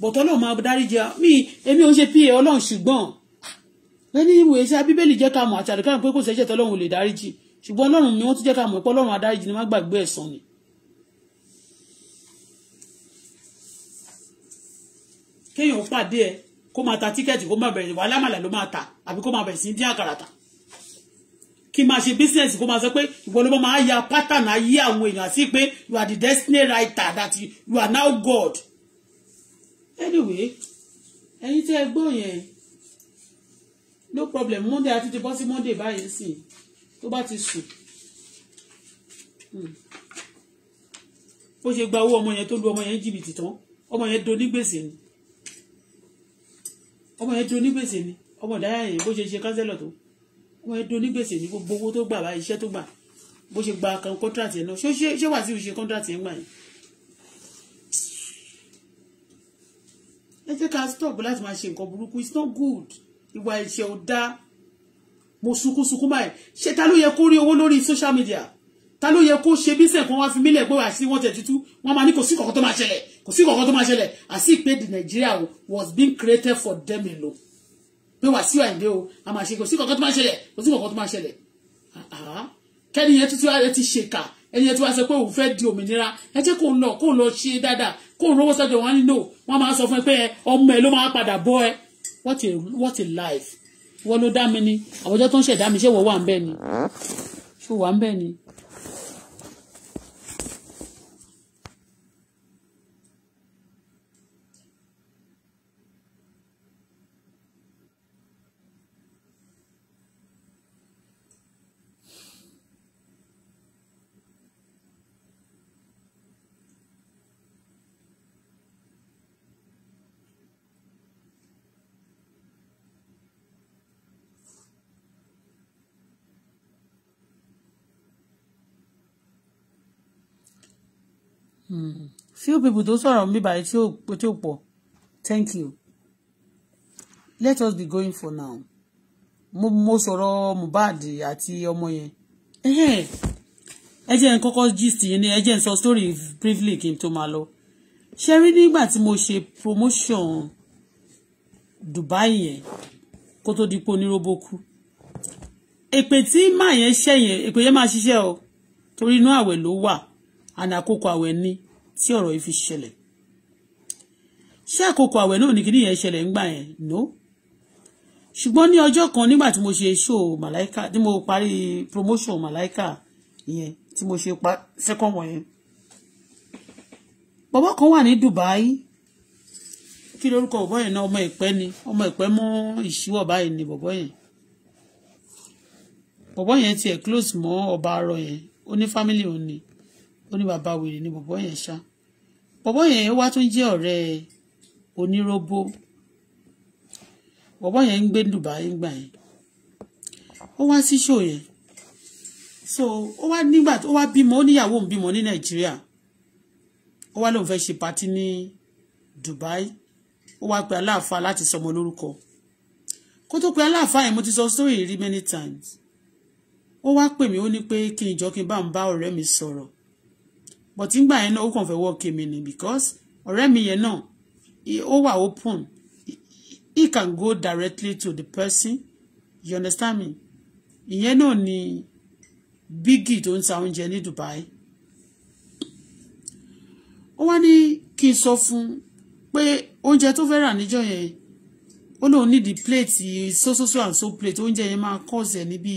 bọ̀tọ̀ ọlọ́run máa dárí jẹ mí èmi ò ń ṣe pa ọlọ́run ṣùgbọ́n lẹ́ni ìwé iṣẹ́ bíbélì jẹ́ ká mọ̀ àti àdúrà pé kò sẹ́ṣẹ̀ tọ́lọ́run lè dárí jì ṣùgbọ́n ọlọ́run ni wọ́n ti jẹ́ ká mọ̀ pé ọlọ́run adáríjì ni má gbàgbé ẹ̀san ni. kéèyàn pàdé ẹ kó máa ta tíkẹ́ẹ̀tì kó máa bẹ̀rẹ̀ wàhálà màlà ló máa ta àbí kó máa bẹ̀rẹ̀ sí dín àkàrà ta kí máa ṣe business kó máa sọ pé ìwọ ló máa ya pattern ayé àwọn èèyàn àti pé you are the destiny writer that you are now God anyway ẹ̀yin tí ẹ gbọ́ yẹn no problem monday àti ti bọ́ sí monday báyìí sí tó bá ti sùn hmm. bó ṣe gba owó ọmọ yẹn tó lu ọmọ yẹn jìbìtì tán ọmọ yẹn do nígbèsè ni ọmọ yẹn do nígbèsè ni ọmọ ìdáyà yẹn bó ṣe ṣe kánsẹ́lọ̀ tó wọ́n ẹdun onígbèsè ní gbogbo owó tó gbà báyìí iṣẹ́ tó gbà bó ṣe gba kan contract yẹn náà ṣé ṣé wà sí ìṣe contract yẹn gbà yìí. ẹ jẹ́ ká stop láti máa ṣe nǹkan burúkú it's not good ìwà ìṣe ò dáa mo sunkún sunkún báyìí ṣé ta ló yẹ kó rí owó lórí social media ta ló yẹ kó ṣe bísẹ̀ kan wá fi mílẹ̀ gbọ́ àti wọ́n tẹ̀ tútú wọ́n máa ní kò sí kọ̀ọ̀kan tó máa ṣẹlẹ̀ kò sí kọ̀ọ̀kan tó máa ṣẹlẹ̀ àti ìpèdè Nàìjíríà was being created for them alone pé Wàsíù Àyìndé o a máa ṣe kò sí kankan tó máa ṣẹlẹ̀ kò sí kankan tó máa ṣẹlẹ̀ kẹ́ni yẹn tuntun ẹ ti ṣèkà ẹni yẹn tí wàá sọ pé òun fẹ́ di òmìnira ẹ jẹ́ kó ń lọ kó ń lọ ṣe dáadáa kó ń rówó sọ́jọ́ wọn nílò wọ́n máa sọ fún ẹ pé ọmọ ẹ ló máa padà bọ́ ẹ what a what a life wọ́n ló dá mi ni àwùjọ tó ń ṣẹ̀dá mi ṣé wọ́n wà ń ṣé wọ́n wà ń bẹ́ẹ̀ ni Hmm. few people tó sọ̀rọ̀ mi báyìí tí ó tí ó pọ̀ thank you let us be going for now mo mo sọ̀rọ̀ Mohbad àti ọmọ yẹn ẹ jẹ́ n kọ́kọ́ gist yìí ni ẹ n sọ story briefly kí n tó máa lọ ṣe rí nígbà tí mo ṣe promotion Dubai yẹn kó tó di pé oníróbó kú èpè tí máa yẹn ṣẹ́ yẹn èpè yẹn máa ṣiṣẹ́ o torí inú àwẹ̀ ló wà àná àkókò àwẹ̀ ni tí ọ̀rọ̀ yìí fi ṣẹlẹ̀ ṣé àkókò àwẹ̀ náà ní kíní yẹn ṣẹlẹ̀ ńgbà yẹn no ṣùgbọ́n ní ọjọ́ kan nígbà tí mo ṣe show màláìka tí mo parí promotion màláìka yẹn tí mo ṣe pa second one yẹn bọ́bọ́ kan wà ní Dubai kí lórúkọ bọ́bọ́ yẹn náà ọmọ ìpẹ́ ni ọmọ ìpẹ́ mọ́ ìṣíwọ̀ báyìí ni bọ́bọ́ yẹn bọ́bọ́ yẹn tiẹ̀ close mọ́ ọba arọ yẹn ó ní family òun ni ó ní bàbá wèrè ní bọ̀bọ́ yẹn ṣá bọ̀bọ́ yẹn wá tún jẹ́ ọ̀rẹ́ oníróbó bọ̀bọ́ yẹn ń gbé Dubai ńgbà yẹn ó wá sí show yẹn so ó wá nígbà tó wá bímọ ó níyàwó ń bímọ ní Nàìjíríà ó wá lóun fẹ́ ṣe patí ní Dubai ó wá pe aláàfáà láti sọmọ lórúkọ kó tó pe aláàfáà yẹn mo ti sọ story rí many times ó wá pè mí ó ní pé kí n jọ kí n bá ń bá ọ̀rẹ́ mi sọ̀rọ̀ but ngbà yẹn náà ó kàn fẹ́ work mi ni because ọ̀rẹ́ mi yẹn náà ó wà open he can go directly to the person you understand me ìyẹn náà ni bígì tó ń ta oúnjẹ ní Dubai ó wá ní kí n sọ fún un pé oúnjẹ tó fẹ́ rà níjọ́ yẹn ó lóun nídìí plate so so so and so plate oúnjẹ yẹn máa cause ẹ̀ níbí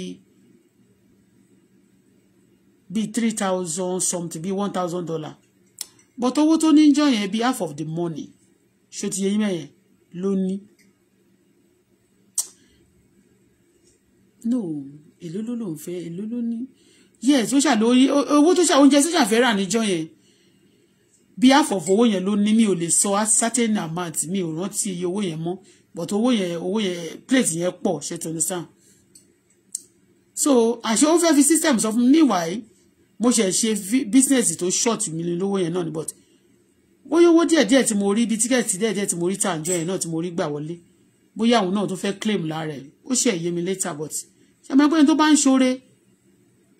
bíi three thousand something bíi one thousand dollar but owó tó ní jọ yẹn bíi half of the money ṣó ti yẹ yín mẹ́yẹn ló no èló ló lòún fẹ́ èló ló ní yes ó ṣà lórí owó tó ṣà oúnjẹ tó ṣà fẹ́ rà níjọ yẹn bíi half of owó yẹn ló ní mi ò lè sọ certain amount mi ò rántí iye owó yẹn mọ́ but owó yẹn owó yẹn plate yẹn pọ̀ ṣe tó ní sàn so àṣé ó fẹ́ fi system sọ fún mi níwáyé mo ṣe ṣe bísínẹ́sì tó ṣọ́ọ̀tì mi lówó yẹn náà ni but bóyá owó díẹ̀díẹ̀ tí mo rí ibi tíkẹ́ẹ̀tì díẹ̀díẹ̀ tí mo rí tàǹjọ́ yẹn náà tí mo rí gbà wọlé bóyá àwọn náà tó fẹ́ claim lára ẹ̀ ó ṣe ẹ̀yẹ mi later but ṣe máa pẹ́yìn tó bá ń ṣoore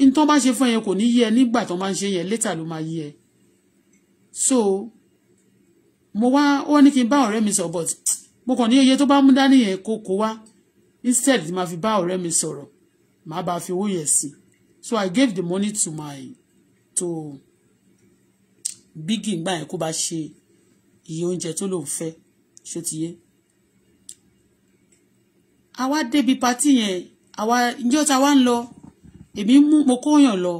n bá ṣe fún ẹ̀yẹ kò ní yẹ nígbà tó máa ń ṣe yẹn later ló máa yẹ so mo wá ó ní kí n bá ọ̀rẹ́ mi sọ but mo kàn ní iye tó bá mú dání yẹn kó kó wá instead máa fi bá ọ̀rẹ́ mi sọ̀rọ̀ máa bá fi owó yẹn sí i so I gave the money to my to Biggie ngbà yẹn kó bá ṣe iye oúnjẹ tó lòun fẹ́ ṣó ti yé àwa débi patí yẹn àwa ǹjẹ́ ọ̀tá wa ń lọ èmi mú mo kóyàn lọ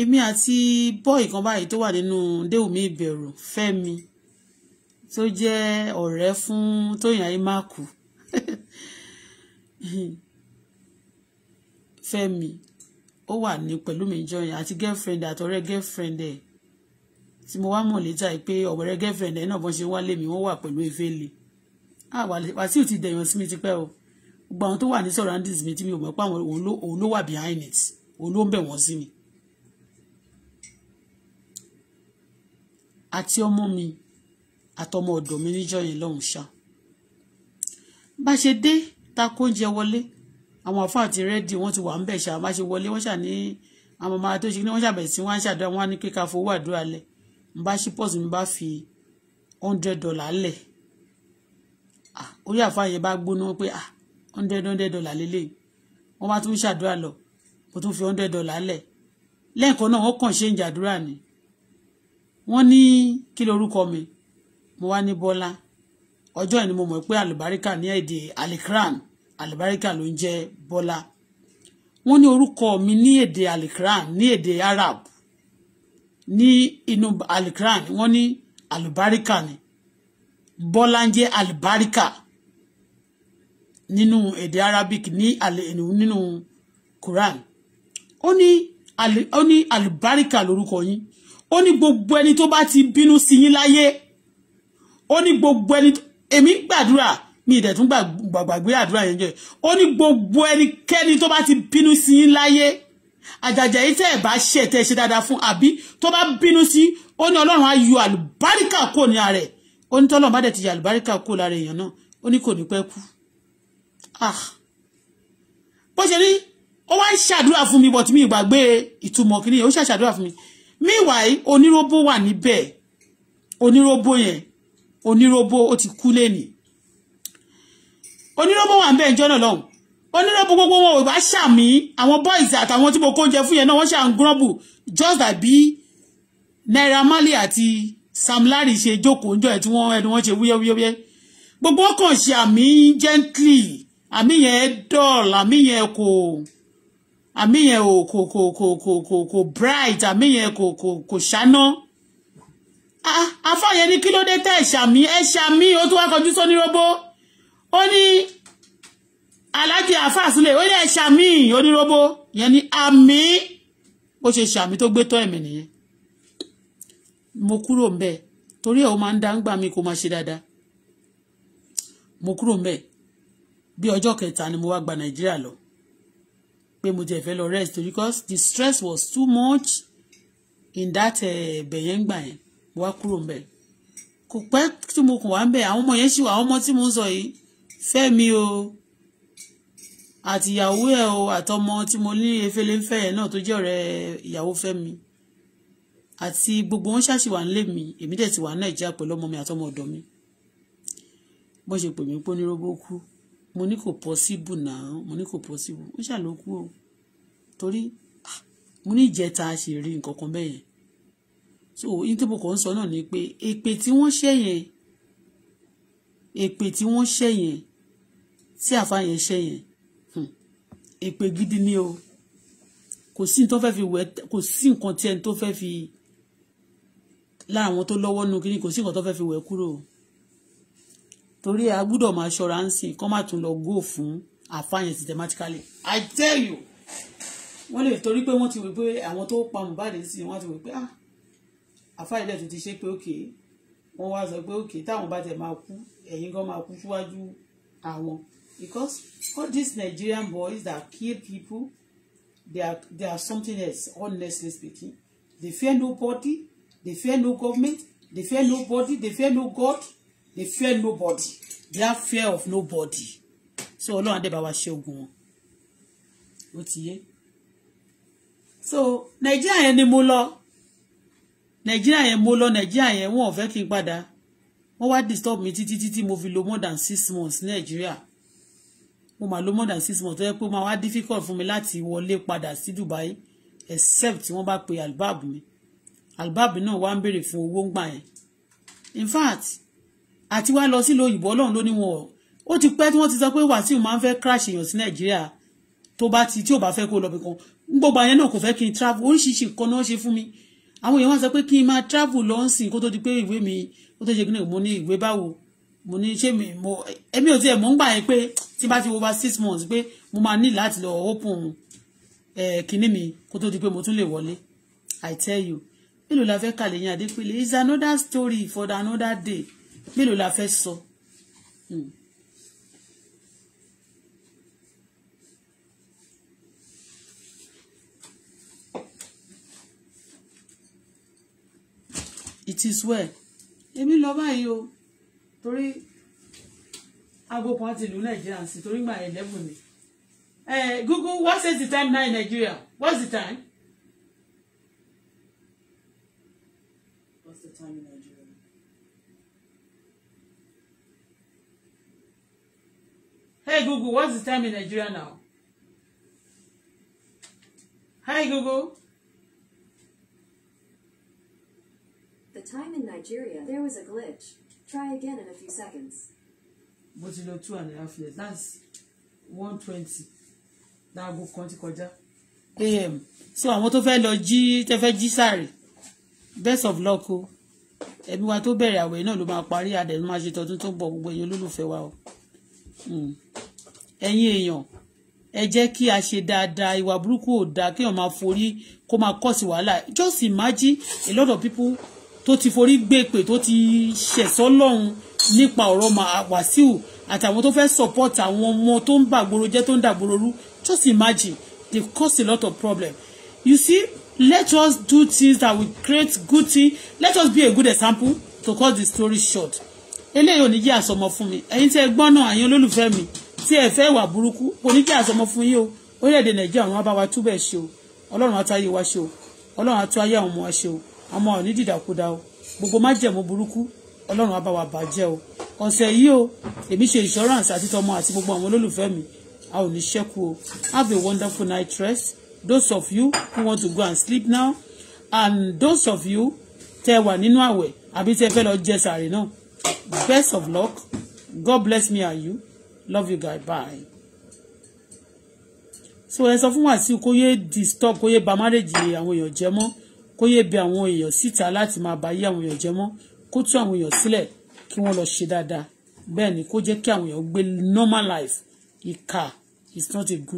èmi àti bọ́ọ̀ì kan báyìí tó wà nínú déwùmí ìbẹ̀rù fẹ́mi tó jẹ́ ọ̀rẹ́ fún tóyìn ayé máàkù [laughs] Fẹ́mi ó wà ní pẹ̀lú mi jọ yẹn àti girlfriend àtọ̀rẹ́ girlfriend ẹ̀ tí mo wá mọ̀ létà pé ọ̀rẹ́ girlfriend ẹ̀ náà bọ́n ṣe wálé mi wọ́n wà pẹ̀lú Efele ah, Wàsíù ti dẹ̀yàn sí mi tipẹ́ o gbogbo àwọn tó wà ní surroundings mi tí mi ò mọ̀ pé àwọn òun ló wà behind it òun ló ń bẹ̀ wọ́n sí mi. àti ọmọ mi àtọmọ ọ̀dọ̀ mi níjọ́ yẹn lọ́hùn ṣá bá ṣe dé ta kó oúnjẹ wọlé àwọn àfáà àti rẹ́dì wọ́n ti wà ń bẹ̀ ṣá má ṣe wọlé wọ́n ṣà ní àwọn ọmọ tó ṣe ní wọ́n ṣàbẹ̀ sí wọ́n ṣàdúrà wọ́n á ní kíkà fowó àdúrà lẹ̀ ń bá ṣí pọ́ọ̀sì mi bá fi hundred dollar lẹ̀ orí àfáà yẹn bá gbóná pé hundred hundred dollar lélẹ̀ wọ́n bá tún ṣàdúrà lọ mo tún fi hundred dollar lẹ̀ lẹ́ẹ̀kan náà wọ́n kàn ṣe ń jàdúrà ni wọ́n ní kí lorúkọ mi mo wá ní Bọ́lá ọjọ́ ìní pé àlùbáríkà ní èdè alikran Alibarika ló ń jẹ́ bọ́lá wọ́n ní orúkọ mi ní èdè alikran ní èdè arab ní inú alikran wọ́n ní alibarika, ni bọ́lá ń jẹ́ àlùbáríkà nínú èdè arabic ní nínú quran ó ní ó ní àlùbáríkà lórúkọ yín ó ní gbogbo ẹni tó bá ti bínú sí yín láyé ó ní gbogbo ẹni èmi gbàdúrà mi ìdẹ̀ tún gbàgbàgbé àdúrà yẹn jẹ́ ó ní gbogbo ẹnikẹ́ni tó bá ti bínú sí yín láyé àjàjà yìí tẹ́ ẹ̀ bá ṣe tẹ́ ẹ ṣe dáadáa fún àbí tó bá bínú sí ó ní ọlọ́run á yọ àlùbáríkà kò ní ààrẹ ó ní tọ́lọ́run bá dẹ̀ ti yọ àlùbáríkà kò lára èèyàn náà ó ní kò ní pẹ́ kú. Ah. bó ṣe ní ó wá ń ṣàdúrà fún mi bọ̀tí mi ìgbàgbé ìtumọ̀ kìnìyàn ó ṣàṣàdúrà fún mi meanwhile oníróbó wà níbẹ̀ oníróbó yẹn oníróbó ó ti kú lẹ́nìí onírọ́bù wà ń bẹ́ẹ̀ jọ́nà lọ́hùn onírọ́bù gbogbo wọn ò bá ṣàmì àwọn boys àtàwọn tí mo kó oúnjẹ fún yẹn náà wọ́n ṣà ń gúnrọ́bù just àbí Naira Marley àti Sam Larry ṣe jókòó ńjọ ẹ̀ tí wọ́n ẹni wọ́n ṣe wúyẹ́wúyẹ́ gbogbo wọn kàn ṣe àmì gently àmì yẹn dull àmì yẹn kò àmì yẹn ò kò kò kò kò kò kò bright àmì yẹn kò kò kò ṣáná afáyẹn ah, ní kí ló dé tẹ ẹ ṣàmì ẹ ṣàmì ó tún wá kọjú sóní róbó ó ní aláàjì àfàsílẹ̀ ó ní ẹ ṣàmì onírobó yẹn ní àmì bó ṣe ṣàmì tó gbé tọ́ ẹ̀mí nìyẹn mo kúrò ń bẹ̀ torí ẹ̀ ó máa ń dá ń gbà mí kó máa ṣe dáadáa mo kúrò ń bí ọjọ́ kẹta ni mo wá gba nàìjíríà lọ pé mo jẹ́ ìfẹ́ lọ rest because the stress was too much in that eh, bẹ̀yẹn gbà yẹn mo wá kúrò ń bẹ̀ kò pẹ́ tí mo kàn wá ń àwọn ọmọ yẹn ṣì wà àwọn ọmọ tí mo ń sọ yìí fẹ́mi o àtìyàwó ẹ̀ o àtọmọ tí mo ní efele ń fẹ́ yẹn náà tó jẹ́ ọ̀rẹ́ ìyàwó fẹ́mi àti gbogbo wọn ṣáàṣì wà nílé mi èmi dẹ̀ ti wà ní nàìjíríà pẹ̀lú ọmọ mi àtọmọ ọ̀dọ̀ mi bó ṣe pè mí pé onírúurú kú mo ní kò pọ́síbù náà mo ní kò pọ́síbù ó ṣàlọ́ kú o torí mo ní ìjẹta ṣe rí nǹkan kan bẹ́ẹ̀ yẹn so intebo kan sọ náà ni pé èpè tí wọ́n ṣẹ́ yẹn èpè tí wọ́n ṣẹ́ sí àfàyàn iṣẹ́ yẹn hmm, èpè gidi ni o kò sí tó fẹ́ fi wẹ̀ kò sí nǹkan tí ẹni tó fẹ́ fi lára àwọn tó lọ́wọ́ nu kí ni kò sí nǹkan tó fẹ́ fi wẹ̀ kúrò torí a gbúdọ̀ máa ṣọ́ra ń sìn kán má tún lọ gò fún àfàyàn systematically I tell you wọ́n lè torí pé wọ́n ti wí pé àwọn tó pa Mohbad sí wọ́n ti wí pé ah àfàyàn ilẹ̀ tún ti ṣe pé òkè wọ́n wá sọ pé òkè táwọn bá tẹ̀ máa kú ẹ̀yin gan máa kú síwájú àwọn because all these Nigerian boys that kill people they are they are something else honestly speaking they fear nobody they fear no government they fear nobody they fear no God they fear nobody they have fear of nobody so Ọlọ́run adébáwá ṣe ogun wọn ó ti yé so Nigeria yẹn ni mo lọ Nàìjíríà yẹn mo lọ Nàìjíríà yẹn wọn ò fẹ́ kí n padà wọ́n wá disturb mi títí títí mo fi lò more than six months ní Nàìjíríà mo máa lò more than six months tó yẹ pé ó máa wá difficult fún mi láti wọlé padà sí Dubai except tí wọ́n bá pe albab mi albab náà wá ń béèrè fún owó ń gbà yẹn in fact àti wá lọ sílùú òyìnbó ọlọ́run ló ní wọn ó ti pẹ́ tí wọ́n ti sọ pé Wàsíù máa ń fẹ́ crash èèyàn sí Nàìjíríà tó bá ti tí ò bá fẹ́ kó lọ bìkan gbogbo àyẹn náà kò fẹ́ kí n travel oríṣiríṣi nǹkan náà ṣe fún mi àwọn èèyàn wá sọ pé kí n máa travel lọ ń sìn kó tó di pé ìwé mi kó tó ṣe kí ni mo ní ìwé báwo mo ní ṣé mi mo èmi ò tiẹ̀ mò ń gbà yẹn pé tí bá ti wo bá six months pé mo máa ní láti lọ open kínní mi kó tó di pé mo tún lè wọlé i tell you mélòó la fẹ́ kàlẹ́ yín adépele is another story for another day mélòó la fẹ́ sọ. Hmm. it is well èmi lọ báyìí o torí aago kan ti lù nàìjíríà sí torí gbà eleven ni eh, Google what is the time now in Nigeria what's the time. What's the time in Nigeria? Hey Google, what's the time in Nigeria now? Hi Google. The time in Nigeria, there was a glitch. Try again in a few seconds. But you know two and a half years. That's one twenty. Dáago kan ti kọjá. AM. Ehm, so àwọn tó fẹ́ lọ jí tẹ́ fẹ́ jí sáré. Best of luck o. Ẹbí wa tó bẹ̀rẹ̀ àwẹ̀ náà ló máa parí adẹ̀ ló máa ṣe tọdún tó bọ̀ gbogbo èèyàn olólùfẹ́ wa o. Hmm. Ẹ̀yin èèyàn ẹ jẹ́ kí a ṣe dáadáa ìwà burúkú ò dáa kéèyàn máa forí kó máa kọ́ sí wàhálà. Just imagine a lot of people tó ti forí gbé pè tó ti ṣẹ̀sọ́ lọ́hùn nípa ọ̀rọ̀ Wàsíù àtàwọn tó fẹ́ support àwọn ọmọ tó ń bàgboro jẹ́ tó ń dàgboro rú just imagine they cause a lot of problem you see let us do things that will create good thing let us be a good example to cut the story short eléyìí ò ní jẹ́ àsọmọ fún mi ẹ̀yin tí ẹ gbọ́n náà àyàn olólùfẹ́ mi tí ẹ fẹ́ wà burúkú kò ní jẹ́ àsọmọ fún yín o orílẹ̀-èdè nàìjíríà wọn bá wa túbẹ̀ ṣe o ọlọ́run á tún ayé wa ṣe o ọlọ́run á tún ayé àwọn ọmọ wa ṣe o àmọ́ ní dìdàkudà o gbogbo májẹ̀mú burúkú ọlọ́run á bá wa bàjẹ́ o ọ̀sẹ̀ yìí o èmi ṣe insurance àti tọmọ àti gbogbo àwọn olólùfẹ́ mi a ò ní ṣẹ́kù o have a wonderful night rest those of you who want to go and sleep now and those of you tẹ wà nínú àwẹ̀ àbí tẹ fẹ́ lọ jẹ sàárè náà best of luck god bless me and you love you guy bye. so ẹ sọ fún Wàsíù kó yé disturb kó yé ba marriage àwọn èèyàn jẹ mọ́ kó yé bi àwọn èèyàn síta láti máa bá yé àwọn èèyàn jẹ mọ́ kó tú àwọn èèyàn sílẹ̀ kí wọ́n lọ ṣe dáadáa bẹ́ẹ̀ ni kó jẹ́ kí àwọn èèyàn gbé normal life ìkà is not a good.